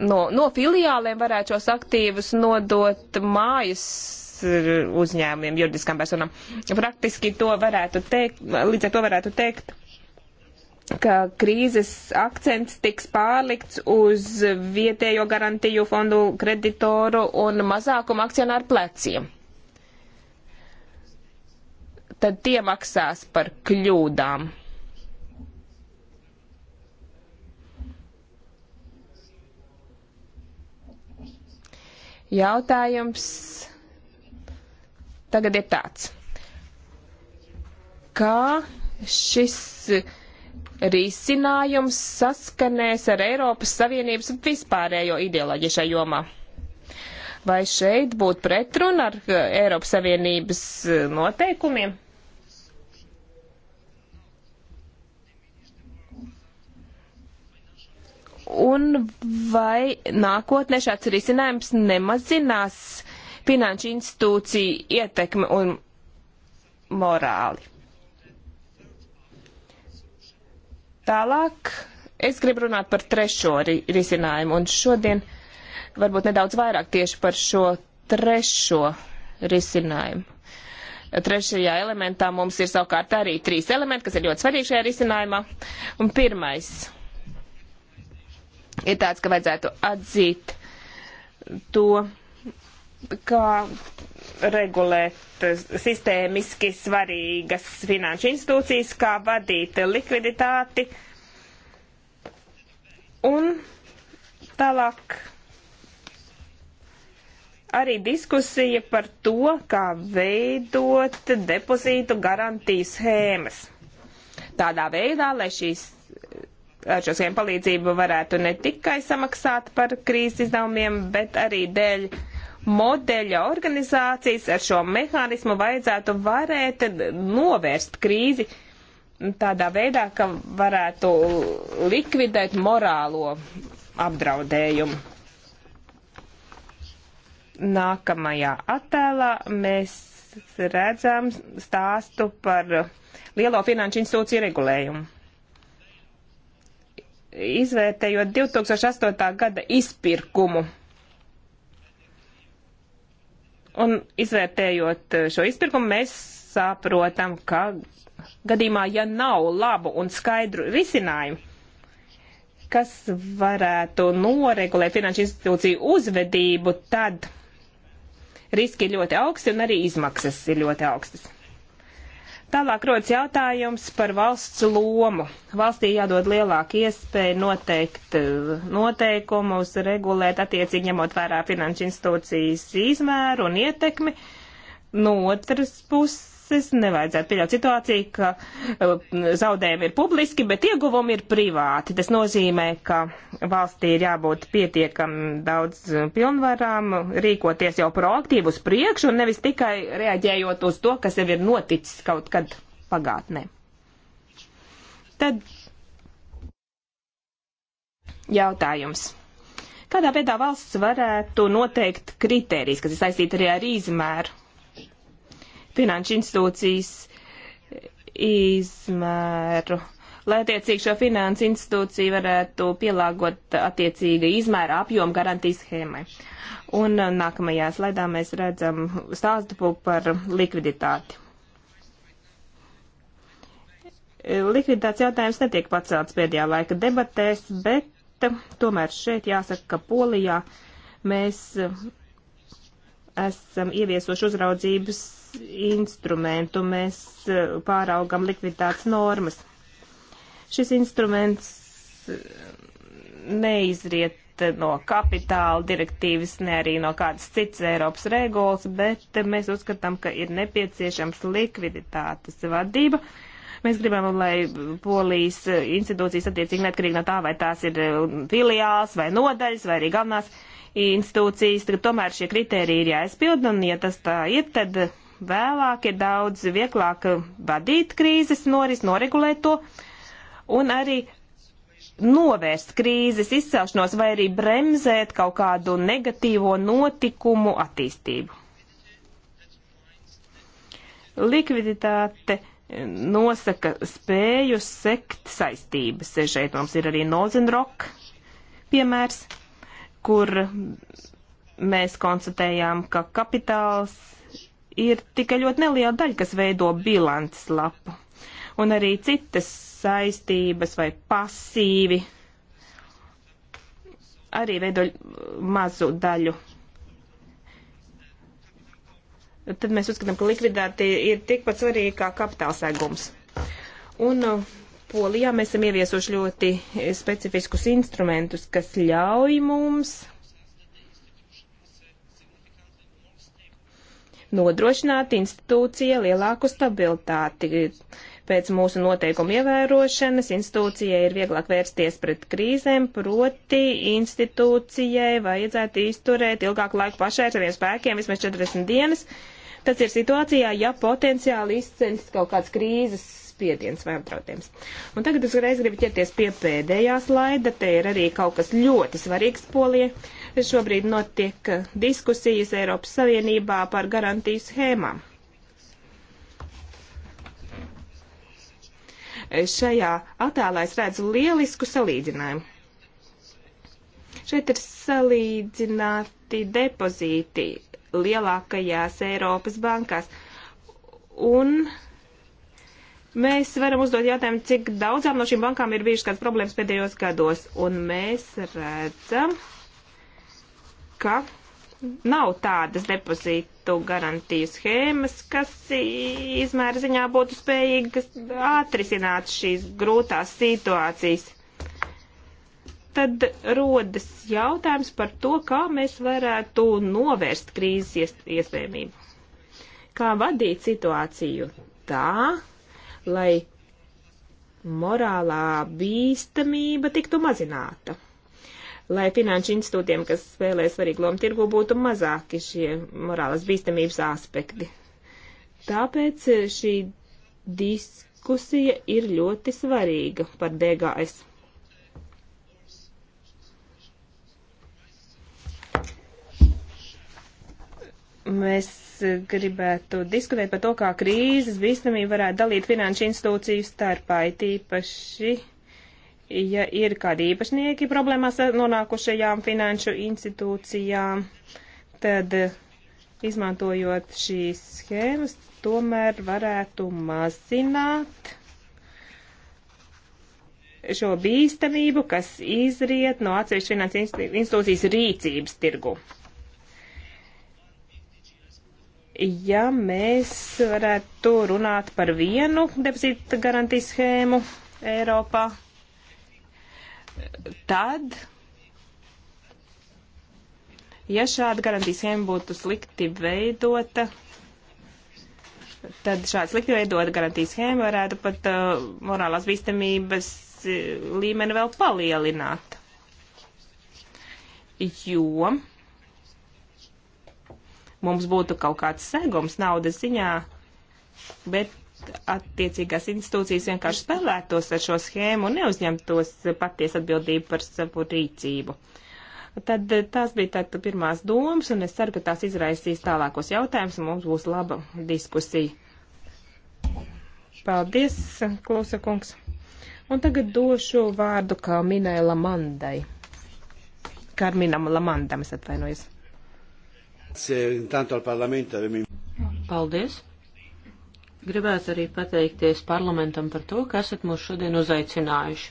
S3: No, no filiāliem varētu šos aktīvus nodot mājas e, uzņēmumiem, juridiskām personām. Praktiski to varētu teikt, līdz ar to varētu teikt, ka krīzes akcents tiks pārlikts uz vietējo garantiju fondu kreditoru un mazākumu akcionāru pleciem. Tad tie maksās par kļūdām. Jautājums tagad ir tāds. Kā šis risinājums saskanēs ar Eiropas Savienības vispārējo ideoloģiju šajā jomā. Vai šeit būtu pretruna ar uh, Eiropas Savienības uh, noteikumiem? Un vai nākotnē šāds risinājums nemazinās finanšu institūciju ietekmi un morāli? Tālāk es gribu runāt par trešo risinājumu, un šodien varbūt nedaudz vairāk tieši par šo trešo risinājumu. Trešajā elementā mums ir savukārt arī trīs elementi, kas ir ļoti svarīgi šajā risinājumā. Un pirmais ir tāds, ka vajadzētu atzīt to, kā regulēt eh, sistēmiski svarīgas finanšu institūcijas, kā vadīt likviditāti. Un tālāk arī diskusija par to, kā veidot depozītu garantiju schēmas. Tādā veidā, lai šīs ar šo schēmu palīdzību varētu ne tikai samaksāt par krīzes izdevumiem, bet arī dēļ uh, modeļa organizācijas ar šo mehānismu vajadzētu varēt novērst krīzi tādā veidā, ka varētu likvidēt morālo apdraudējumu. Nākamajā attēlā mēs redzam stāstu par lielo finanšu institūciju regulējumu izvērtējot 2008. gada izpirkumu Un izvērtējot eh, šo izpirkumu, mēs saprotam, ka gadījumā, ja nav labu un skaidru risinājumu, kas varētu noregulēt finanšu institūciju uzvedību, tad riski ir ļoti augsti un arī izmaksas ir ļoti augstas. Tālāk rodas jautājums par valsts lomu. Valstī jādod lielāka iespēja noteikt eh, noteikumus, regulēt attiecīgi ņemot vērā finanšu institūcijas izmēru un ietekmi. No otras puses, preces, nevajadzētu pieļaut situāciju, ka uh, zaudējumi ir publiski, bet ieguvumi ir privāti. Tas nozīmē, ka valstī ir jābūt pietiekami daudz uh, pilnvarām, rīkoties jau proaktīvi uz priekšu un nevis tikai reaģējot uz to, kas jau ir noticis kaut kad pagātnē. Tad jautājums. Kādā veidā valsts varētu noteikt kritērijas, kas ir saistīti arī ar izmēru? finanšu institūcijas izmēru, lai attiecīgi šo finansu institūciju varētu pielāgot attiecīga izmēra apjoma garantijas schēmai. Un uh, nākamajā slaidā mēs redzam stāstu par likviditāti. Likviditātes jautājums netiek pacelts pēdējā laika debatēs, bet uh, tomēr šeit jāsaka, ka Polijā mēs uh, esam ieviesoši uzraudzības instrumentu, mēs eh, pāraugam likviditātes normas. Šis instruments eh, neizriet no kapitāla direktīvas, ne arī no kādas citas Eiropas regulas, bet mēs uzskatām, ka ir nepieciešams likviditātes vadība. Mēs gribam, lai polijas eh, institūcijas attiecīgi neatkarīgi no tā, vai tās ir filiāls vai nodaļas vai arī galvenās institūcijas, tad tomēr šie kriteriji ir jāizpild, un ja tas tā ir, tad vēlāk ir daudz vieglāk vadīt krīzes noris, noregulēt to, un arī novērst krīzes izcelšanos vai arī bremzēt kaut kādu negatīvo notikumu attīstību. Likviditāte nosaka spēju sekt saistības. Šeit mums ir arī Nozenrok piemērs kur mēs konstatējām, ka kapitāls ir tikai ļoti neliela daļa, kas veido bilants lapu. Un arī citas saistības vai pasīvi arī veido mazu daļu. Tad mēs uzskatām, ka likviditāte ir tikpat svarīga kā kapitāls segums. Un uh, Polijā mēs esam ieviesuši ļoti specifiskus instrumentus, kas ļauj mums nodrošināt institūcija lielāku stabilitāti. Pēc mūsu noteikumu ievērošanas institūcijai ir vieglāk vērsties pret krīzēm, proti institūcijai vajadzētu izturēt ilgāku laiku pašai ar saviem spēkiem, vismaz 40 dienas. Tas ir situācijā, ja potenciāli izceļas kaut kāds krīzes spiediens vai apdraudējums. Un tagad es reiz gribu ķerties pie pēdējā slaida. Te ir arī kaut kas ļoti svarīgs polie. Šobrīd notiek diskusijas Eiropas Savienībā par garantiju schēmām. Šajā attēlā es redzu lielisku salīdzinājumu. Šeit ir salīdzināti depozīti lielākajās Eiropas bankās. Un Mēs varam uzdot jautājumu, cik daudzām no šīm bankām ir bijušas kādas problēmas pēdējos gados, un mēs redzam, ka nav tādas depozītu garantiju schēmas, kas izmēra ziņā būtu spējīgas atrisināt šīs grūtās situācijas. Tad rodas jautājums par to, kā mēs varētu novērst krīzes iespējamību. Kā vadīt situāciju tā, lai morālā bīstamība tiktu mazināta. Lai finanšu institūtiem, kas spēlē svarīgu lomu tirgu, būtu mazāki šie morālas bīstamības aspekti. Tāpēc šī diskusija ir ļoti svarīga par DGS. Mēs gribētu diskutēt par to, kā krīzes bīstamība varētu dalīt finanšu institūciju starpā, tīpaši, ja ir kādi īpašnieki problēmās nonākušajām finanšu institūcijām, tad izmantojot šīs schēmas, tomēr varētu mazināt šo bīstamību, kas izriet no atsevišķu finanses institūcijas rīcības tirgu ja mēs varētu runāt par vienu depozīta garantijas schēmu Eiropā, tad, ja šāda garantijas schēma būtu slikti veidota, tad šāda slikti veidota garantijas schēma varētu pat uh, morālās bīstamības uh, līmeni vēl palielināt. Jo mums būtu kaut kāds segums naudas ziņā, bet attiecīgās institūcijas vienkārši spēlētos ar šo schēmu un neuzņemtos paties atbildību par savu rīcību. Tad eh, tās bija tāda pirmās domas, un es ceru, ka tās izraisīs tālākos jautājumus, un mums būs laba diskusija. Paldies, Klausa kungs. Un tagad došu vārdu, kā minēja Lamandai. Karminam Lamandam, es atvainojos.
S1: Grazie, intanto al Parlamento. Paldies. Gribētu arī pateikties parlamentam par to, ka esat mūs šodien uzaicinājuši.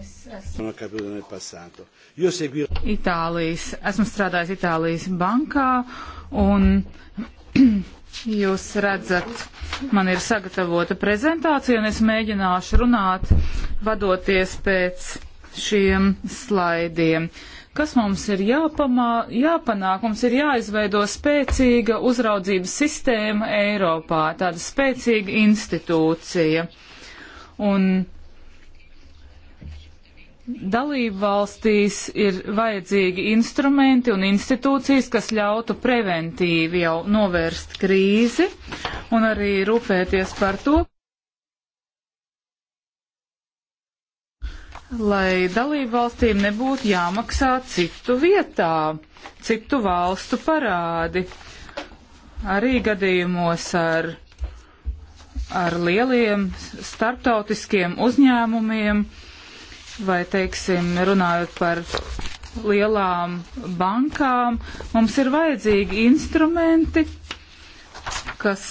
S2: Es esmu. Itālijas, esmu strādājis Itālijas bankā un jūs redzat, man ir sagatavota prezentācija un es mēģināšu runāt vadoties pēc šiem slaidiem. Uh, Kas mums ir jāpamā, jāpanāk? Mums ir jāizveido spēcīga uzraudzības sistēma Eiropā, tāda spēcīga institūcija. Un Dalību valstīs ir vajadzīgi instrumenti un institūcijas, kas ļautu preventīvi jau novērst krīzi un arī rūpēties par to, lai dalību valstīm nebūtu jāmaksā citu vietā, citu valstu parādi. Arī gadījumos ar, ar lieliem starptautiskiem uzņēmumiem vai, teiksim, runājot par lielām bankām, mums ir vajadzīgi instrumenti, kas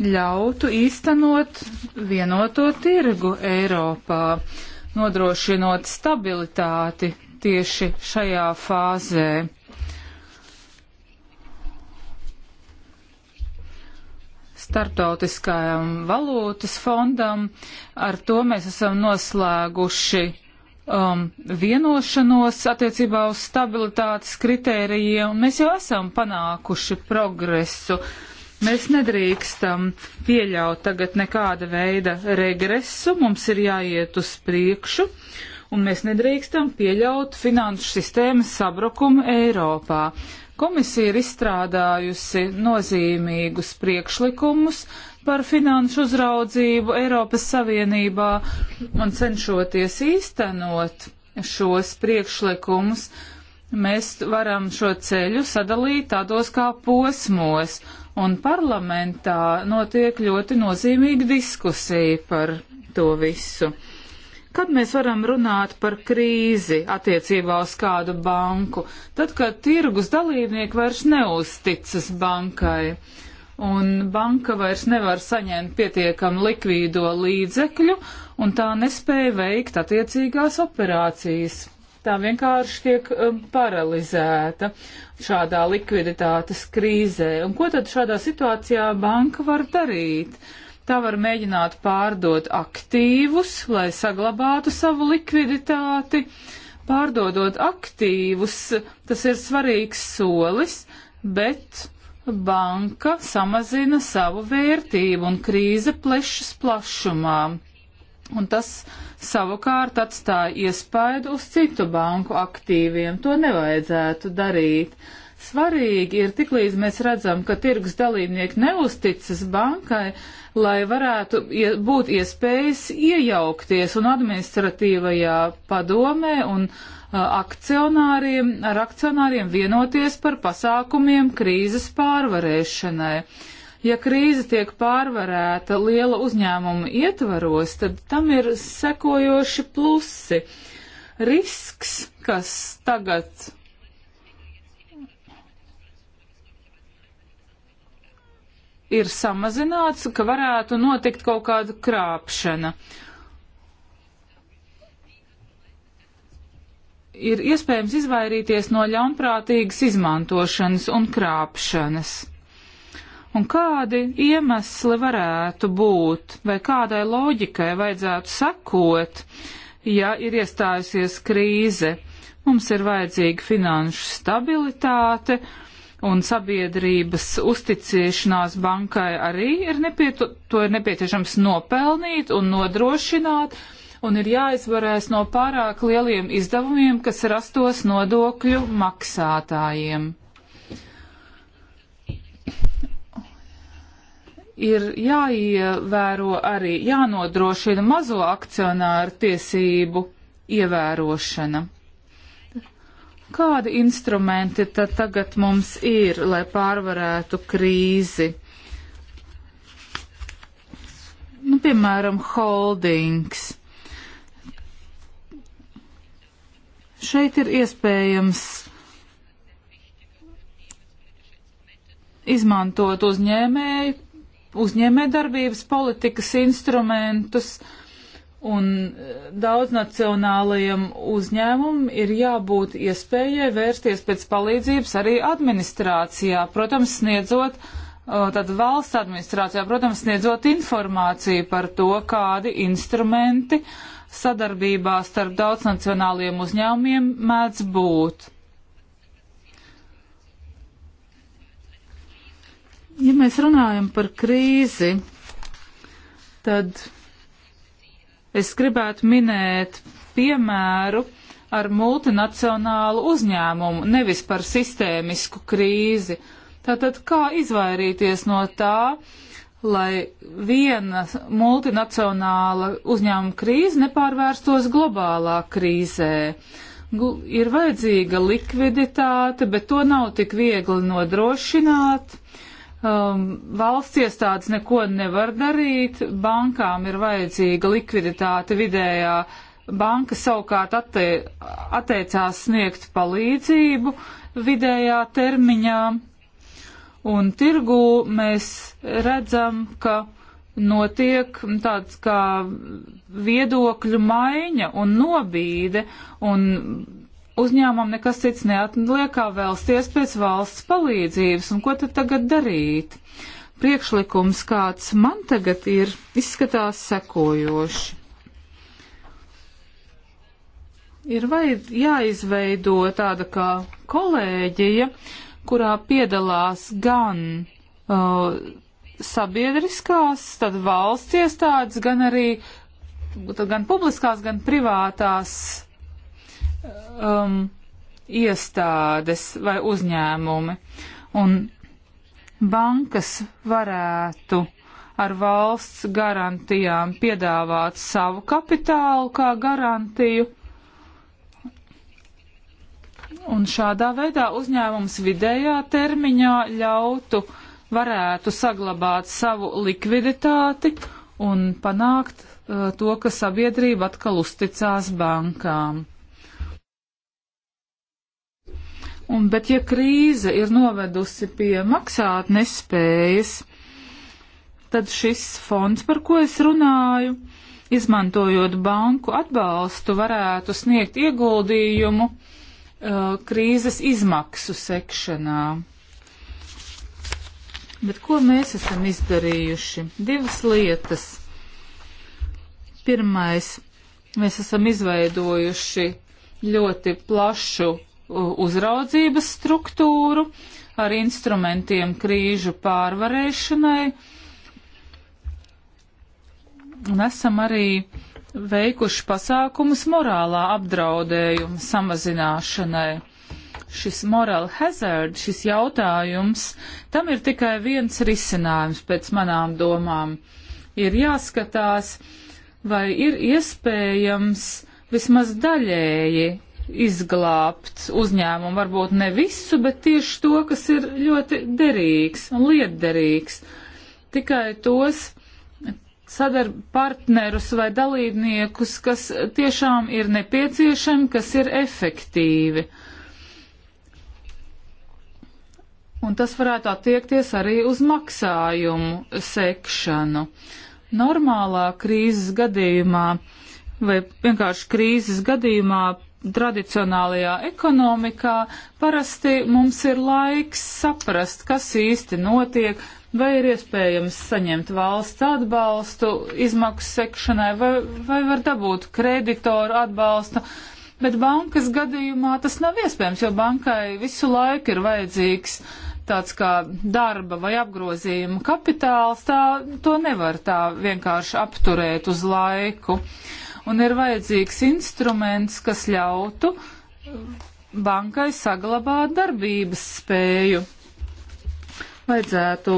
S2: ļautu īstenot vienoto tirgu Eiropā nodrošinot stabilitāti tieši šajā fāzē. Startautiskajam valūtas fondam ar to mēs esam noslēguši um, vienošanos attiecībā uz stabilitātes kritērijiem, un mēs jau esam panākuši progresu. Uh, Mēs nedrīkstam pieļaut tagad nekāda veida regresu, mums ir jāiet uz priekšu, un mēs nedrīkstam pieļaut finanšu sistēmas sabrukumu Eiropā. Komisija ir izstrādājusi nozīmīgus priekšlikumus par finanšu uzraudzību Eiropas Savienībā un cenšoties īstenot šos priekšlikumus, mēs varam šo ceļu sadalīt tādos kā posmos un parlamentā notiek ļoti nozīmīga diskusija par to visu. Kad mēs varam runāt par krīzi attiecībā uz kādu banku? Tad, kad tirgus dalībnieki vairs neusticas bankai un banka vairs nevar saņemt pietiekam likvīdo līdzekļu un tā nespēja veikt attiecīgās operācijas tā vienkārši tiek um, paralizēta šādā likviditātes krīzē. Un ko tad šādā situācijā banka var darīt? Tā var mēģināt pārdot aktīvus, lai saglabātu savu likviditāti. Pārdodot aktīvus, tas ir svarīgs solis, bet banka samazina savu vērtību un krīze plešas plašumā. Un tas savukārt atstāja iespaidu uz citu banku aktīviem. To nevajadzētu darīt. Svarīgi ir tiklīdz mēs redzam, ka tirgus dalībnieki neusticas bankai, lai varētu būt iespējas iejaukties un administratīvajā padomē un akcionāriem, ar akcionāriem vienoties par pasākumiem krīzes pārvarēšanai. Ja krīze tiek pārvarēta liela uzņēmuma ietvaros, tad tam ir sekojoši plusi. Risks, kas tagad ir samazināts, ka varētu notikt kaut kāda krāpšana. Ir iespējams izvairīties no ļaunprātīgas izmantošanas un krāpšanas. Un kādi iemesli varētu būt, vai kādai loģikai vajadzētu sekot, ja ir iestājusies krīze? Mums ir vajadzīga finanšu stabilitāte, un sabiedrības uzticēšanās bankai arī ir, nepietu, ir nepieciešams nopelnīt un nodrošināt, un ir jāizvarēs no pārāk lieliem izdevumiem, kas rastos nodokļu maksātājiem ir jāievēro arī jānodrošina mazo akcionāru tiesību ievērošana. Kādi instrumenti tad tagad mums ir, lai pārvarētu krīzi? Nu, piemēram, holdings. Šeit ir iespējams izmantot uzņēmēju uzņēmējdarbības politikas instrumentus, un eh, daudznacionālajiem uzņēmumam ir jābūt iespējai vērsties pēc palīdzības arī administrācijā, protams, sniedzot eh, tad valsts administrācijā, protams, sniedzot informāciju par to, kādi instrumenti sadarbībā starp daudznacionāliem uzņēmumiem mēdz būt. Ja mēs runājam par krīzi, tad es gribētu minēt piemēru ar multinacionālu uzņēmumu, nevis par sistēmisku krīzi. Tātad kā izvairīties no tā, lai viena multinacionāla uzņēmuma krīze nepārvērstos globālā krīzē. Gl ir vajadzīga likviditāte, bet to nav tik viegli nodrošināt. Uh, um, valsts iestādes neko nevar darīt, bankām ir vajadzīga likviditāte vidējā, banka savukārt atte, atteicās sniegt palīdzību vidējā termiņā, un tirgū mēs redzam, ka notiek tāds kā viedokļu maiņa un nobīde, un uzņēmumam nekas cits neatliek, kā vēlsties pēc valsts palīdzības, un ko tad tagad darīt? Priekšlikums, kāds man tagad ir, izskatās sekojoši. Ir vajad, jāizveido tāda kā kolēģija, kurā piedalās gan uh, sabiedriskās, tad valsts iestādes, gan arī gan publiskās, gan privātās um, iestādes vai uzņēmumi. Un bankas varētu ar valsts garantijām piedāvāt savu kapitālu kā garantiju. Un šādā veidā uzņēmums vidējā termiņā ļautu, varētu saglabāt savu likviditāti un panākt uh, to, ka sabiedrība atkal uzticās bankām. Un, bet ja krīze ir novedusi pie maksāt nespējas, tad šis fonds, par ko es runāju, izmantojot banku atbalstu, varētu sniegt ieguldījumu uh, krīzes izmaksu sekšanā. Bet ko mēs esam izdarījuši? Divas lietas. Pirmais, mēs esam izveidojuši ļoti plašu uzraudzības struktūru ar instrumentiem krīžu pārvarēšanai. Un esam arī veikuši pasākumus morālā apdraudējuma samazināšanai. Šis moral hazard, šis jautājums, tam ir tikai viens risinājums pēc manām domām. Ir jāskatās, vai ir iespējams vismaz daļēji izglābt uzņēmumu, varbūt ne visu, bet tieši to, kas ir ļoti derīgs un lietderīgs. Tikai tos sadarb partnerus vai dalībniekus, kas tiešām ir nepieciešami, kas ir efektīvi. Un tas varētu attiekties arī uz maksājumu sekšanu. Normālā krīzes gadījumā vai vienkārši krīzes gadījumā tradicionālajā ekonomikā parasti mums ir laiks saprast, kas īsti notiek, vai ir iespējams saņemt valsts atbalstu izmaksu sekšanai, vai, vai var dabūt kreditoru atbalstu. Bet bankas gadījumā tas nav iespējams, jo bankai visu laiku ir vajadzīgs tāds kā darba vai apgrozījuma kapitāls, tā to nevar tā vienkārši apturēt uz laiku. Uh, un ir vajadzīgs instruments, kas ļautu bankai saglabāt darbības spēju. Vajadzētu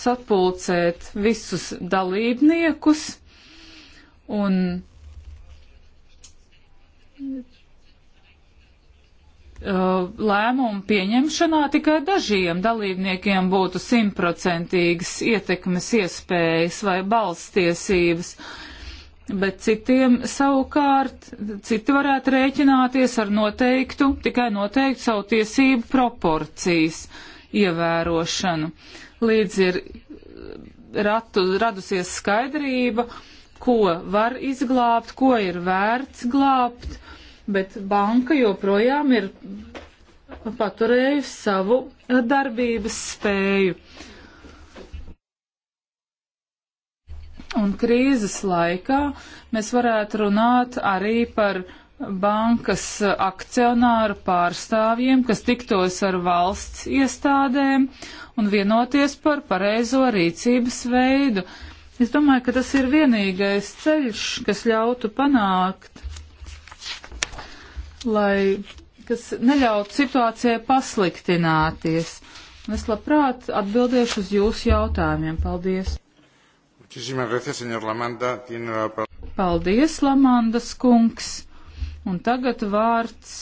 S2: sapulcēt visus dalībniekus un uh, lēmumu pieņemšanā tikai dažiem dalībniekiem būtu simtprocentīgas ietekmes iespējas vai balstiesības. Uh, bet citiem savukārt, citi varētu rēķināties ar noteiktu, tikai noteiktu savu tiesību proporcijas ievērošanu. Līdz ir eh, ratu, radusies skaidrība, ko var izglābt, ko ir vērts glābt, bet banka joprojām ir paturējusi savu darbības spēju. Uh, Un krīzes laikā mēs varētu runāt arī par bankas akcionāru pārstāvjiem, kas tiktos ar valsts iestādēm un vienoties par pareizo rīcības veidu. Es domāju, ka tas ir vienīgais ceļš, kas ļautu panākt, lai, kas neļautu situācijai pasliktināties. Es labprāt atbildēšu uz jūsu jautājumiem. Paldies! Paldies, Lamandas kungs. Un tagad vārds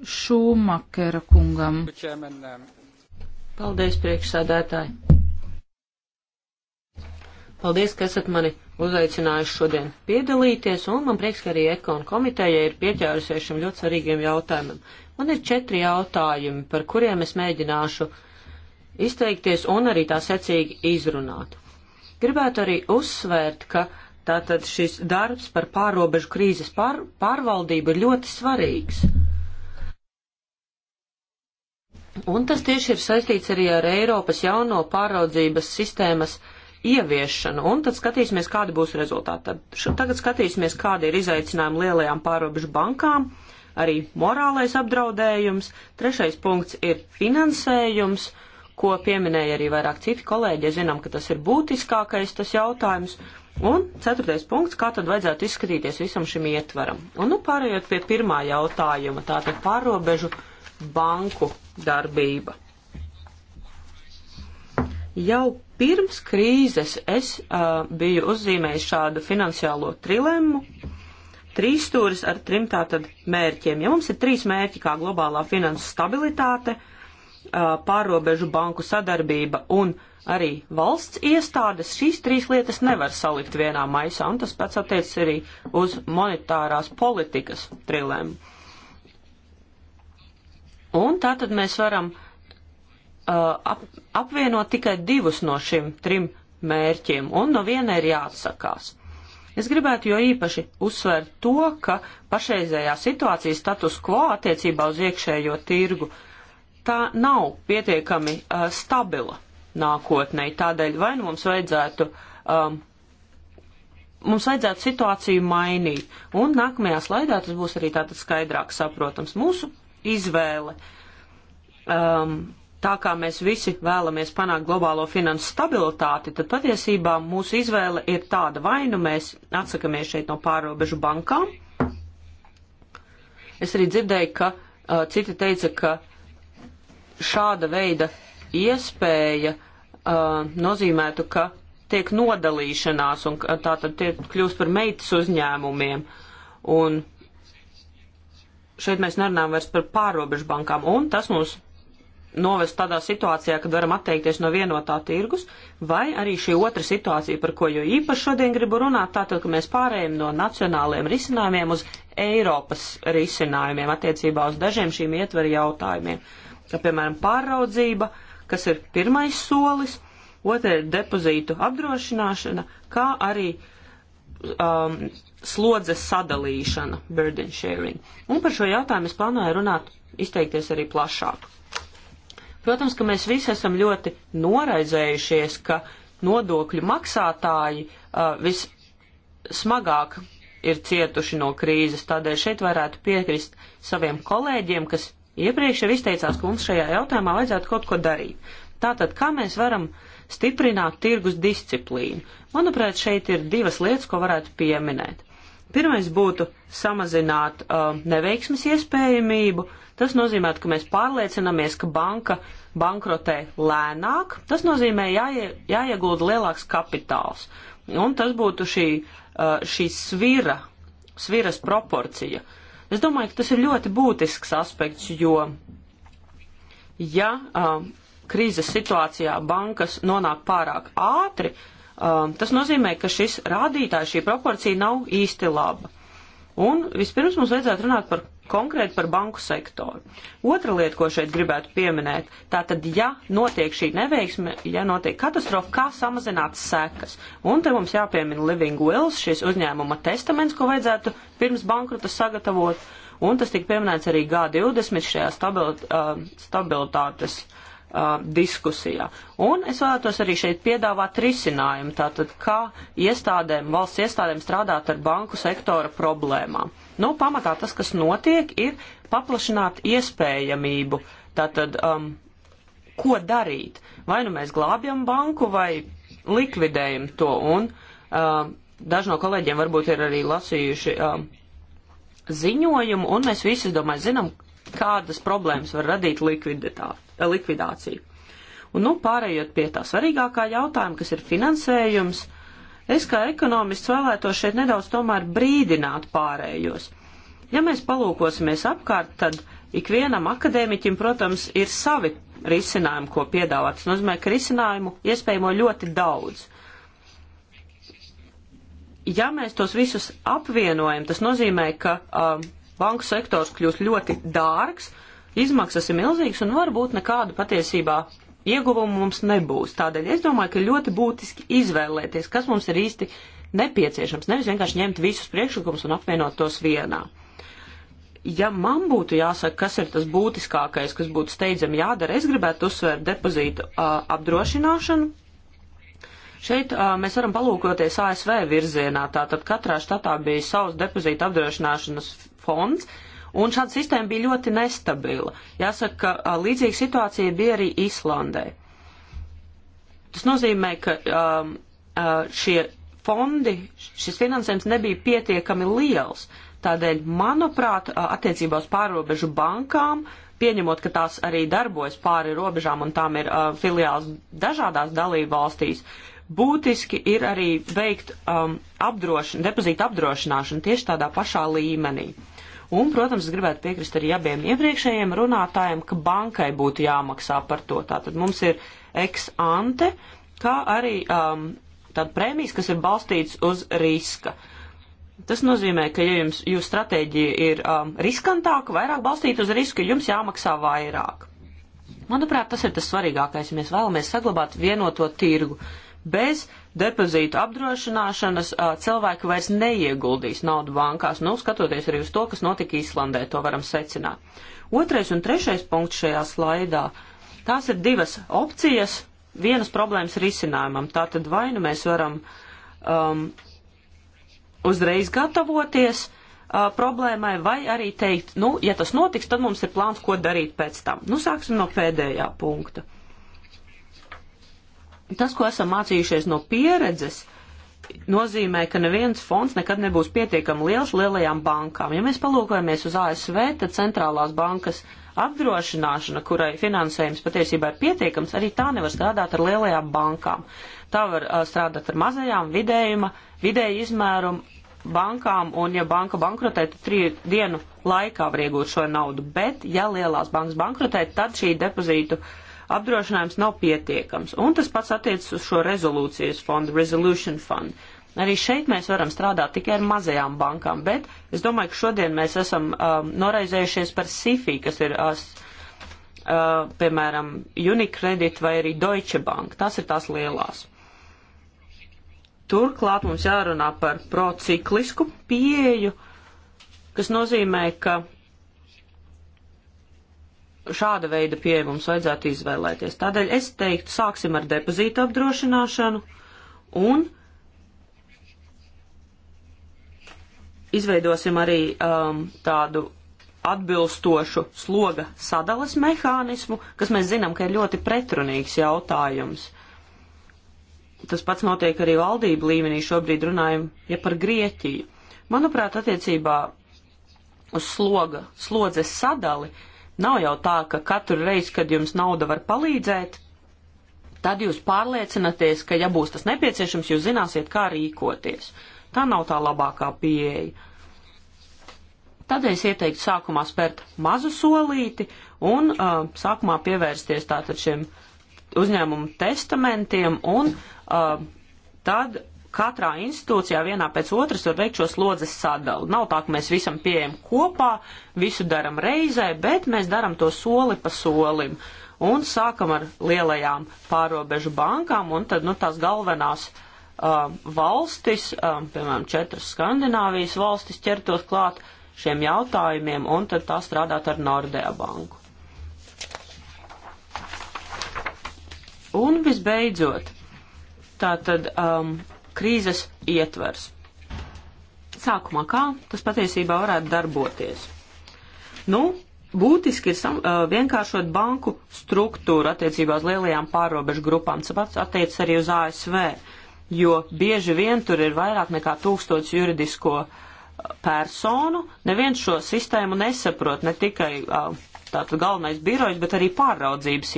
S2: Šūmakera kungam. Paldies,
S1: priekšsādētāji. Paldies, ka esat mani uzaicinājuši šodien piedalīties, un man prieks, ka arī Ekona komiteja ir pieķērusies šim ļoti svarīgiem jautājumam. Man ir četri jautājumi, par kuriem es mēģināšu izteikties un arī tā secīgi izrunāt. Gribētu arī uzsvērt, ka tātad šis darbs par pārobežu krīzes pār, pārvaldību ir ļoti svarīgs. Un tas tieši ir saistīts arī ar Eiropas jauno pāraudzības sistēmas ieviešanu, un tad skatīsimies, kādi būs rezultāti. Tad, šo, tagad skatīsimies, kādi ir izaicinājumi lielajām pārobežu bankām, arī morālais apdraudējums, trešais punkts ir finansējums, uh, ko pieminēja arī vairāk citi kolēģi, ja zinām, ka tas ir būtiskākais tas jautājums. Un ceturtais punkts, kā tad vajadzētu izskatīties visam šim ietvaram. Un nu pārējot pie pirmā jautājuma, tātad pārobežu banku darbība. Jau pirms krīzes es uh, biju uzzīmējis šādu finansiālo trilemmu, trīs stūris ar trim tātad mērķiem. Ja mums ir trīs mērķi kā globālā finansu stabilitāte, uh, uh, pārobežu banku sadarbība un arī valsts iestādes, šīs trīs lietas nevar salikt vienā maisā, un tas pats attiecas arī uz monetārās politikas trilēm. Un tātad mēs varam uh, ap, apvienot tikai divus no šiem trim mērķiem, un no viena ir jāatsakās. Es gribētu jo īpaši uzsvērt to, ka pašreizējā situācija status quo attiecībā uz iekšējo tirgu uh, tā nav pietiekami uh, stabila nākotnē. Tādēļ vai nu mums vajadzētu, um, mums vajadzētu situāciju mainīt. Un nākamajā slaidā tas būs arī tātad skaidrāk saprotams. Mūsu izvēle. Um, tā kā mēs visi vēlamies panākt globālo finansu stabilitāti, tad patiesībā mūsu izvēle ir tāda vai nu mēs atsakamies šeit no pārobežu bankām. Es arī dzirdēju, ka uh, citi teica, ka šāda veida iespēja uh, nozīmētu, ka tiek nodalīšanās un tā tad tiek kļūst par meitas uzņēmumiem. Un šeit mēs nerunājam vairs par pārobežu bankām, un tas mūs novest tādā situācijā, kad varam atteikties no vienotā tirgus, vai arī šī otra situācija, par ko jau īpaši šodien gribu runāt, tātad, ka mēs pārējām no nacionāliem risinājumiem uz Eiropas risinājumiem attiecībā uz dažiem šīm ietveru jautājumiem. Uh, kā piemēram pāraudzība, kas ir pirmais solis, otra ir depozītu apdrošināšana, kā arī um, slodzes sadalīšana, burden sharing. Un par šo jautājumu es plānoju runāt, izteikties arī plašāk. Protams, ka mēs visi esam ļoti noraizējušies, ka nodokļu maksātāji uh, vismagāk ir cietuši no krīzes. Tādēļ šeit varētu piekrist saviem kolēģiem, kas Iepriekš jau izteicās, ka mums šajā jautājumā vajadzētu kaut ko darīt. Tātad, kā mēs varam stiprināt tirgus disciplīnu? Manuprāt, šeit ir divas lietas, ko varētu pieminēt. Pirmais būtu samazināt uh, neveiksmes iespējamību. Tas nozīmē, ka mēs pārliecinamies, ka banka bankrotē lēnāk. Tas nozīmē jāie, jāiegulda lielāks kapitāls. Un tas būtu šī, uh, šī svira, sviras proporcija. Uh, Es domāju, ka tas ir ļoti būtisks aspekts, jo ja uh, krīzes situācijā bankas nonāk pārāk ātri, uh, tas nozīmē, ka šis rādītājs, šī proporcija nav īsti laba. Un vispirms mums vajadzētu runāt par konkrēti par banku sektoru. Otra lieta, ko šeit gribētu pieminēt, tā tad, ja notiek šī neveiksme, ja notiek katastrofa, kā samazināt sekas. Un te mums jāpiemina Living Wills, šis uzņēmuma testaments, ko vajadzētu pirms bankrota sagatavot. Un tas tika pieminēts arī G20 šajā stabilit, uh, stabilitātes uh, diskusijā. Un es vēlētos arī šeit piedāvāt risinājumu, tātad kā iestādēm, valsts iestādēm strādāt ar banku sektora problēmām. Nu, pamatā tas, kas notiek, ir paplašināt iespējamību. Tātad, um, ko darīt? Vai nu mēs glābjam banku, vai likvidējam to. Un um, daži no kolēģiem varbūt ir arī lasījuši um, ziņojumu, un mēs visi, es domāju, zinām, kādas problēmas var radīt likvidācija. Un, nu, pārējot pie tā svarīgākā jautājuma, kas ir finansējums, Es kā ekonomists vēlētos šeit nedaudz tomēr brīdināt pārējos. Ja mēs palūkosimies apkārt, tad ikvienam akadēmiķim, protams, ir savi risinājumi, ko piedāvāt. Tas nozīmē, ka risinājumu iespējamo ļoti daudz. Ja mēs tos visus apvienojam, tas nozīmē, ka um, banku sektors kļūst ļoti dārgs, izmaksas ir milzīgas un varbūt nekādu patiesībā ieguvumu mums nebūs. Tādēļ es domāju, ka ļoti būtiski izvēlēties, kas mums ir īsti nepieciešams, nevis vienkārši ņemt visus priekšlikumus un apvienot tos vienā. Ja man būtu jāsaka, kas ir tas būtiskākais, kas būtu steidzami jādara, es gribētu uzsvērt depozītu uh, apdrošināšanu. Šeit uh, mēs varam palūkoties ASV virzienā, tātad katrā štatā bija savs depozīta apdrošināšanas fonds, uh, Un šāda sistēma bija ļoti nestabila. Jāsaka, ka līdzīga situācija bija arī Islandē. Tas nozīmē, ka um, šie fondi, šis finansējums nebija pietiekami liels. Tādēļ, manuprāt, attiecībā uz pārobežu bankām, pieņemot, ka tās arī darbojas pāri robežām un tām ir uh, filiāls dažādās dalību valstīs, būtiski ir arī veikt um, apdrošin, depozītu apdrošināšanu tieši tādā pašā līmenī. Uh, Un, protams, es gribētu piekrist arī abiem iepriekšējiem runātājiem, ka bankai būtu jāmaksā par to. Tātad mums ir ex ante, kā arī um, tāda prēmijas, kas ir balstīts uz riska. Tas nozīmē, ka, ja jums, jūsu stratēģija ir um, riskantāka, vairāk balstīta uz risku, jums jāmaksā vairāk. Manuprāt, tas ir tas svarīgākais, ja mēs vēlamies saglabāt vienoto tirgu. Uh, bez depozīta apdrošināšanas uh, cilvēki vairs neieguldīs naudu bankās, nu, skatoties arī uz to, kas notika Īslandē, to varam secināt. Otrais un trešais punkts šajā slaidā. Tās ir divas opcijas vienas problēmas risinājumam. Tātad vai nu mēs varam um, uzreiz gatavoties uh, problēmai, vai arī teikt, nu, ja tas notiks, tad mums ir plāns, ko darīt pēc tam. Nu, sāksim no pēdējā punkta. Uh, Tas, ko esam mācījušies no pieredzes, nozīmē, ka neviens fonds nekad nebūs pietiekami liels lielajām bankām. Ja mēs palūkojamies uz ASV, tad centrālās bankas apdrošināšana, kurai finansējums patiesībā ir pietiekams, arī tā nevar strādāt ar lielajām bankām. Tā var uh, strādāt ar mazajām, vidējuma, vidēja izmēruma bankām, un ja banka bankrotē, tad trīs dienu laikā var iegūt šo naudu. Bet, ja lielās bankas bankrotē, tad šī depozītu uh, apdrošinājums nav pietiekams. Un tas pats attiecas uz šo rezolūcijas fondu, Resolution Fund. Arī šeit mēs varam strādāt tikai ar mazajām bankām, bet es domāju, ka šodien mēs esam um, noraizējušies par SIFI, kas ir, as, uh, uh, piemēram, Unicredit vai arī Deutsche Bank. Tas ir tās lielās. Turklāt mums jārunā par prociklisku pieeju, kas nozīmē, ka šāda veida pieeja mums vajadzētu izvēlēties. Tādēļ es teiktu, sāksim ar depozītu apdrošināšanu un izveidosim arī um, tādu atbilstošu sloga sadales mehānismu, kas mēs zinām, ka ir ļoti pretrunīgs jautājums. Tas pats notiek arī valdību līmenī, šobrīd runājam ja par Grieķiju. Manuprāt, attiecībā uz sloga, slodzes sadali uh, Nav jau tā, ka katru reizi, kad jums nauda var palīdzēt, tad jūs pārliecināties, ka, ja būs tas nepieciešams, jūs zināsiet, kā rīkoties. Tā nav tā labākā pieeja. Tad es ieteiktu sākumā spērt mazu solīti un uh, sākumā pievērsties tātad šiem uzņēmumu testamentiem un uh, tad katrā institūcijā vienā pēc otras var veikt šo slodzes sadalu. Nav tā, ka mēs visam pieejam kopā, visu daram reizē, bet mēs daram to soli pa solim. Un sākam ar lielajām pārobežu bankām, un tad nu, tās galvenās uh, valstis, uh, piemēram, četras Skandināvijas valstis ķertos klāt šiem jautājumiem, un tad tā strādāt ar Nordea banku. Un visbeidzot, tātad um, krīzes ietvers. Sākumā kā tas patiesībā varētu darboties? Nu, būtiski ir sam, uh, vienkāršot banku struktūru attiecībā uz lielajām pārobežu grupām. Tas attiec arī uz ASV, jo bieži vien tur ir vairāk nekā tūkstots juridisko personu. Neviens šo sistēmu nesaprot, ne tikai uh, tātad galvenais birojs, bet arī pārraudzības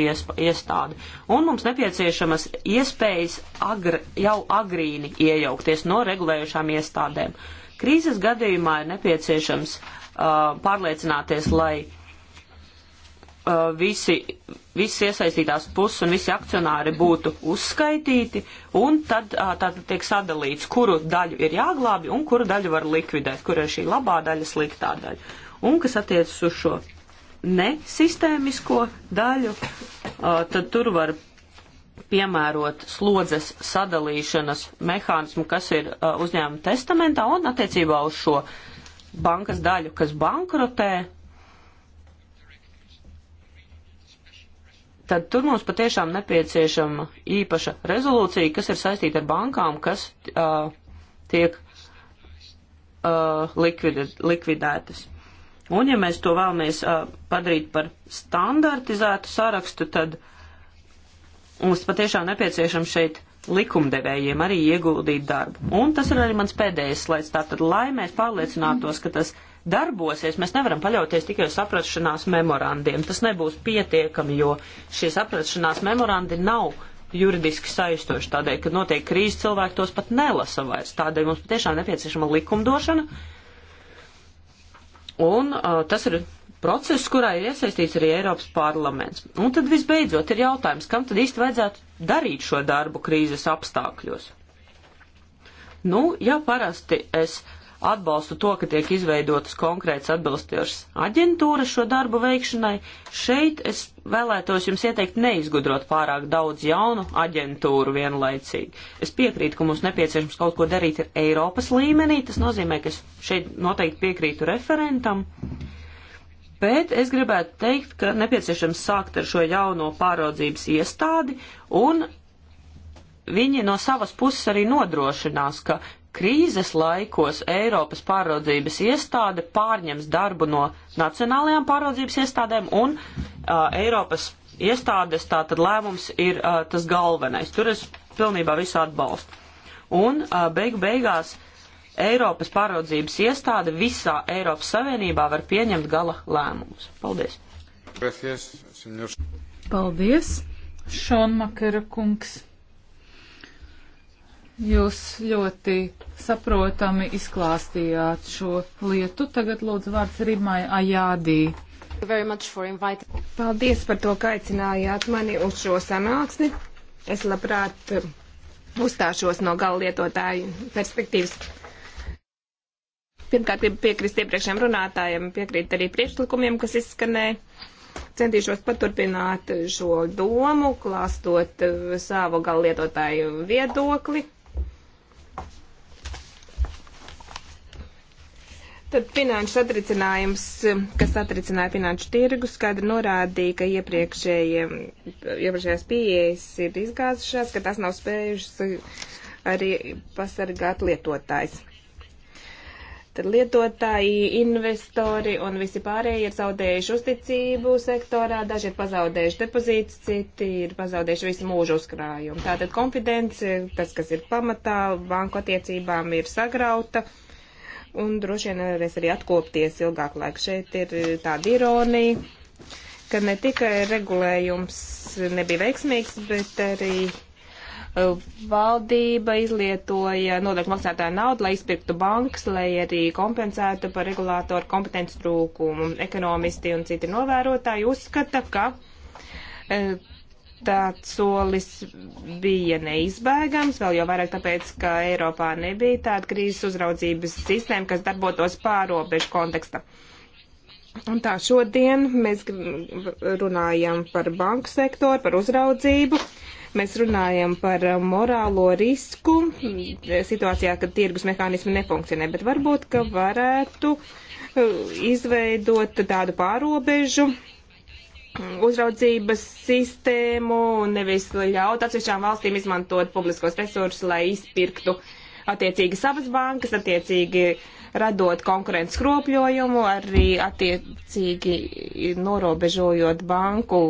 S1: iestāde. Un mums nepieciešamas iespējas agr, jau agrīni iejaukties no regulējušām iestādēm. Krīzes gadījumā ir nepieciešams uh, pārliecināties, lai uh, visi, visi iesaistītās puses un visi akcionāri būtu uzskaitīti, un tad uh, tātad tiek sadalīts, kuru daļu ir jāglābi un kuru daļu var likvidēt, kur ir šī labā daļa, sliktā daļa. Un kas attiecas uz šo nesistēmisko daļu, tad tur var piemērot slodzes sadalīšanas mehānismu, kas ir uzņēmuma testamentā un attiecībā uz šo bankas daļu, kas bankrotē. Tad tur mums patiešām nepieciešama īpaša rezolūcija, kas ir saistīta ar bankām, kas uh, tiek uh, likvid, likvidētas. Un ja mēs to vēlamies uh, padarīt par standartizētu sarakstu, tad mums patiešām nepieciešams šeit likumdevējiem arī ieguldīt darbu. Un tas ir arī mans pēdējais slaids. Tātad, lai mēs pārliecinātos, ka tas darbosies, mēs nevaram paļauties tikai uz saprašanās memorandiem. Tas nebūs pietiekami, jo šie saprašanās memorandi nav juridiski saistoši, tādēļ, ka notiek krīze, cilvēki tos pat nelasa vairs. Tādēļ mums patiešām nepieciešama likumdošana, Un uh, tas ir process, kurā ir iesaistīts arī Eiropas parlaments. Un tad visbeidzot ir jautājums, kam tad īsti vajadzētu darīt šo darbu krīzes apstākļos? Nu, ja parasti es atbalstu to, ka tiek izveidotas konkrētas atbilstošas aģentūras šo darbu veikšanai. Šeit es vēlētos jums ieteikt neizgudrot pārāk daudz jaunu aģentūru vienlaicīgi. Es piekrītu, ka mums nepieciešams kaut ko darīt ar Eiropas līmenī. Tas nozīmē, ka es šeit noteikti piekrītu referentam. Bet es gribētu teikt, ka nepieciešams sākt ar šo jauno pāraudzības iestādi un viņi no savas puses arī nodrošinās, ka krīzes laikos Eiropas pārraudzības iestāde pārņems darbu no nacionālajām pārraudzības iestādēm un uh, Eiropas iestādes tātad lēmums ir uh, tas galvenais. Tur es pilnībā visu atbalstu. Un uh, beigu beigās Eiropas pārraudzības iestāde visā Eiropas Savienībā var pieņemt gala lēmumus. Paldies!
S2: Paldies, Šonmakara kungs! Jūs ļoti saprotami izklāstījāt šo lietu. Tagad lūdzu vārds Rimai Ajādī. Paldies par to, ka aicinājāt mani uz šo sanāksni. Es
S3: labprāt eh, uzstāšos no gala lietotāju perspektīvas. Pirmkārt, gribu piekrist iepriekšējiem runātājiem, piekrīt arī priekšlikumiem, kas izskanēja centīšos paturpināt šo domu, klāstot eh, savu galvlietotāju viedokli. Tad finanšu satricinājums, kas satricināja finanšu tirgu, skaidri norādīja, ka iepriekšējās pieejas ir izgāzušās, ka tas nav spējušas arī pasargāt lietotājs. Tad lietotāji, investori un visi pārējie ir zaudējuši uzticību sektorā, daži ir pazaudējuši depozītus, citi ir pazaudējuši visu mūžu uzkrājumu. Tātad konfidence, tas, kas ir pamatā banku attiecībām, ir sagrauta. Uh, un droši vien varēs arī atkopties ilgāku laiku. Šeit ir eh, tāda ironija, ka ne tikai regulējums nebija veiksmīgs, bet arī eh, valdība izlietoja nodokļu maksātāju naudu, lai izpirktu bankas, lai arī kompensētu par regulātoru kompetenci trūkumu. Ekonomisti un citi novērotāji uzskata, ka eh, tāds solis bija neizbēgams, vēl jau vairāk tāpēc, ka Eiropā nebija tāda krīzes uzraudzības sistēma, kas darbotos pārobežu konteksta. Un tā šodien mēs runājam par banku sektoru, par uzraudzību, mēs runājam par morālo risku situācijā, kad tirgus mehānismi nefunkcionē, bet varbūt, ka varētu uh, izveidot tādu pārobežu uzraudzības sistēmu un nevis ļaut atsevišķām valstīm izmantot publiskos resursus, lai izpirktu attiecīgi savas bankas, attiecīgi radot konkurences kropļojumu, arī attiecīgi norobežojot banku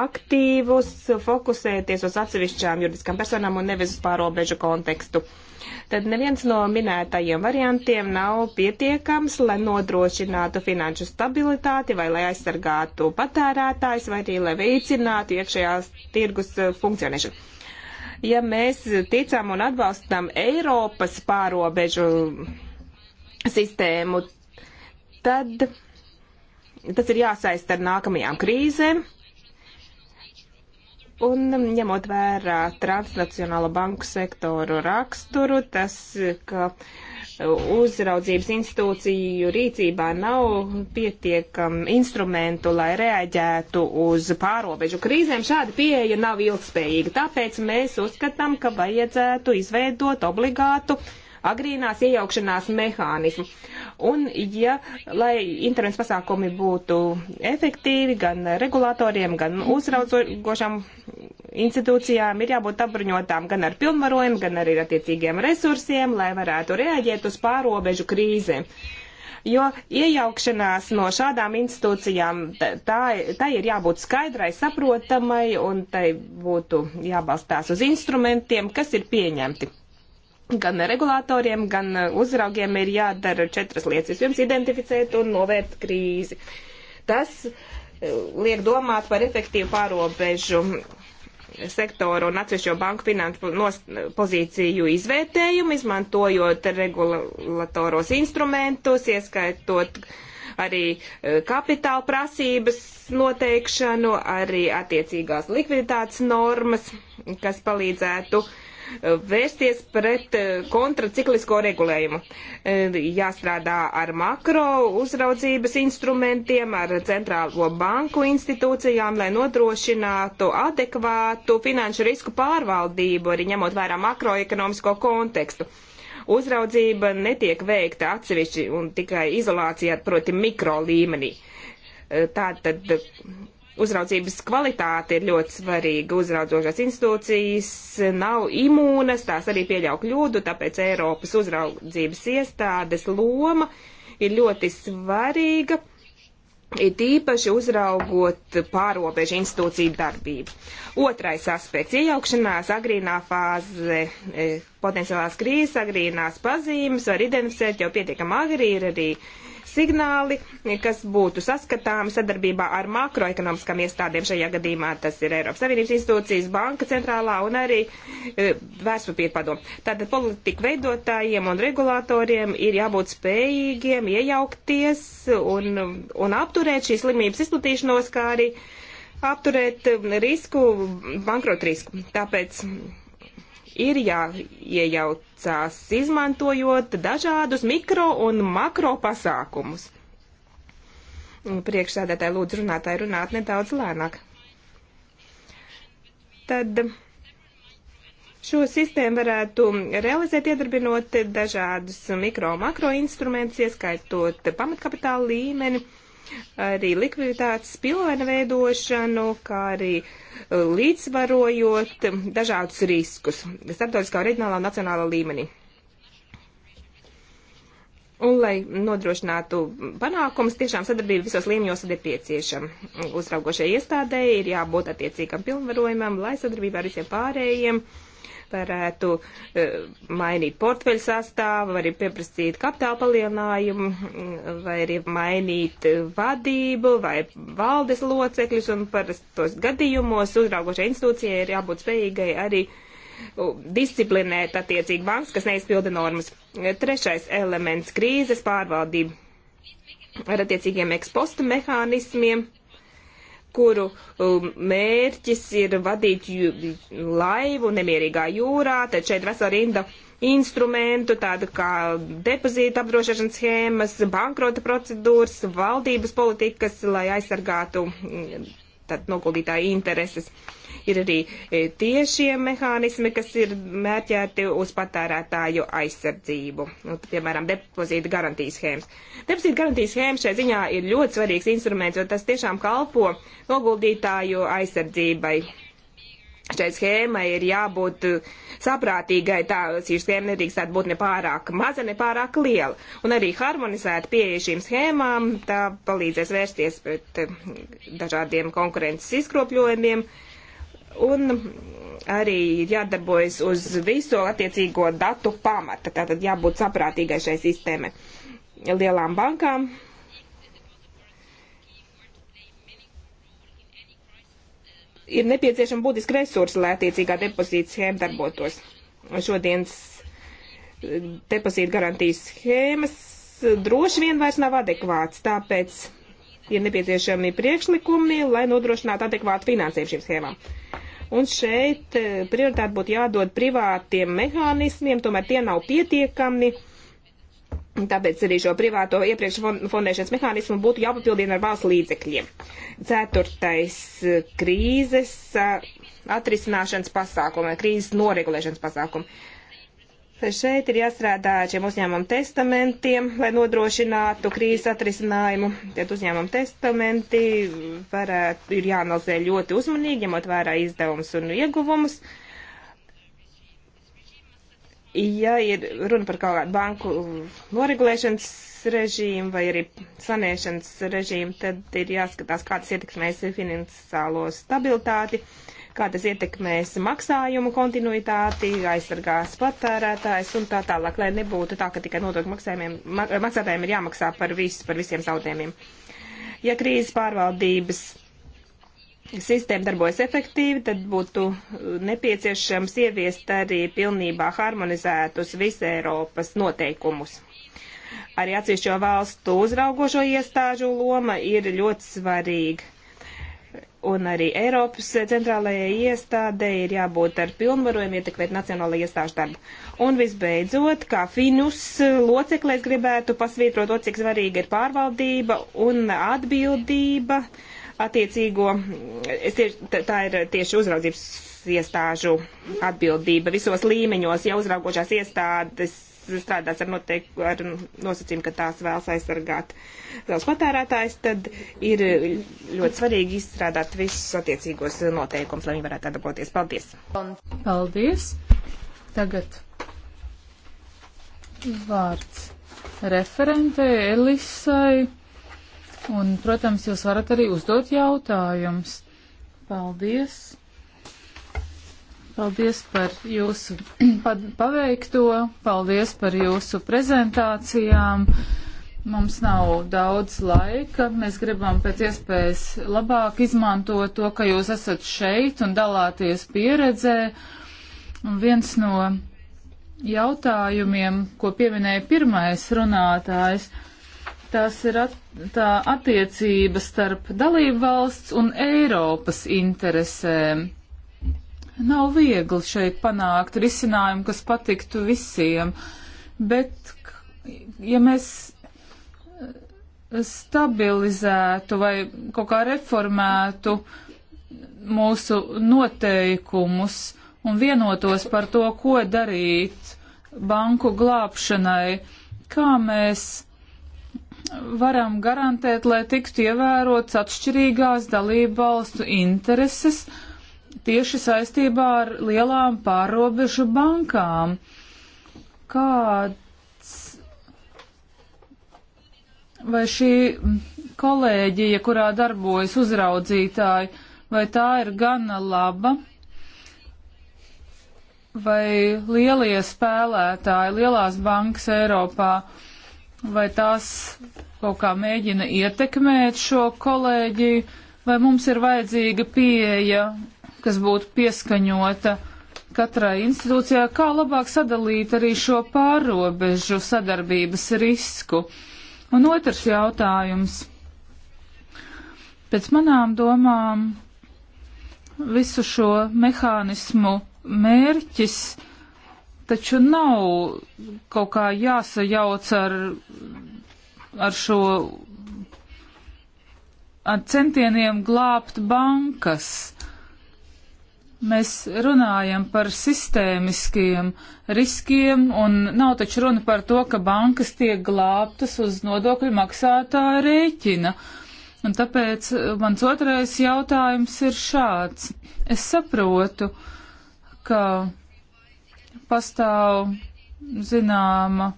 S3: aktīvus, fokusēties uz atsevišķām juridiskām personām un nevis uz pārobežu kontekstu. Uh, tad neviens no minētajiem variantiem nav pietiekams, lai nodrošinātu finanšu stabilitāti vai lai aizsargātu patērētājs vai arī lai veicinātu iekšējās tirgus eh, funkcionēšanu. Ja mēs ticam un atbalstam Eiropas pārobežu sistēmu, tad tas ir jāsaist ar nākamajām krīzēm. Un um, ņemot vērā transnacionāla banku sektoru raksturu, tas, ka uh, uzraudzības institūciju rīcībā nav pietiekami instrumentu, lai reaģētu uz pārobežu krīzēm, šāda pieeja nav ilgspējīga. Tāpēc mēs uzskatām, ka vajadzētu izveidot obligātu uh, agrīnās iejaukšanās mehānismu. Un, ja, lai intervences pasākumi būtu efektīvi gan regulātoriem, gan uzraudzošām institūcijām, ir jābūt apbruņotām gan ar pilnvarojumu, gan arī ar attiecīgiem resursiem, lai varētu reaģēt uz pārobežu krīzēm jo iejaukšanās no šādām institūcijām, tā, tā ir jābūt skaidrai, saprotamai, un tai būtu jābalstās uz instrumentiem, kas ir pieņemti gan regulātoriem, gan uh, uzraugiem ir jādara četras lietas. Vispirms identificēt un novērt krīzi. Tas uh, liek domāt par efektīvu pārobežu sektoru un atsevišķo banku finanšu pozīciju izvērtējumu, izmantojot regulatoros instrumentus, ieskaitot arī uh, kapitāla prasības noteikšanu, arī attiecīgās likviditātes normas, kas palīdzētu uh, vērsties pret eh, kontraciklisko regulējumu. Eh, jāstrādā ar makro uzraudzības instrumentiem, ar centrālo banku institūcijām, lai nodrošinātu adekvātu finanšu risku pārvaldību, arī ņemot vērā makroekonomisko kontekstu. Uzraudzība netiek veikta atsevišķi un tikai izolācijā, proti mikro līmenī. Eh, Tātad uzraudzības kvalitāte ir ļoti svarīga. Uzraudzošās institūcijas nav imūnas, tās arī pieļauj kļūdu, tāpēc Eiropas uzraudzības iestādes loma ir ļoti svarīga. Ir tīpaši uzraugot pārobežu institūciju darbību. Otrais aspekts - iejaukšanās agrīnā fāze, e, potenciālās krīzes, agrīnās pazīmes var identificēt jau pietiekam agri, ir arī uh, signāli, kas būtu saskatāmi sadarbībā ar makroekonomiskām iestādēm. Šajā gadījumā tas ir Eiropas Savienības institūcijas, banka centrālā un arī e, vērtspapīra padomu. Tātad politika veidotājiem un regulātoriem ir jābūt spējīgiem iejaukties un, un apturēt šīs slimības izplatīšanos, kā arī apturēt risku, bankrotu risku. Tāpēc ir jāiejaucās izmantojot dažādus mikro un makro pasākumus. Priekšsēdētāji lūdzu runātāji runāt nedaudz lēnāk. Tad šo sistēmu varētu realizēt iedarbinot dažādus mikro un makro instrumentus, ieskaitot pamatkapitāla līmeni. Uh, arī likviditātes pilēna veidošanu, kā arī uh, līdzsvarojot dažādus riskus starptautiskā, reģionālā un nacionālā līmenī. Un, lai nodrošinātu panākumus, tiešām sadarbība visos līmeņos ir nepieciešama. Uzraugošai iestādēji ir jābūt attiecīgam pilnvarojumam, lai sadarbībā ar visiem pārējiem uh, varētu eh, mainīt portfeļu sastāvu, var arī pieprasīt kapitāla palielinājumu, mm, vai arī mainīt eh, vadību vai valdes locekļus, un parastos gadījumos uzraugošai institūcijai ir jābūt spējīgai arī disciplinēt attiecīgi bankas, kas neizpilda normas. Eh, trešais elements - krīzes pārvaldība ar attiecīgiem ekspostu mehānismiem kuru um, mērķis ir vadīt laivu nemierīgā jūrā, tad šeit vesela rinda instrumentu, tādu kā depozīta apdrošināšanas schēmas, bankrota procedūras, valdības politikas, lai aizsargātu mm, tad noguldītāju intereses. Uh, Ir arī e, tiešie mehānismi, kas ir mērķēti uz patērētāju aizsardzību, nu, piemēram, depozīta garantijas schēmas. Depozīta garantijas schēma šai ziņā ir ļoti svarīgs instruments, jo tas tiešām kalpo noguldītāju aizsardzībai šai schēmai ir jābūt saprātīgai, tā šī schēma nedrīkstētu būt ne pārāk maza, ne pārāk liela. Un arī harmonizēt pieeja šīm schēmām, tā palīdzēs vērsties pret e, dažādiem konkurences izkropļojumiem. Uh, Un arī jādarbojas uz visu attiecīgo datu pamata. Tātad jābūt saprātīgai šai sistēmai. Lielām bankām ir nepieciešama būtiski resursi, lai attiecīgā depozīta schēma darbotos. Šodienas eh, depozīta garantijas schēmas droši vien vairs nav adekvāts, tāpēc ir nepieciešami priekšlikumi, lai nodrošinātu adekvātu finansējumu šīm schēmām. Uh, Un šeit eh, prioritāte būtu jādod privātiem mehānismiem, tomēr tie nav pietiekami. Tāpēc arī šo privāto iepriekš fondēšanas mehānismu būtu jāpapildina ar valsts līdzekļiem. Ceturtais eh, - krīzes eh, atrisināšanas pasākumi, krīzes noregulēšanas pasākumi. Šeit ir jāstrādā ar šiem uzņēmumu testamentiem, lai nodrošinātu krīzes atrisinājumu. Tad uzņēmumu testamenti varētu, ir jāanalizē ļoti uzmanīgi, ņemot vērā izdevumus un ieguvumus. Ja ir runa par kaut kādu banku noregulēšanas režīmu vai arī sanēšanas režīmu, tad ir jāskatās, kā tas ietekmēs finansiālo stabilitāti. Uh, kā tas ietekmēs maksājumu kontinuitāti, aizsargās patērētājs un tā tālāk, lai nebūtu tā, ka tikai nodokļu maksājumiem, maksātājiem ir jāmaksā par visu, par visiem zaudējumiem. Ja krīzes pārvaldības sistēma darbojas efektīvi, tad būtu nepieciešams ieviest arī pilnībā harmonizētus visu Eiropas noteikumus. Arī atsevišķo valstu uzraugošo iestāžu loma ir ļoti svarīga un arī Eiropas centrālajai iestādē ir jābūt ar pilnvarojumu ietekmēt nacionālo iestāžu darbu. Un visbeidzot, kā finus loceklēs gribētu pasvītrot to, cik svarīga ir pārvaldība un atbildība attiecīgo, tā ir tieši uzraudzības iestāžu atbildība visos līmeņos, ja uzraugošās iestādes strādās ar, noteik, ar nosacījumu, ka tās vēlas aizsargāt savus patērētājs, tad ir ļoti svarīgi izstrādāt visus attiecīgos noteikumus, lai viņi varētu atdarboties. Paldies!
S2: Paldies! Tagad vārds referentei Elisai. Un, protams, jūs varat arī uzdot jautājumus. Paldies! Paldies par jūsu paveikto, paldies par jūsu prezentācijām. Mums nav daudz laika. Mēs gribam pēc iespējas labāk izmantot to, ka jūs esat šeit un dalāties pieredzē. Un viens no jautājumiem, ko pieminēja pirmais runātājs, tās ir at, tā attiecība starp dalību valsts un Eiropas interesēm Nav viegli šeit panākt risinājumu, kas patiktu visiem, bet ja mēs eh, stabilizētu vai kaut kā reformētu mūsu noteikumus un vienotos par to, ko darīt banku glābšanai, kā mēs varam garantēt, lai tiktu ievērots atšķirīgās dalību valstu intereses tieši saistībā ar lielām pārobežu bankām. Kāds vai šī kolēģija, kurā darbojas uzraudzītāji, vai tā ir gana laba? Vai lielie spēlētāji, lielās bankas Eiropā, vai tās kaut kā mēģina ietekmēt šo kolēģiju, vai mums ir vajadzīga pieeja kas būtu pieskaņota katrai institūcijai, kā labāk sadalīt arī šo pārobežu sadarbības risku. Un otrs jautājums. Pēc manām domām visu šo mehānismu mērķis taču nav kaut kā jāsajauc ar, ar šo ar centieniem glābt bankas. Mēs runājam par sistēmiskiem riskiem, un nav taču runa par to, ka bankas tiek glābtas uz nodokļu maksātāja rēķina. Un tāpēc eh, mans otrais jautājums ir šāds. Es saprotu, ka pastāv zināma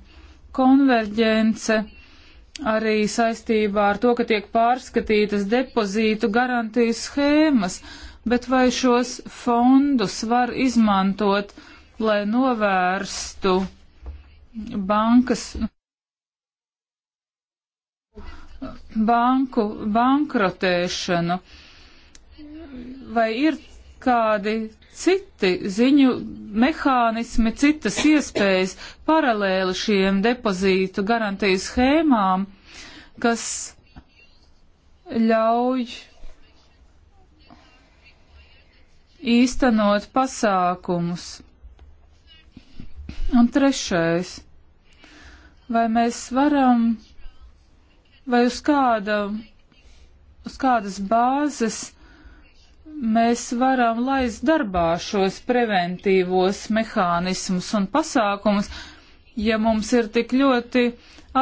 S2: konverģence arī saistībā ar to, ka tiek pārskatītas depozītu garantijas schēmas bet vai šos fondus var izmantot, lai novērstu bankas, banku bankrotēšanu? Vai ir kādi citi ziņu mehānismi, citas iespējas paralēli šiem depozītu garantiju schēmām, kas ļauj īstenot pasākumus. Un trešais, vai mēs varam, vai uz, kāda, uz kādas bāzes mēs varam laist darbā šos preventīvos mehānismus un pasākumus, ja mums ir tik ļoti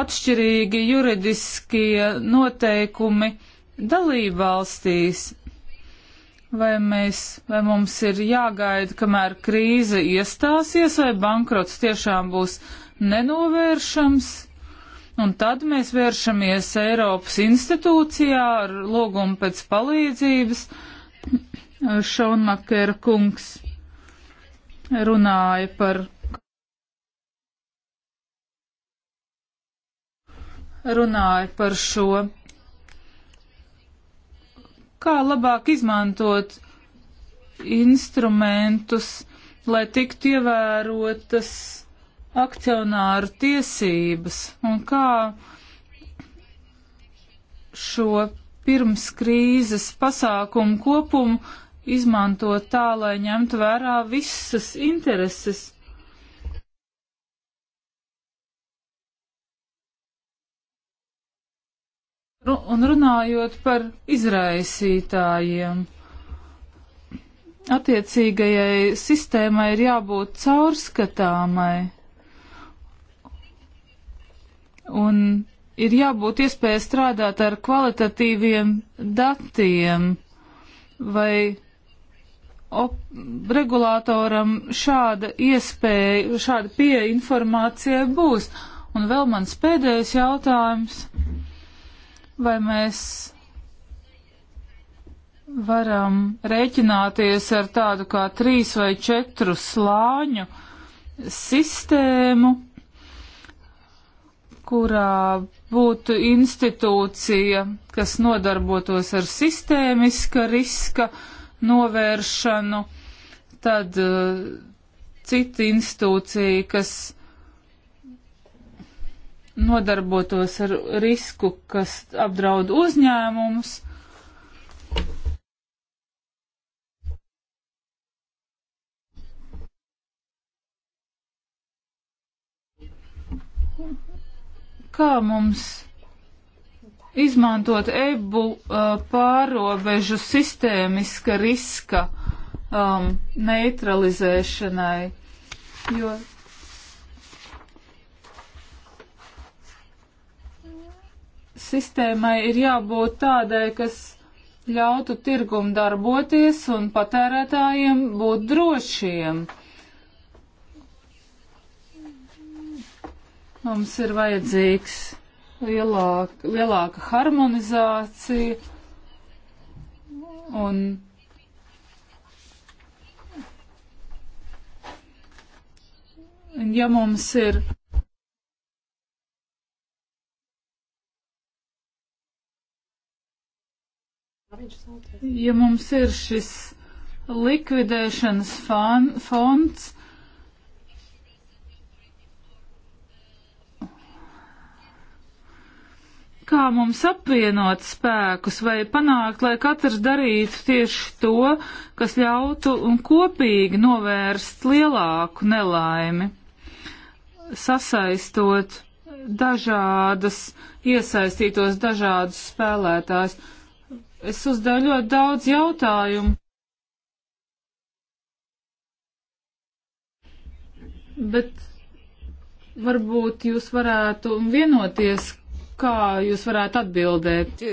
S2: atšķirīgi juridiskie noteikumi dalībvalstīs. Vai, mēs, vai mums ir jāgaida, kamēr krīze iestāsies, vai bankrots tiešām būs nenovēršams? Un tad mēs vēršamies Eiropas institūcijā ar lūgumu pēc palīdzības. Šaunmakera kungs runāja par runāja par šo kā labāk izmantot instrumentus, lai tiktu ievērotas akcionāru tiesības un kā šo pirms krīzes pasākumu kopumu izmantot tā, lai ņemtu vērā visas intereses Nu, un runājot par izraisītājiem, attiecīgajai sistēmai ir jābūt caurskatāmai. Un ir jābūt iespēja strādāt ar kvalitatīviem datiem vai op, regulātoram šāda iespēja, šāda pieeja informācijai būs. Un vēl mans pēdējais jautājums. Vai mēs varam rēķināties ar tādu kā trīs vai četru slāņu sistēmu, kurā būtu institūcija, kas nodarbotos ar sistēmiska riska novēršanu, tad uh, eh, cita institūcija, kas nodarbotos ar risku, kas apdraud uzņēmumus. Kā mums izmantot ebu uh, pārobežu sistēmiska riska um, neutralizēšanai, jo sistēmai ir jābūt tādai, kas ļautu tirgum darboties un patērētājiem būt drošiem. Mums ir vajadzīgs lielāka, lielāka harmonizācija un ja mums ir Ja mums ir šis likvidēšanas fan, fonds, kā mums apvienot spēkus vai panākt, lai katrs darītu tieši to, kas ļautu un kopīgi novērst lielāku nelaimi, sasaistot dažādas, iesaistītos dažādus spēlētājus. Es uzdevu ļoti daudz jautājumu. Bet varbūt jūs varētu vienoties, kā jūs varētu atbildēt.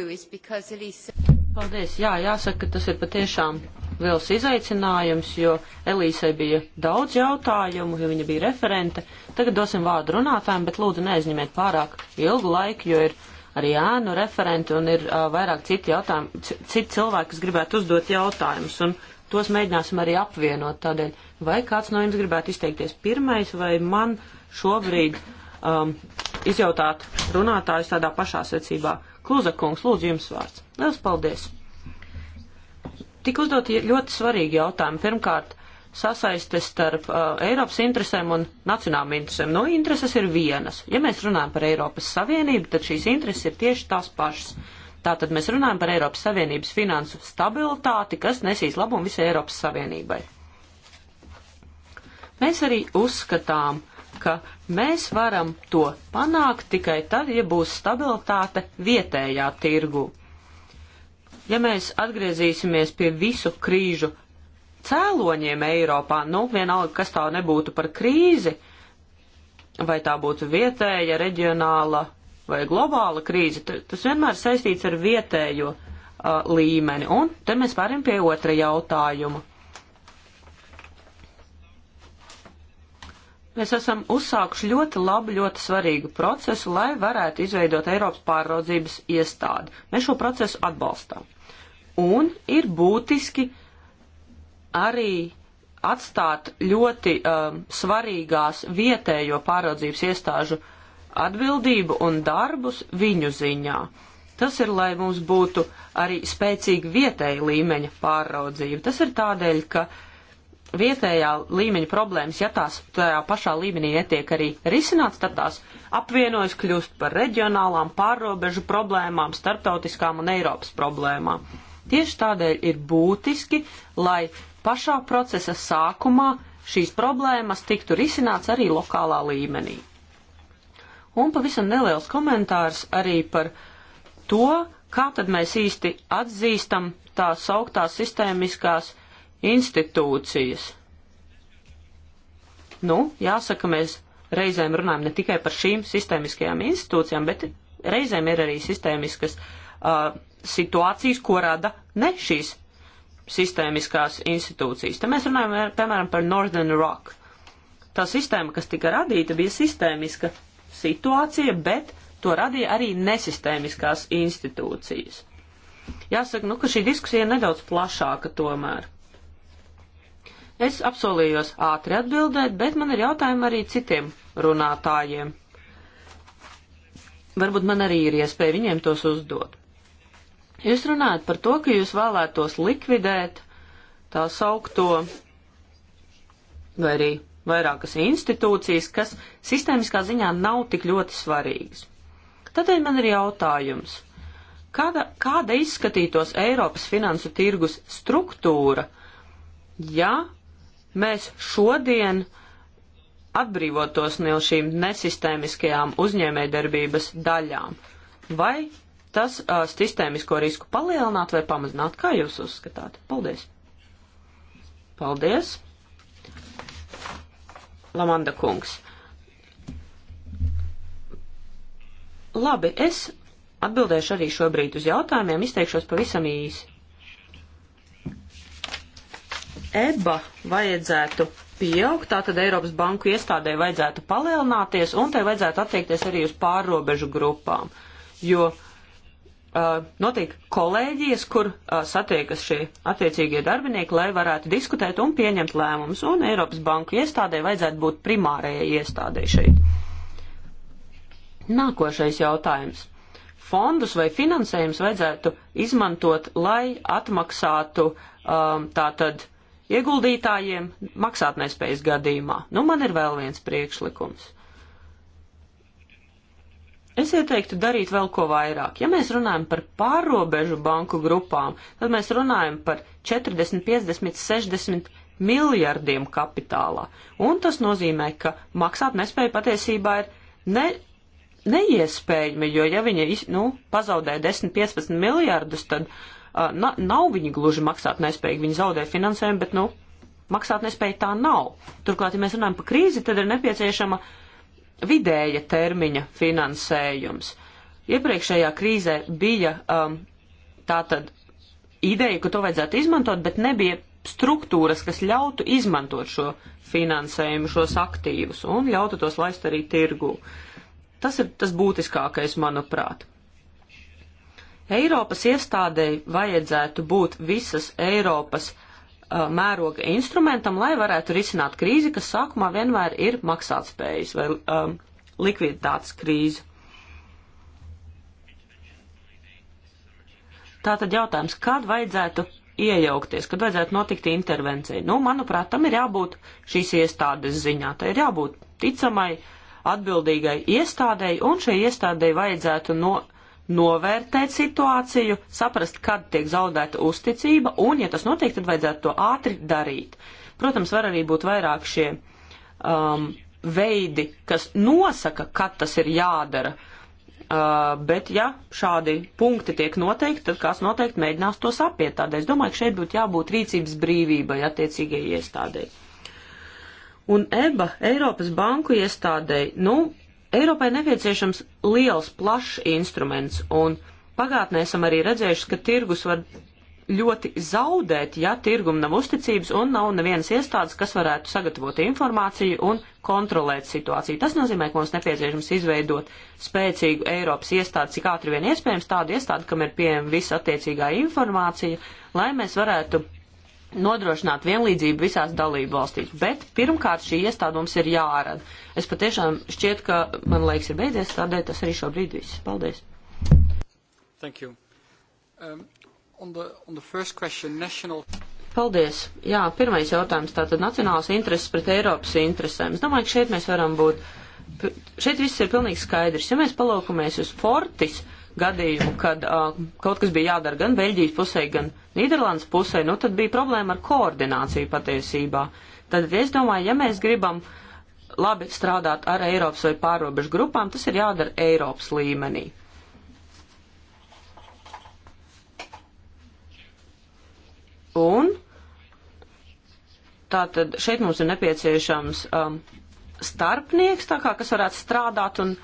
S1: Paldies. Jā, jāsaka, tas ir patiešām liels izaicinājums, jo Elīsai bija daudz jautājumu, jo viņa bija referente. Tagad dosim vārdu runātājiem, bet lūdzu neaizņemiet pārāk ilgu laiku, jo ir arī ēnu referenti un ir uh, vairāk citi jautājumi, citi cilvēki, kas gribētu uzdot jautājumus, un tos mēģināsim arī apvienot. Tādēļ, vai kāds no jums gribētu izteikties pirmais, vai man šobrīd um, izjautāt runātājus tādā pašā secībā? Kluzakungs, lūdzu jums vārds. Lielas paldies! Tik uzdot ļoti svarīgi jautājumi. Pirmkārt, sasaiste starp uh, Eiropas interesēm un nacionālām interesēm. Nu, intereses ir vienas. Ja mēs runājam par Eiropas Savienību, tad šīs intereses ir tieši tās pašas. Tātad mēs runājam par Eiropas Savienības finansu stabilitāti, kas nesīs labumu visai Eiropas Savienībai. Mēs arī uzskatām, ka mēs varam to panākt tikai tad, ja būs stabilitāte vietējā tirgu. Ja mēs atgriezīsimies pie visu krīžu cēloņiem Eiropā, nu, vienalga, kas tā nebūtu par krīzi, vai tā būtu vietēja, reģionāla vai globāla krīze, tas vienmēr saistīts ar vietējo uh, līmeni. Un te mēs pārim pie otra jautājuma. Mēs esam uzsākuši ļoti labu, ļoti svarīgu procesu, lai varētu izveidot Eiropas pārraudzības iestādi. Mēs šo procesu atbalstām. Un ir būtiski uh, arī atstāt ļoti um, svarīgās vietējo pāraudzības iestāžu atbildību un darbus viņu ziņā. Tas ir, lai mums būtu arī spēcīga vietēja līmeņa pāraudzība. Tas ir tādēļ, ka vietējā līmeņa problēmas, ja tās tajā pašā līmenī netiek arī risināts, tad tās apvienojas kļūst par reģionālām pārrobežu problēmām, starptautiskām un Eiropas problēmām. Tieši tādēļ ir būtiski, lai pašā procesa sākumā šīs problēmas tiktu risināts arī lokālā līmenī. Un pavisam neliels komentārs arī par to, kā tad mēs īsti atzīstam tās augtās sistēmiskās institūcijas. Nu, jāsaka, mēs reizēm runājam ne tikai par šīm sistēmiskajām institūcijām, bet reizēm ir arī sistēmiskas uh, situācijas, ko rada ne šīs sistēmiskās institūcijas. Te mēs runājam, eh, piemēram, par Northern Rock. Tā sistēma, kas tika radīta, bija sistēmiska situācija, bet to radīja arī nesistēmiskās institūcijas. Jāsaka, nu, ka šī diskusija ir nedaudz plašāka tomēr. Es apsolījos ātri atbildēt, bet man ir jautājumi arī citiem runātājiem. Varbūt man arī ir iespēja viņiem tos uzdot. Jūs runājat par to, ka jūs vēlētos likvidēt tā saukto vai arī vairākas institūcijas, kas sistēmiskā ziņā nav tik ļoti svarīgas. Tādēļ man ir jautājums, kāda, kāda izskatītos Eiropas finansu tirgus struktūra, ja mēs šodien atbrīvotos no šīm nesistēmiskajām uzņēmējdarbības daļām? Vai tas uh, sistēmisko risku palielināt vai pamazināt? Kā jūs uzskatāt? Paldies! Paldies! Lamanda kungs. Labi, es atbildēšu arī šobrīd uz jautājumiem, izteikšos pavisam īsi. EBA vajadzētu pieaugt, tātad Eiropas banku iestādē vajadzētu palielināties, un tai vajadzētu attiekties arī uz pārrobežu grupām, jo uh, Uh, notiek kolēģijas, kur uh, satiekas šie attiecīgie darbinieki, lai varētu diskutēt un pieņemt lēmumus. Un Eiropas Banku iestādē vajadzētu būt primārajai iestādē šeit. Nākošais jautājums. Fondus vai finansējums vajadzētu izmantot, lai atmaksātu um, tātad ieguldītājiem maksātnespējas gadījumā. Nu, man ir vēl viens priekšlikums. Es ieteiktu darīt vēl ko vairāk. Ja mēs runājam par pārobežu banku grupām, tad mēs runājam par 40, 50, 60 miljardiem kapitālā. Un tas nozīmē, ka maksāt nespēja patiesībā ir ne, neiespējami, jo ja viņi nu, pazaudē 10, 15 miljardus, tad uh, na, nav viņi gluži maksāt nespējīgi. Viņi zaudē finansējumu, bet nu, maksāt nespēja tā nav. Turklāt, ja mēs runājam par krīzi, tad ir nepieciešama uh, vidēja termiņa finansējums. Iepriekšējā krīzē bija um, tātad ideja, ka to vajadzētu izmantot, bet nebija struktūras, kas ļautu izmantot šo finansējumu, šos aktīvus un ļautu tos laist arī tirgū. Tas ir tas būtiskākais, manuprāt. Eiropas iestādēji vajadzētu būt visas Eiropas Uh, mēroga instrumentam, lai varētu risināt krīzi, kas sākumā vienmēr ir maksātspējas vai um, likviditātes krīze. Tātad jautājums, kad vajadzētu iejaukties, kad vajadzētu notikt intervencija? Nu, manuprāt, tam ir jābūt šīs iestādes ziņā. Tai ir jābūt ticamai, atbildīgai iestādēji, un šai iestādēji vajadzētu no, uh, novērtēt situāciju, saprast, kad tiek zaudēta uzticība, un, ja tas notiek, tad vajadzētu to ātri darīt. Protams, var arī būt vairāk šie um, veidi, kas nosaka, kad tas ir jādara, uh, bet, ja šādi punkti tiek noteikti, tad kāds noteikti mēģinās to apiet. Tādēļ es domāju, ka šeit būtu jābūt rīcības brīvībai attiecīgajai iestādēji. Un EBA, Eiropas banku iestādēji, nu, Eiropai nepieciešams liels, plašs instruments, un pagātnē esam arī redzējuši, ka tirgus var ļoti zaudēt, ja tirgum nav uzticības un nav nevienas iestādes, kas varētu sagatavot informāciju un kontrolēt situāciju. Tas nozīmē, ka mums nepieciešams izveidot spēcīgu Eiropas iestādi, cik ātri vien iespējams, tādu iestādi, kam ir pieejama visa attiecīgā informācija, lai mēs varētu nodrošināt vienlīdzību visās dalību valstīs. Bet pirmkārt šī iestāde mums ir jārada. Es patiešām šķiet, ka man laiks ir beidzies, tādēļ tas arī šobrīd viss. Paldies.
S2: Thank you. Um, on the, on the first question, national...
S1: Paldies. Jā, pirmais jautājums. Tātad nacionāls intereses pret Eiropas interesēm. Es domāju, ka šeit mēs varam būt. Šeit viss ir pilnīgi skaidrs. Ja mēs palaukamies uz Fortis, uh, gadījumu, kad uh, kaut kas bija jādara gan Beļģijas pusē, gan Nīderlandes pusē, nu tad bija problēma ar koordināciju patiesībā. Tad es domāju, ja mēs gribam labi strādāt ar Eiropas vai pārobežu grupām, tas ir jādara Eiropas līmenī. Un tātad šeit mums ir nepieciešams um, starpnieks, tā kā, kas varētu strādāt un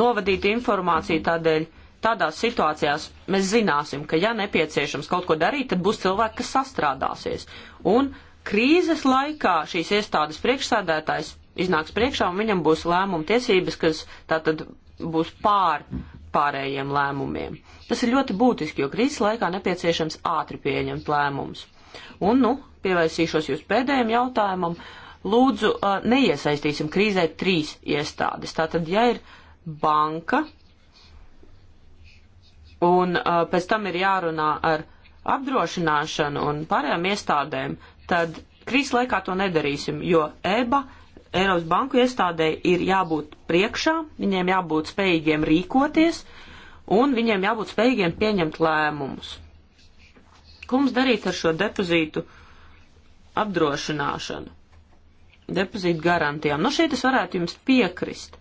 S1: novadīt informāciju tādēļ tādās situācijās mēs zināsim, ka ja nepieciešams kaut ko darīt, tad būs cilvēki, kas sastrādāsies. Un krīzes laikā šīs iestādes priekšsēdētājs iznāks priekšā un viņam būs lēmuma tiesības, kas tātad būs pār pārējiem lēmumiem. Tas ir ļoti būtiski, jo krīzes laikā nepieciešams ātri pieņemt lēmumus. Un, nu, pievērsīšos jūs pēdējiem jautājumam. Lūdzu, uh, neiesaistīsim krīzē trīs iestādes. Tātad, ja ir banka, un uh, pēc tam ir jārunā ar apdrošināšanu un pārējām iestādēm, tad krīzes laikā to nedarīsim, jo EBA, Eiropas banku iestādē, ir jābūt priekšā, viņiem jābūt spējīgiem rīkoties un viņiem jābūt spējīgiem pieņemt lēmumus. Ko mums darīt ar šo depozītu apdrošināšanu? Depozītu garantijām. Nu, šeit es varētu jums piekrist.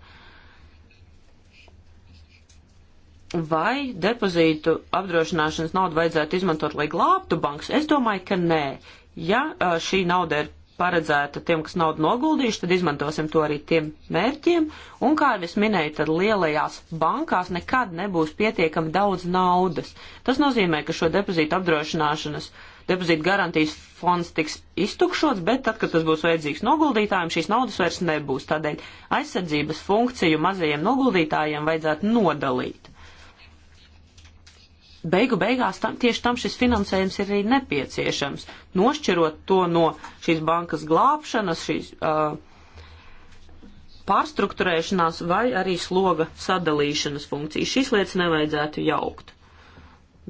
S1: Vai depozītu apdrošināšanas naudu vajadzētu izmantot, lai glābtu bankas? Es domāju, ka nē. Ja šī nauda ir paredzēta tiem, kas naudu noguldījuši, tad izmantosim to arī tiem mērķiem. Un, kā jau es minēju, tad lielajās bankās nekad nebūs pietiekami daudz naudas. Tas nozīmē, ka šo depozītu apdrošināšanas, depozītu garantijas fonds tiks iztukšots, bet tad, kad tas būs vajadzīgs noguldītājiem, šīs naudas vairs nebūs. Tādēļ aizsardzības funkciju mazajiem noguldītājiem vajadzētu nodalīt beigu beigās tam, tieši tam šis finansējums ir arī nepieciešams. Nošķirot to no šīs bankas glābšanas, šīs uh, pārstruktūrēšanās vai arī sloga sadalīšanas funkcijas. Šīs lietas nevajadzētu jaukt.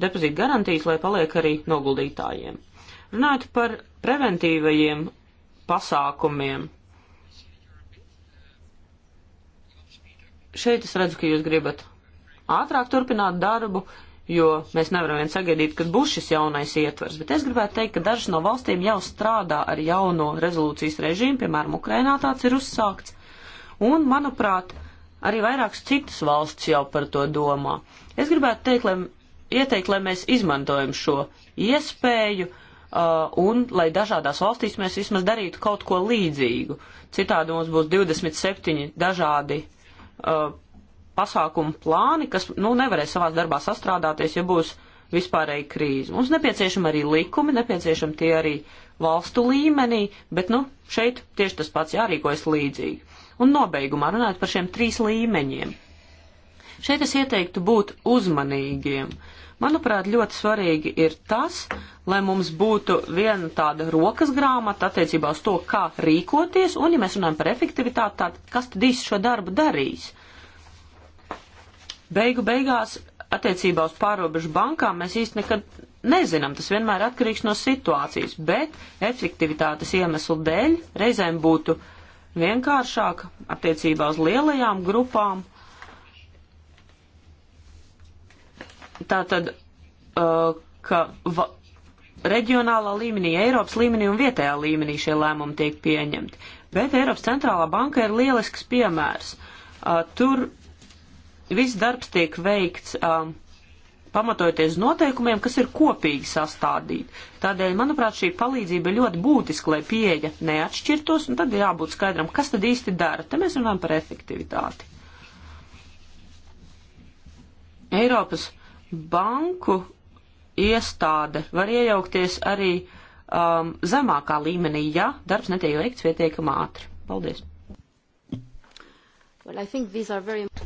S1: Depozīta garantijas, lai paliek arī noguldītājiem. Runājot par preventīvajiem pasākumiem. Šeit es redzu, ka jūs gribat ātrāk turpināt darbu. Uh, jo mēs nevaram vien sagaidīt, kad būs šis jaunais ietvers. Bet es gribētu teikt, ka dažas no valstīm jau strādā ar jauno rezolūcijas režīmu, piemēram, Ukrainā tāds ir uzsākts. Un, manuprāt, arī vairākas citas valsts jau par to domā. Es gribētu teikt, lai ieteikt, lai mēs izmantojam šo iespēju uh, un lai dažādās valstīs mēs vismaz darītu kaut ko līdzīgu. Citādi mums būs 27 dažādi uh, pasākumu plāni, kas nu, nevarēs savā darbā sastrādāties, ja būs vispārēji krīze. Mums nepieciešami arī likumi, nepieciešami tie arī valstu līmenī, bet nu, šeit tieši tas pats jārīkojas līdzīgi. Un nobeigumā runājot par šiem trīs līmeņiem. Šeit es ieteiktu būt uzmanīgiem. Manuprāt, ļoti svarīgi ir tas, lai mums būtu viena tāda rokas grāmata attiecībā uz to, kā rīkoties, un, ja mēs runājam par efektivitāti, tad kas tad īsti šo darbu darīs? Beigu beigās attiecībā uz pārobežu bankām mēs īsti nekad nezinām, tas vienmēr atkarīgs no situācijas, bet efektivitātes iemeslu dēļ reizēm būtu vienkāršāk attiecībā uz lielajām grupām. Tātad, uh, ka va, reģionālā līmenī, Eiropas līmenī un vietējā līmenī šie lēmumi tiek pieņemti. Bet Eiropas centrālā banka ir lielisks piemērs. Uh, tur viss darbs tiek veikts um, pamatojoties noteikumiem, kas ir kopīgi sastādīti. Tādēļ, manuprāt, šī palīdzība ir ļoti būtiska, lai pieeja neatšķirtos, un tad ir jābūt skaidram, kas tad īsti dara. Te mēs runājam par efektivitāti. Eiropas banku iestāde var iejaukties arī um, zemākā līmenī, ja darbs netiek veikts pietiekami ātri. Paldies! Well, I think these are very important.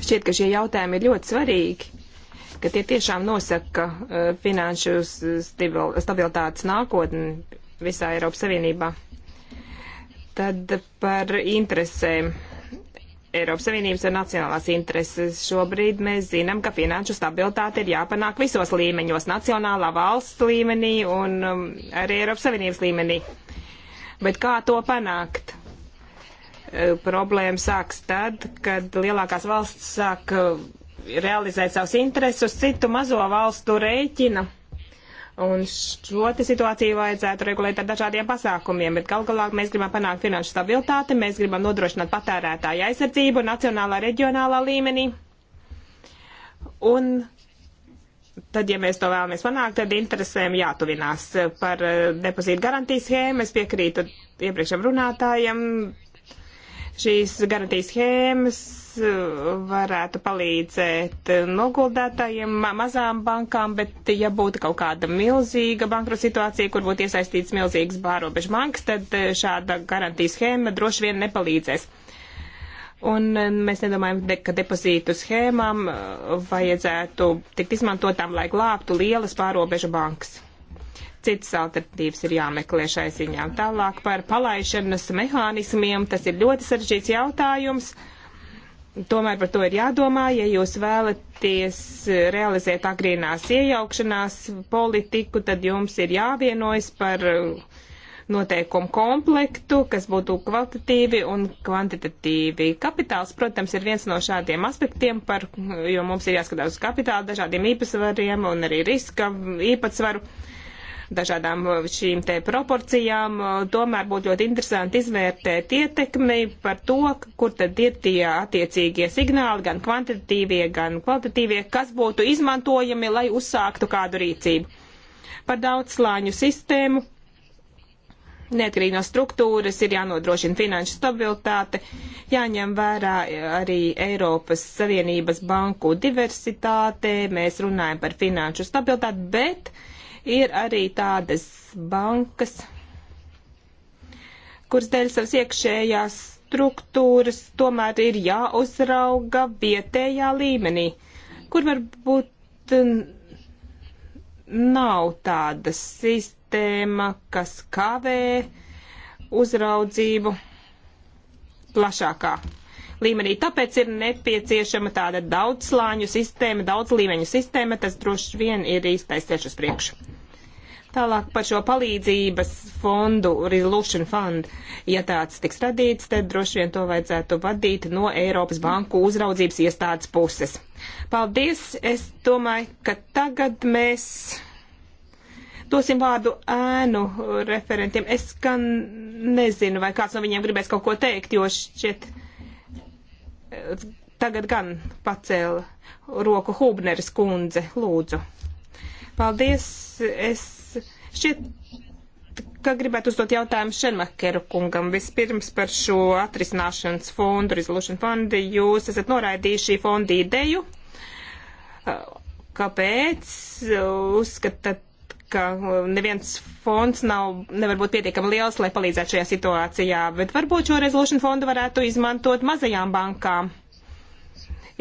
S1: Šķiet, ka
S3: šie jautājumi ir ļoti svarīgi, ka tie tiešām nosaka eh, finanšu stabilitātes nākotni visā Eiropas Savienībā. Tad par interesēm. Eiropas Savienības un nacionālās intereses. Šobrīd mēs zinām, ka finanšu stabilitāte ir jāpanāk visos līmeņos - nacionālā valsts līmenī un um, arī Eiropas Savienības līmenī. Bet kā to panākt? Eh, problēma sāks tad, kad lielākās valsts sāk eh, realizēt savus intereses uz citu mazo valstu rēķina. Un šo situāciju vajadzētu regulēt ar dažādiem pasākumiem, bet gal galā mēs gribam panākt finanšu stabilitāti, mēs gribam nodrošināt patērētāju aizsardzību nacionālā, reģionālā līmenī. Un tad, ja mēs to vēlamies panākt, tad interesēm jātuvinās par eh, depozītu garantijas schēmu. Es piekrītu iepriekšējiem runātājiem, Šīs garantijas schēmas uh, varētu palīdzēt uh, noguldētājiem, mazām bankām, bet ja būtu kaut kāda milzīga bankru situācija, kur būtu iesaistīts milzīgs bārobežu banks, tad uh, šāda garantijas schēma droši vien nepalīdzēs. Un mēs nedomājam, ka depozītu schēmām vajadzētu tikt izmantotām, lai glābtu lielas pārobežu bankas citas alternatīvas ir jāmeklē šai ziņā. Tālāk par palaišanas mehānismiem, tas ir ļoti sarežģīts jautājums. Tomēr par to ir jādomā, ja jūs vēlaties realizēt agrīnās iejaukšanās politiku, tad jums ir jāvienojas par noteikumu komplektu, kas būtu kvalitatīvi un kvantitatīvi. Kapitāls, protams, ir viens no šādiem aspektiem, par, jo mums ir jāskatās uz kapitālu, dažādiem īpatsvariem un arī riska īpatsvaru. Uh, dažādām uh, šīm te proporcijām, uh, tomēr būtu ļoti interesanti izvērtēt ietekmi par to, kur tad ir tie attiecīgie signāli, gan kvantitatīvie, gan kvalitatīvie, kas būtu izmantojami, lai uzsāktu kādu rīcību. Par daudzslāņu sistēmu neatkarīgi no struktūras, ir jānodrošina finanšu stabilitāte, jāņem vērā arī Eiropas Savienības banku diversitāte, mēs runājam par finanšu stabilitāti, bet Ir arī tādas bankas, kuras dēļ savas iekšējās struktūras tomēr ir jāuzrauga vietējā līmenī, kur varbūt nav tāda sistēma, kas kavē uzraudzību plašākā līmenī. Tāpēc ir nepieciešama tāda daudzslāņu sistēma, daudz līmeņu sistēma, tas droši vien ir īstais ceļš uz priekšu. Tālāk par šo palīdzības fondu, Resolution Fund, ja tāds tiks radīts, tad droši vien to vajadzētu vadīt no Eiropas Banku uzraudzības iestādes puses. Paldies! Es domāju, ka tagad mēs dosim vārdu ēnu referentiem. Es gan nezinu, vai kāds no viņiem gribēs kaut ko teikt, jo šķiet tagad gan pacēla roku Hubneris kundze. Lūdzu! Paldies! Es Šķiet, ka gribētu uzdot jautājumu Šenmakeru kungam. Vispirms par šo atrisināšanas fondu, Resolution Fund, jūs esat noraidījuši fonda ideju. Kāpēc uzskatāt, ka neviens fonds nav, nevar būt pietiekami liels, lai palīdzētu šajā situācijā, bet varbūt šo Resolution fondu varētu izmantot mazajām bankām,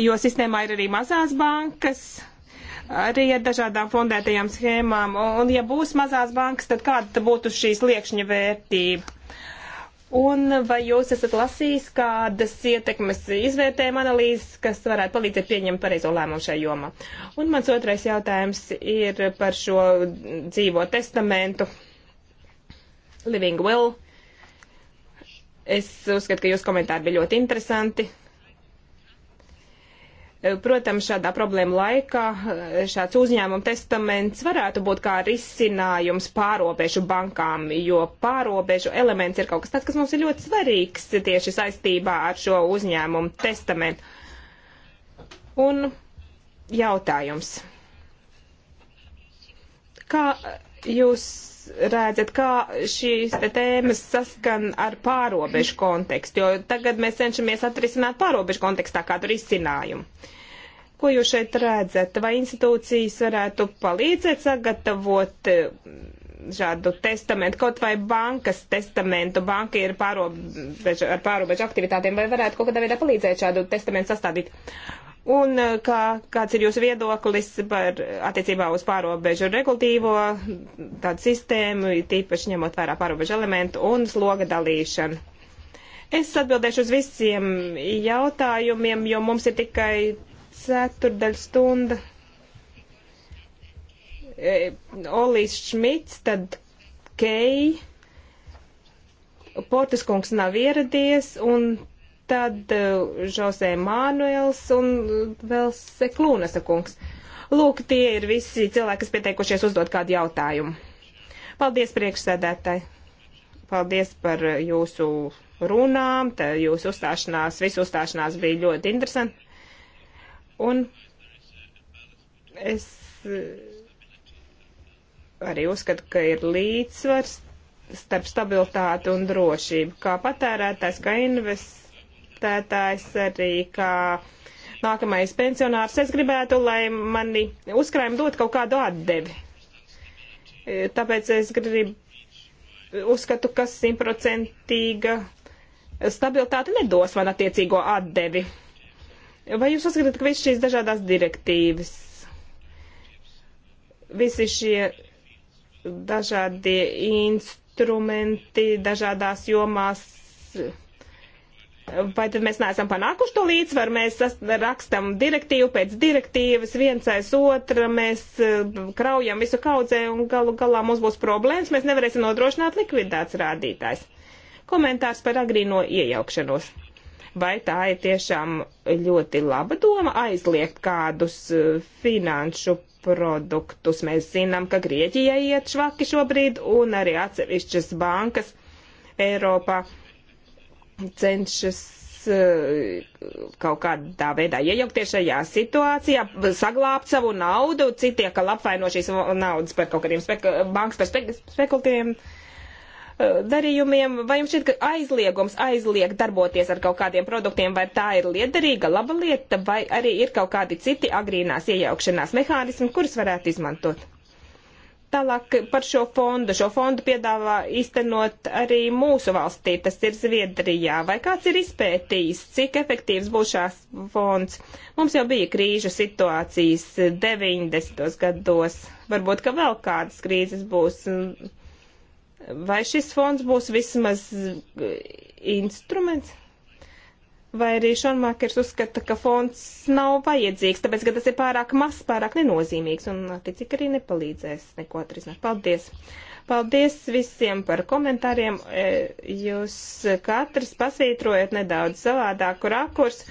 S3: jo sistēmā ir arī mazās bankas arī ar dažādām fondētajām schēmām. Un, ja būs mazās bankas, tad kāda būtu šīs liekšņa vērtība? Un vai jūs esat lasījis kādas ietekmes izvērtējuma analīzes, kas varētu palīdzēt pieņemt pareizo lēmumu šajā jomā? Un mans otrais jautājums ir par šo dzīvo testamentu, living will. Es uzskatu, ka jūsu komentāri bija ļoti interesanti. Protams, šādā problēma laikā šāds uzņēmuma testaments varētu būt kā risinājums pārobežu bankām, jo pārobežu elements ir kaut kas tāds, kas mums ir ļoti svarīgs tieši saistībā ar šo uzņēmumu testamentu. Un jautājums. Kā jūs redzat, kā šīs te tēmas saskan ar pārobežu kontekstu, jo tagad mēs cenšamies atrisināt pārobežu kontekstā kādu risinājumu. Ko jūs šeit redzat? Vai institūcijas varētu palīdzēt sagatavot eh, šādu testamentu, kaut vai bankas testamentu, banka ir pārobežu, ar pārobežu aktivitātiem, vai varētu kaut kādā veidā palīdzēt šādu testamentu sastādīt? Un eh, kā, kāds ir jūsu viedoklis par eh, attiecībā uz pārobežu regulatīvo tādu sistēmu, tīpaši ņemot vērā pārobežu elementu un sloga dalīšanu? Es atbildēšu uz visiem jautājumiem, jo mums ir tikai ceturdaļ stunda. Eh, Olis Šmits, tad Kei. Portiskungs nav ieradies, un tad Žosē eh, Mānuels un eh, vēl Seklūnesa kungs. Lūk, tie ir visi cilvēki, kas pieteikušies uzdot kādu jautājumu. Paldies priekšsēdētāji. Paldies par eh, jūsu runām, tā jūsu uzstāšanās, visu uzstāšanās bija ļoti interesanti. Un es arī uzskatu, ka ir līdzsvars starp stabilitāti un drošību, kā patērētājs, kā investors adaptētājs, arī kā nākamais pensionārs. Es gribētu, lai mani uzkrājumi dot kaut kādu atdevi. E, tāpēc es gribu uzskatu, ka simtprocentīga stabilitāte nedos man attiecīgo atdevi. Vai jūs uzskatāt, ka visas šīs dažādās direktīvas, visi šie dažādie instrumenti dažādās jomās Vai tad mēs neesam panākuši to līdzsvaru? Mēs rakstam direktīvu pēc direktīvas, viens aiz otra, mēs eh, kraujam visu kaudzē un galu galā mums būs problēmas, mēs nevarēsim nodrošināt likvidāts rādītājs. Komentārs par agrīno iejaukšanos. Vai tā ir tiešām ļoti laba doma aizliegt kādus eh, finanšu produktus? Mēs zinām, ka Grieķijai iet švaki šobrīd un arī atsevišķas bankas Eiropā cenšas eh, kaut kādā veidā iejaukties šajā situācijā, saglābt savu naudu, citie, ka apvaino šīs naudas par kaut kādiem spek bankas par spek spekulatīviem eh, darījumiem, vai jums šķiet, ka aizliegums aizlieg darboties ar kaut kādiem produktiem, vai tā ir liederīga, laba lieta, vai arī ir kaut kādi citi agrīnās iejaukšanās mehānismi, kurus varētu izmantot? Tālāk par šo fondu. Šo fondu piedāvā iztenot arī mūsu valstī, tas ir Zviedrijā. Vai kāds ir izpētījis, cik efektīvs būs šās fonds? Mums jau bija krīžu situācijas 90. gados. Varbūt, ka vēl kādas krīzes būs. Vai šis fonds būs vismaz instruments? vai arī Šonmakers uzskata, ka fonds nav vajadzīgs, tāpēc, ka tas ir pārāk mazs, pārāk nenozīmīgs un, ticik, arī nepalīdzēs neko atrisināt. Paldies! Paldies visiem par komentāriem. E, jūs katrs pasvītrojat nedaudz savādāku rakursu.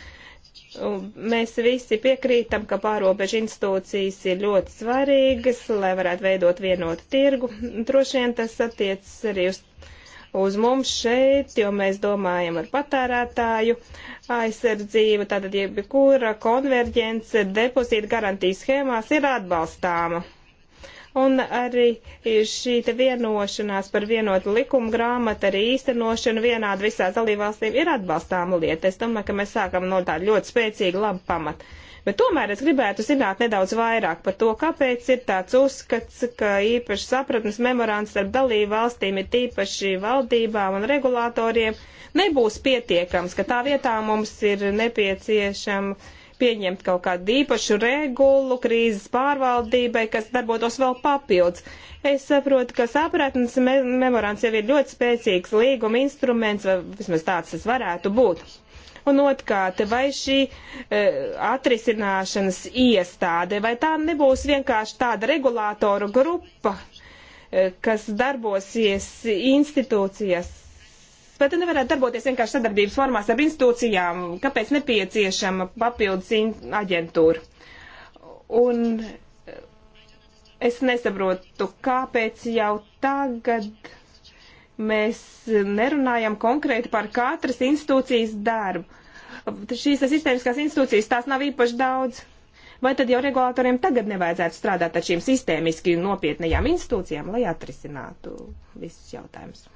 S3: Mēs visi piekrītam, ka pārobežu institūcijas ir ļoti svarīgas, lai varētu veidot vienotu tirgu. Droši vien tas attiecas arī uz uz mums šeit, jo mēs domājam ar patērētāju aizsardzību. Tātad jebkura konverģence depozīta garantijas schēmās ir atbalstāma. Un arī šī te vienošanās par vienotu likumu grāmatu, arī īstenošanu vienādi visās dalībvalstīm ir atbalstāma lieta. Es domāju, ka mēs sākam no tāda ļoti spēcīga laba pamata. Bet tomēr es gribētu zināt nedaudz vairāk par to, kāpēc ir tāds uzskats, ka īpaši sapratnes memorands starp dalību valstīm ir tīpaši valdībām un regulātoriem nebūs pietiekams, ka tā vietā mums ir nepieciešama pieņemt kaut kādu īpašu regulu krīzes pārvaldībai, kas darbotos vēl papildus. Es saprotu, ka sapratnes me memorands jau ir ļoti spēcīgs līguma instruments, vai vismaz tāds tas varētu būt. Un otrkārt, vai šī e, atrisināšanas iestāde, vai tā nebūs vienkārši tāda regulātoru grupa, e, kas darbosies institūcijas vai te nevarētu darboties vienkārši sadarbības formās ar institūcijām, kāpēc nepieciešama papildus aģentūra? Un e, es nesaprotu, kāpēc jau tagad Mēs nerunājam konkrēti par katras institūcijas darbu. Šīs sistēmiskās institūcijas tās nav īpaši daudz. Vai tad jau regulātoriem tagad nevajadzētu strādāt ar šīm sistēmiski nopietnajām institūcijām, lai atrisinātu visus jautājumus?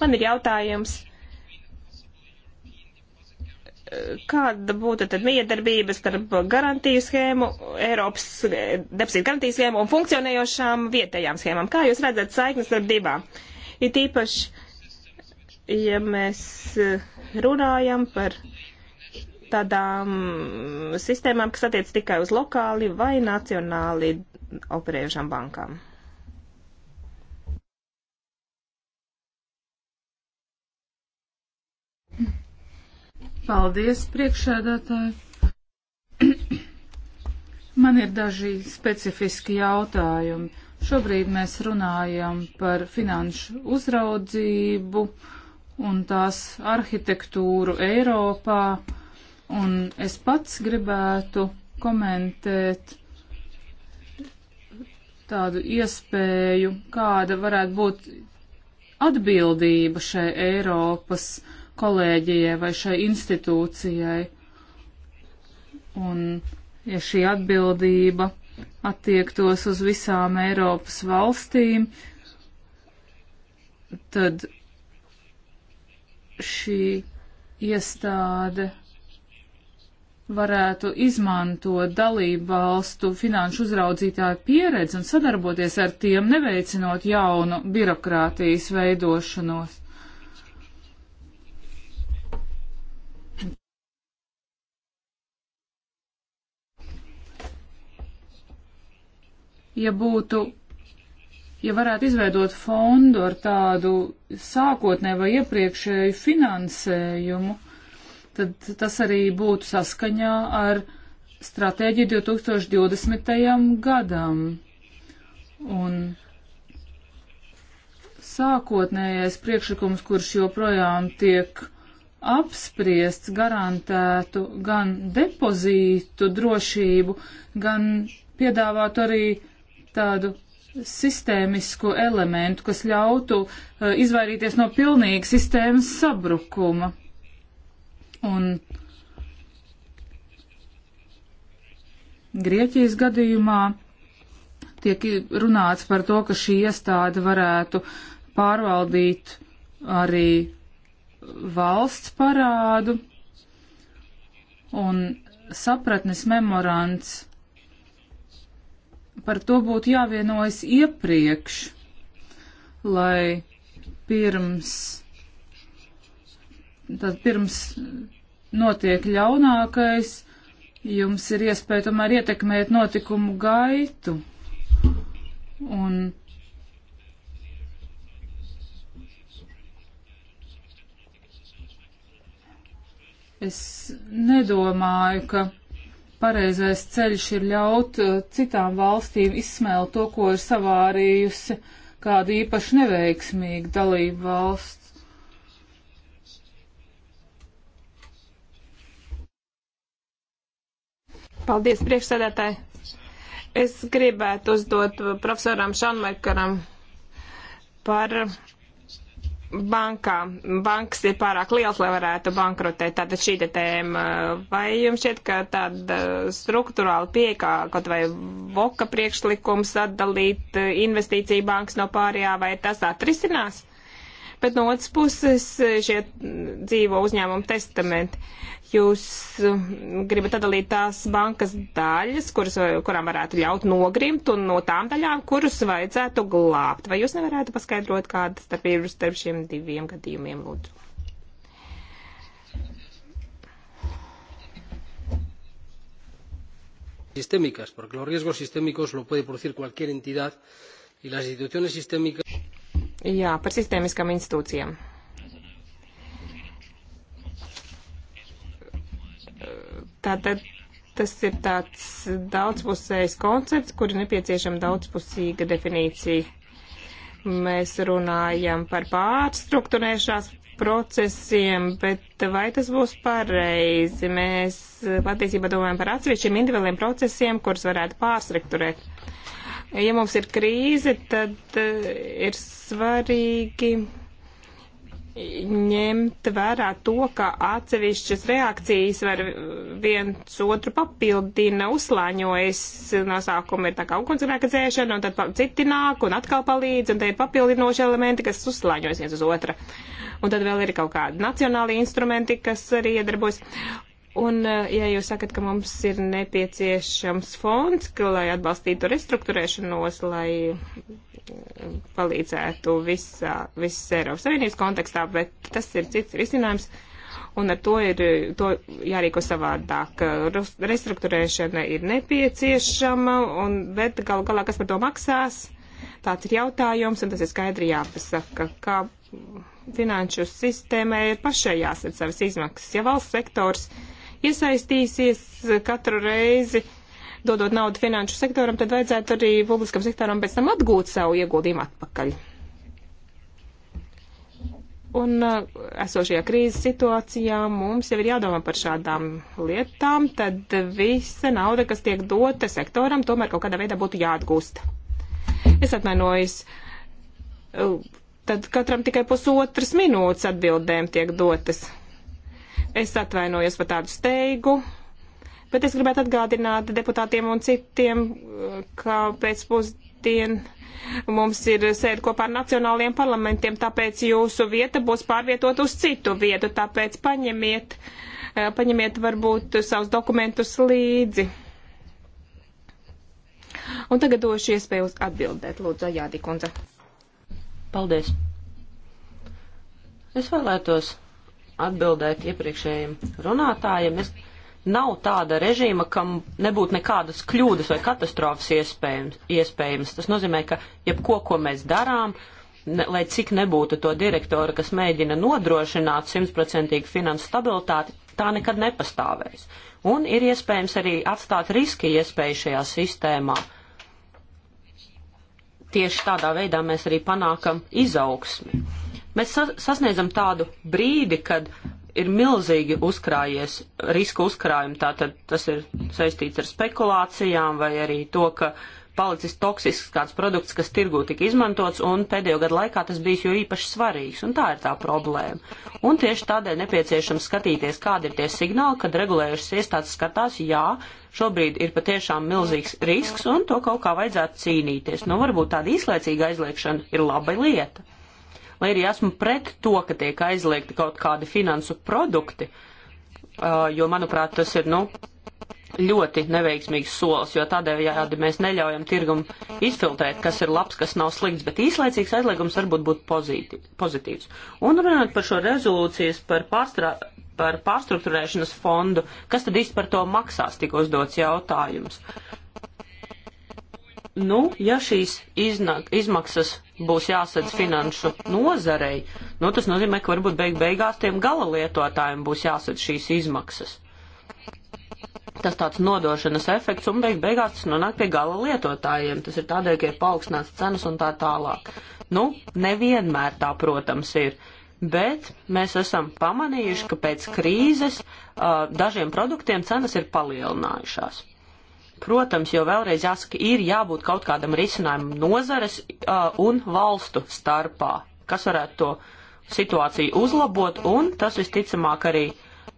S3: Man ir jautājums kāda būtu tad miedarbības starp garantiju schēmu, Eiropas depozītu garantiju schēmu un funkcionējošām vietējām schēmām? Kā jūs redzat saiknes starp divām? Ir tīpaši, ja mēs eh, runājam par tādām sistēmām, kas attiec tikai uz lokāli vai nacionāli
S2: operējušām bankām. Paldies, priekšēdētāji. Man ir daži specifiski jautājumi. Šobrīd mēs runājam par finanšu uzraudzību un tās arhitektūru Eiropā, un es pats gribētu komentēt tādu iespēju, kāda varētu būt atbildība šai Eiropas kolēģijai vai šai institūcijai. Un, ja šī atbildība attiektos uz visām Eiropas valstīm, tad šī iestāde varētu izmantot dalību valstu finanšu uzraudzītāju pieredzi un sadarboties ar tiem, neveicinot jaunu birokrātijas veidošanos. ja būtu, ja varētu izveidot fondu ar tādu sākotnēju vai iepriekšēju finansējumu, tad tas arī būtu saskaņā ar stratēģiju 2020. gadam. Un sākotnējais priekšlikums, kurš joprojām tiek apspriests, garantētu gan depozītu drošību, gan piedāvātu arī tādu sistēmisku elementu, kas ļautu uh, izvairīties no pilnīga sistēmas sabrukuma. Un Grieķijas gadījumā tiek runāts par to, ka šī iestāde varētu pārvaldīt arī valsts parādu, un sapratnes memorands par to būtu jāvienojas iepriekš, lai pirms, tad pirms notiek ļaunākais, jums ir iespēja tomēr ietekmēt notikumu gaitu. Un es nedomāju, ka pareizais ceļš ir ļaut uh, citām valstīm izsmēlt to, ko ir savārījusi kāda īpaši neveiksmīga dalība valsts.
S3: Paldies, priekšsēdētāji. Es gribētu uzdot profesoram Šanmekaram par bankām. Bankas ir pārāk liels, lai varētu bankrotēt. Tātad šī te tēma. Vai jums šķiet, ka tāda struktūrāla piekā, kaut vai voka priekšlikums atdalīt investīciju bankas no pārējā, vai tas atrisinās? bet no otras puses eh, šie dzīvo uzņēmumu testamenti. Jūs eh, gribat atdalīt tās bankas daļas, kuras, eh, kurām varētu ļaut nogrimt, un no tām daļām, kurus vajadzētu glābt. Vai jūs nevarētu paskaidrot, kāda starpība ir starp šiem diviem
S2: gadījumiem, lūdzu? sistémicas porque los riesgos sistémicos los puede producir cualquier entidad y las instituciones sistémicas
S3: Jā, par sistēmiskām institūcijām. Tātad tas ir tāds daudzpusējs koncepts, kur ir nepieciešama daudzpusīga definīcija. Mēs runājam par pārstruktūrēšanās procesiem, bet vai tas būs pareizi? Mēs patiesībā domājam par atsevišķiem individuāliem procesiem, kurus varētu pārstruktūrēt. Uh, Ja mums ir krīze, tad eh, ir svarīgi ņemt vērā to, ka atsevišķas reakcijas var viens otru papildina, uzslāņojas. No sākuma ir tā kā ugunsgrēka dzēšana, un tad citi nāk un atkal palīdz, un te ir papildinoši elementi, kas uzslāņojas viens uz otra. Un tad vēl ir kaut kādi nacionāli instrumenti, kas arī iedarbojas. Un, eh, ja jūs sakat, ka mums ir nepieciešams fonds, ka, lai atbalstītu restruktūrēšanos, lai mm, palīdzētu visā, visas Eiropas Savienības kontekstā, bet tas ir cits risinājums, un ar to ir to jārīko savādāk. Restruktūrēšana ir nepieciešama, un, bet gal galā, kas par to maksās, tāds ir jautājums, un tas ir skaidri jāpasaka, kā finanšu sistēmai ir pašai jāsadz savas izmaksas. Ja valsts sektors iesaistīsies katru reizi, dodot naudu finanšu sektoram, tad vajadzētu arī publiskam sektoram pēc tam atgūt savu ieguldījumu atpakaļ. Un uh, esošajā krīzes situācijā mums jau ir jādomā par šādām lietām, tad visa nauda, kas tiek dota sektoram, tomēr kaut kādā veidā būtu jāatgūst. Es atvainojos. Uh, tad katram tikai pusotras minūtes atbildēm tiek dotas. Es atvainojos par tādu steigu, bet es gribētu atgādināt deputātiem un citiem, ka pēcpusdien mums ir sēde kopā ar nacionāliem parlamentiem, tāpēc jūsu vieta būs pārvietot uz citu vietu, tāpēc paņemiet, paņemiet varbūt savus dokumentus līdzi. Un tagad došu iespēju atbildēt,
S1: lūdzu, Jādī kundze. Paldies. Es vēlētos atbildēt iepriekšējiem runātājiem, es nav tāda režīma, kam nebūtu nekādas kļūdas vai katastrofas iespējams. iespējams. Tas nozīmē, ka jebko, ko mēs darām, ne, lai cik nebūtu to direktora, kas mēģina nodrošināt simtprocentīgu finansu stabilitāti, tā nekad nepastāvēs. Un ir iespējams arī atstāt riski iespēju šajā sistēmā. Tieši tādā veidā mēs arī panākam izaugsmi. Mēs sasniedzam tādu brīdi, kad ir milzīgi uzkrājies riska uzkrājumi, tātad tas ir saistīts ar spekulācijām vai arī to, ka palicis toksisks kāds produkts, kas tirgū tika izmantots, un pēdējo gadu laikā tas bijis jo īpaši svarīgs, un tā ir tā problēma. Un tieši tādēļ nepieciešams skatīties, kādi ir tie signāli, kad regulējušas iestādes skatās, jā, šobrīd ir patiešām milzīgs risks, un to kaut kā vajadzētu cīnīties. Nu, varbūt tāda īslaicīga aizliekšana ir laba lieta lai arī esmu pret to, ka tiek aizliegti kaut kādi finansu produkti, uh, jo, manuprāt, tas ir, nu, ļoti neveiksmīgs solis, jo tādējādi mēs neļaujam tirgum izfiltrēt, kas ir labs, kas nav slikts, bet īslaicīgs aizliegums varbūt būtu pozitīvs. Un runājot par šo rezolūcijas par, pārstrā, par pārstruktūrēšanas fondu, kas tad īsti par to maksās, tika uzdots jautājums. Nu, ja šīs iznāk, izmaksas būs jāsadz finanšu nozarei, nu tas nozīmē, ka varbūt beig beigās tiem gala lietotājiem būs jāsadz šīs izmaksas. Tas tāds nodošanas efekts un beig beigās tas nonāk pie gala lietotājiem. Tas ir tādēļ, ka ir paaugstināts cenas un tā tālāk. Nu, nevienmēr tā, protams, ir. Bet mēs esam pamanījuši, ka pēc krīzes uh, dažiem produktiem cenas ir palielinājušās. Protams, jo vēlreiz jāsaka, ir jābūt kaut kādam risinājumam nozares uh, un valstu starpā, kas varētu to situāciju uzlabot, un tas visticamāk arī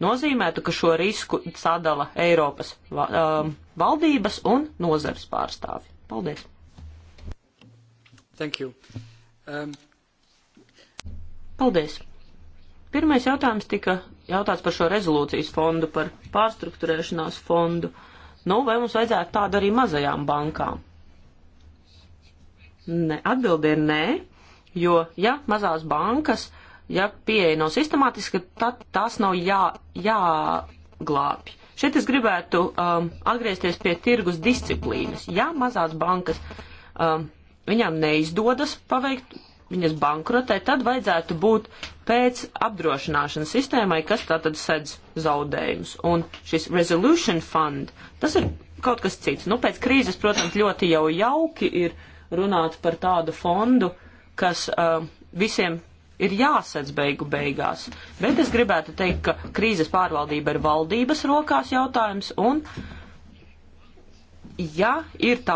S1: nozīmētu, ka šo risku sadala Eiropas uh, valdības un nozares pārstāvi. Paldies!
S2: Thank you. Um...
S1: Paldies! Pirmais jautājums tika jautāts par šo rezolūcijas fondu, par pārstruktūrēšanās fondu. Uh, Nu, vai mums vajadzētu tādu arī mazajām bankām? Ne, atbildi ir nē, jo, ja mazās bankas, ja pieeja nav no sistemātiska, tad tās nav jā, jāglābj. Šeit es gribētu um, atgriezties pie tirgus disciplīnas. Ja mazās bankas, um, viņām neizdodas paveikt viņas bankrotē, tad vajadzētu būt pēc apdrošināšanas sistēmai, kas tātad sedz zaudējumus. Un šis resolution fund, tas ir kaut kas cits. Nu, pēc krīzes, protams, ļoti jau jauki ir runāt par tādu fondu, kas uh, visiem ir jāsadz beigu beigās. Bet es gribētu teikt, ka krīzes pārvaldība ir valdības rokās jautājums un ja ir tā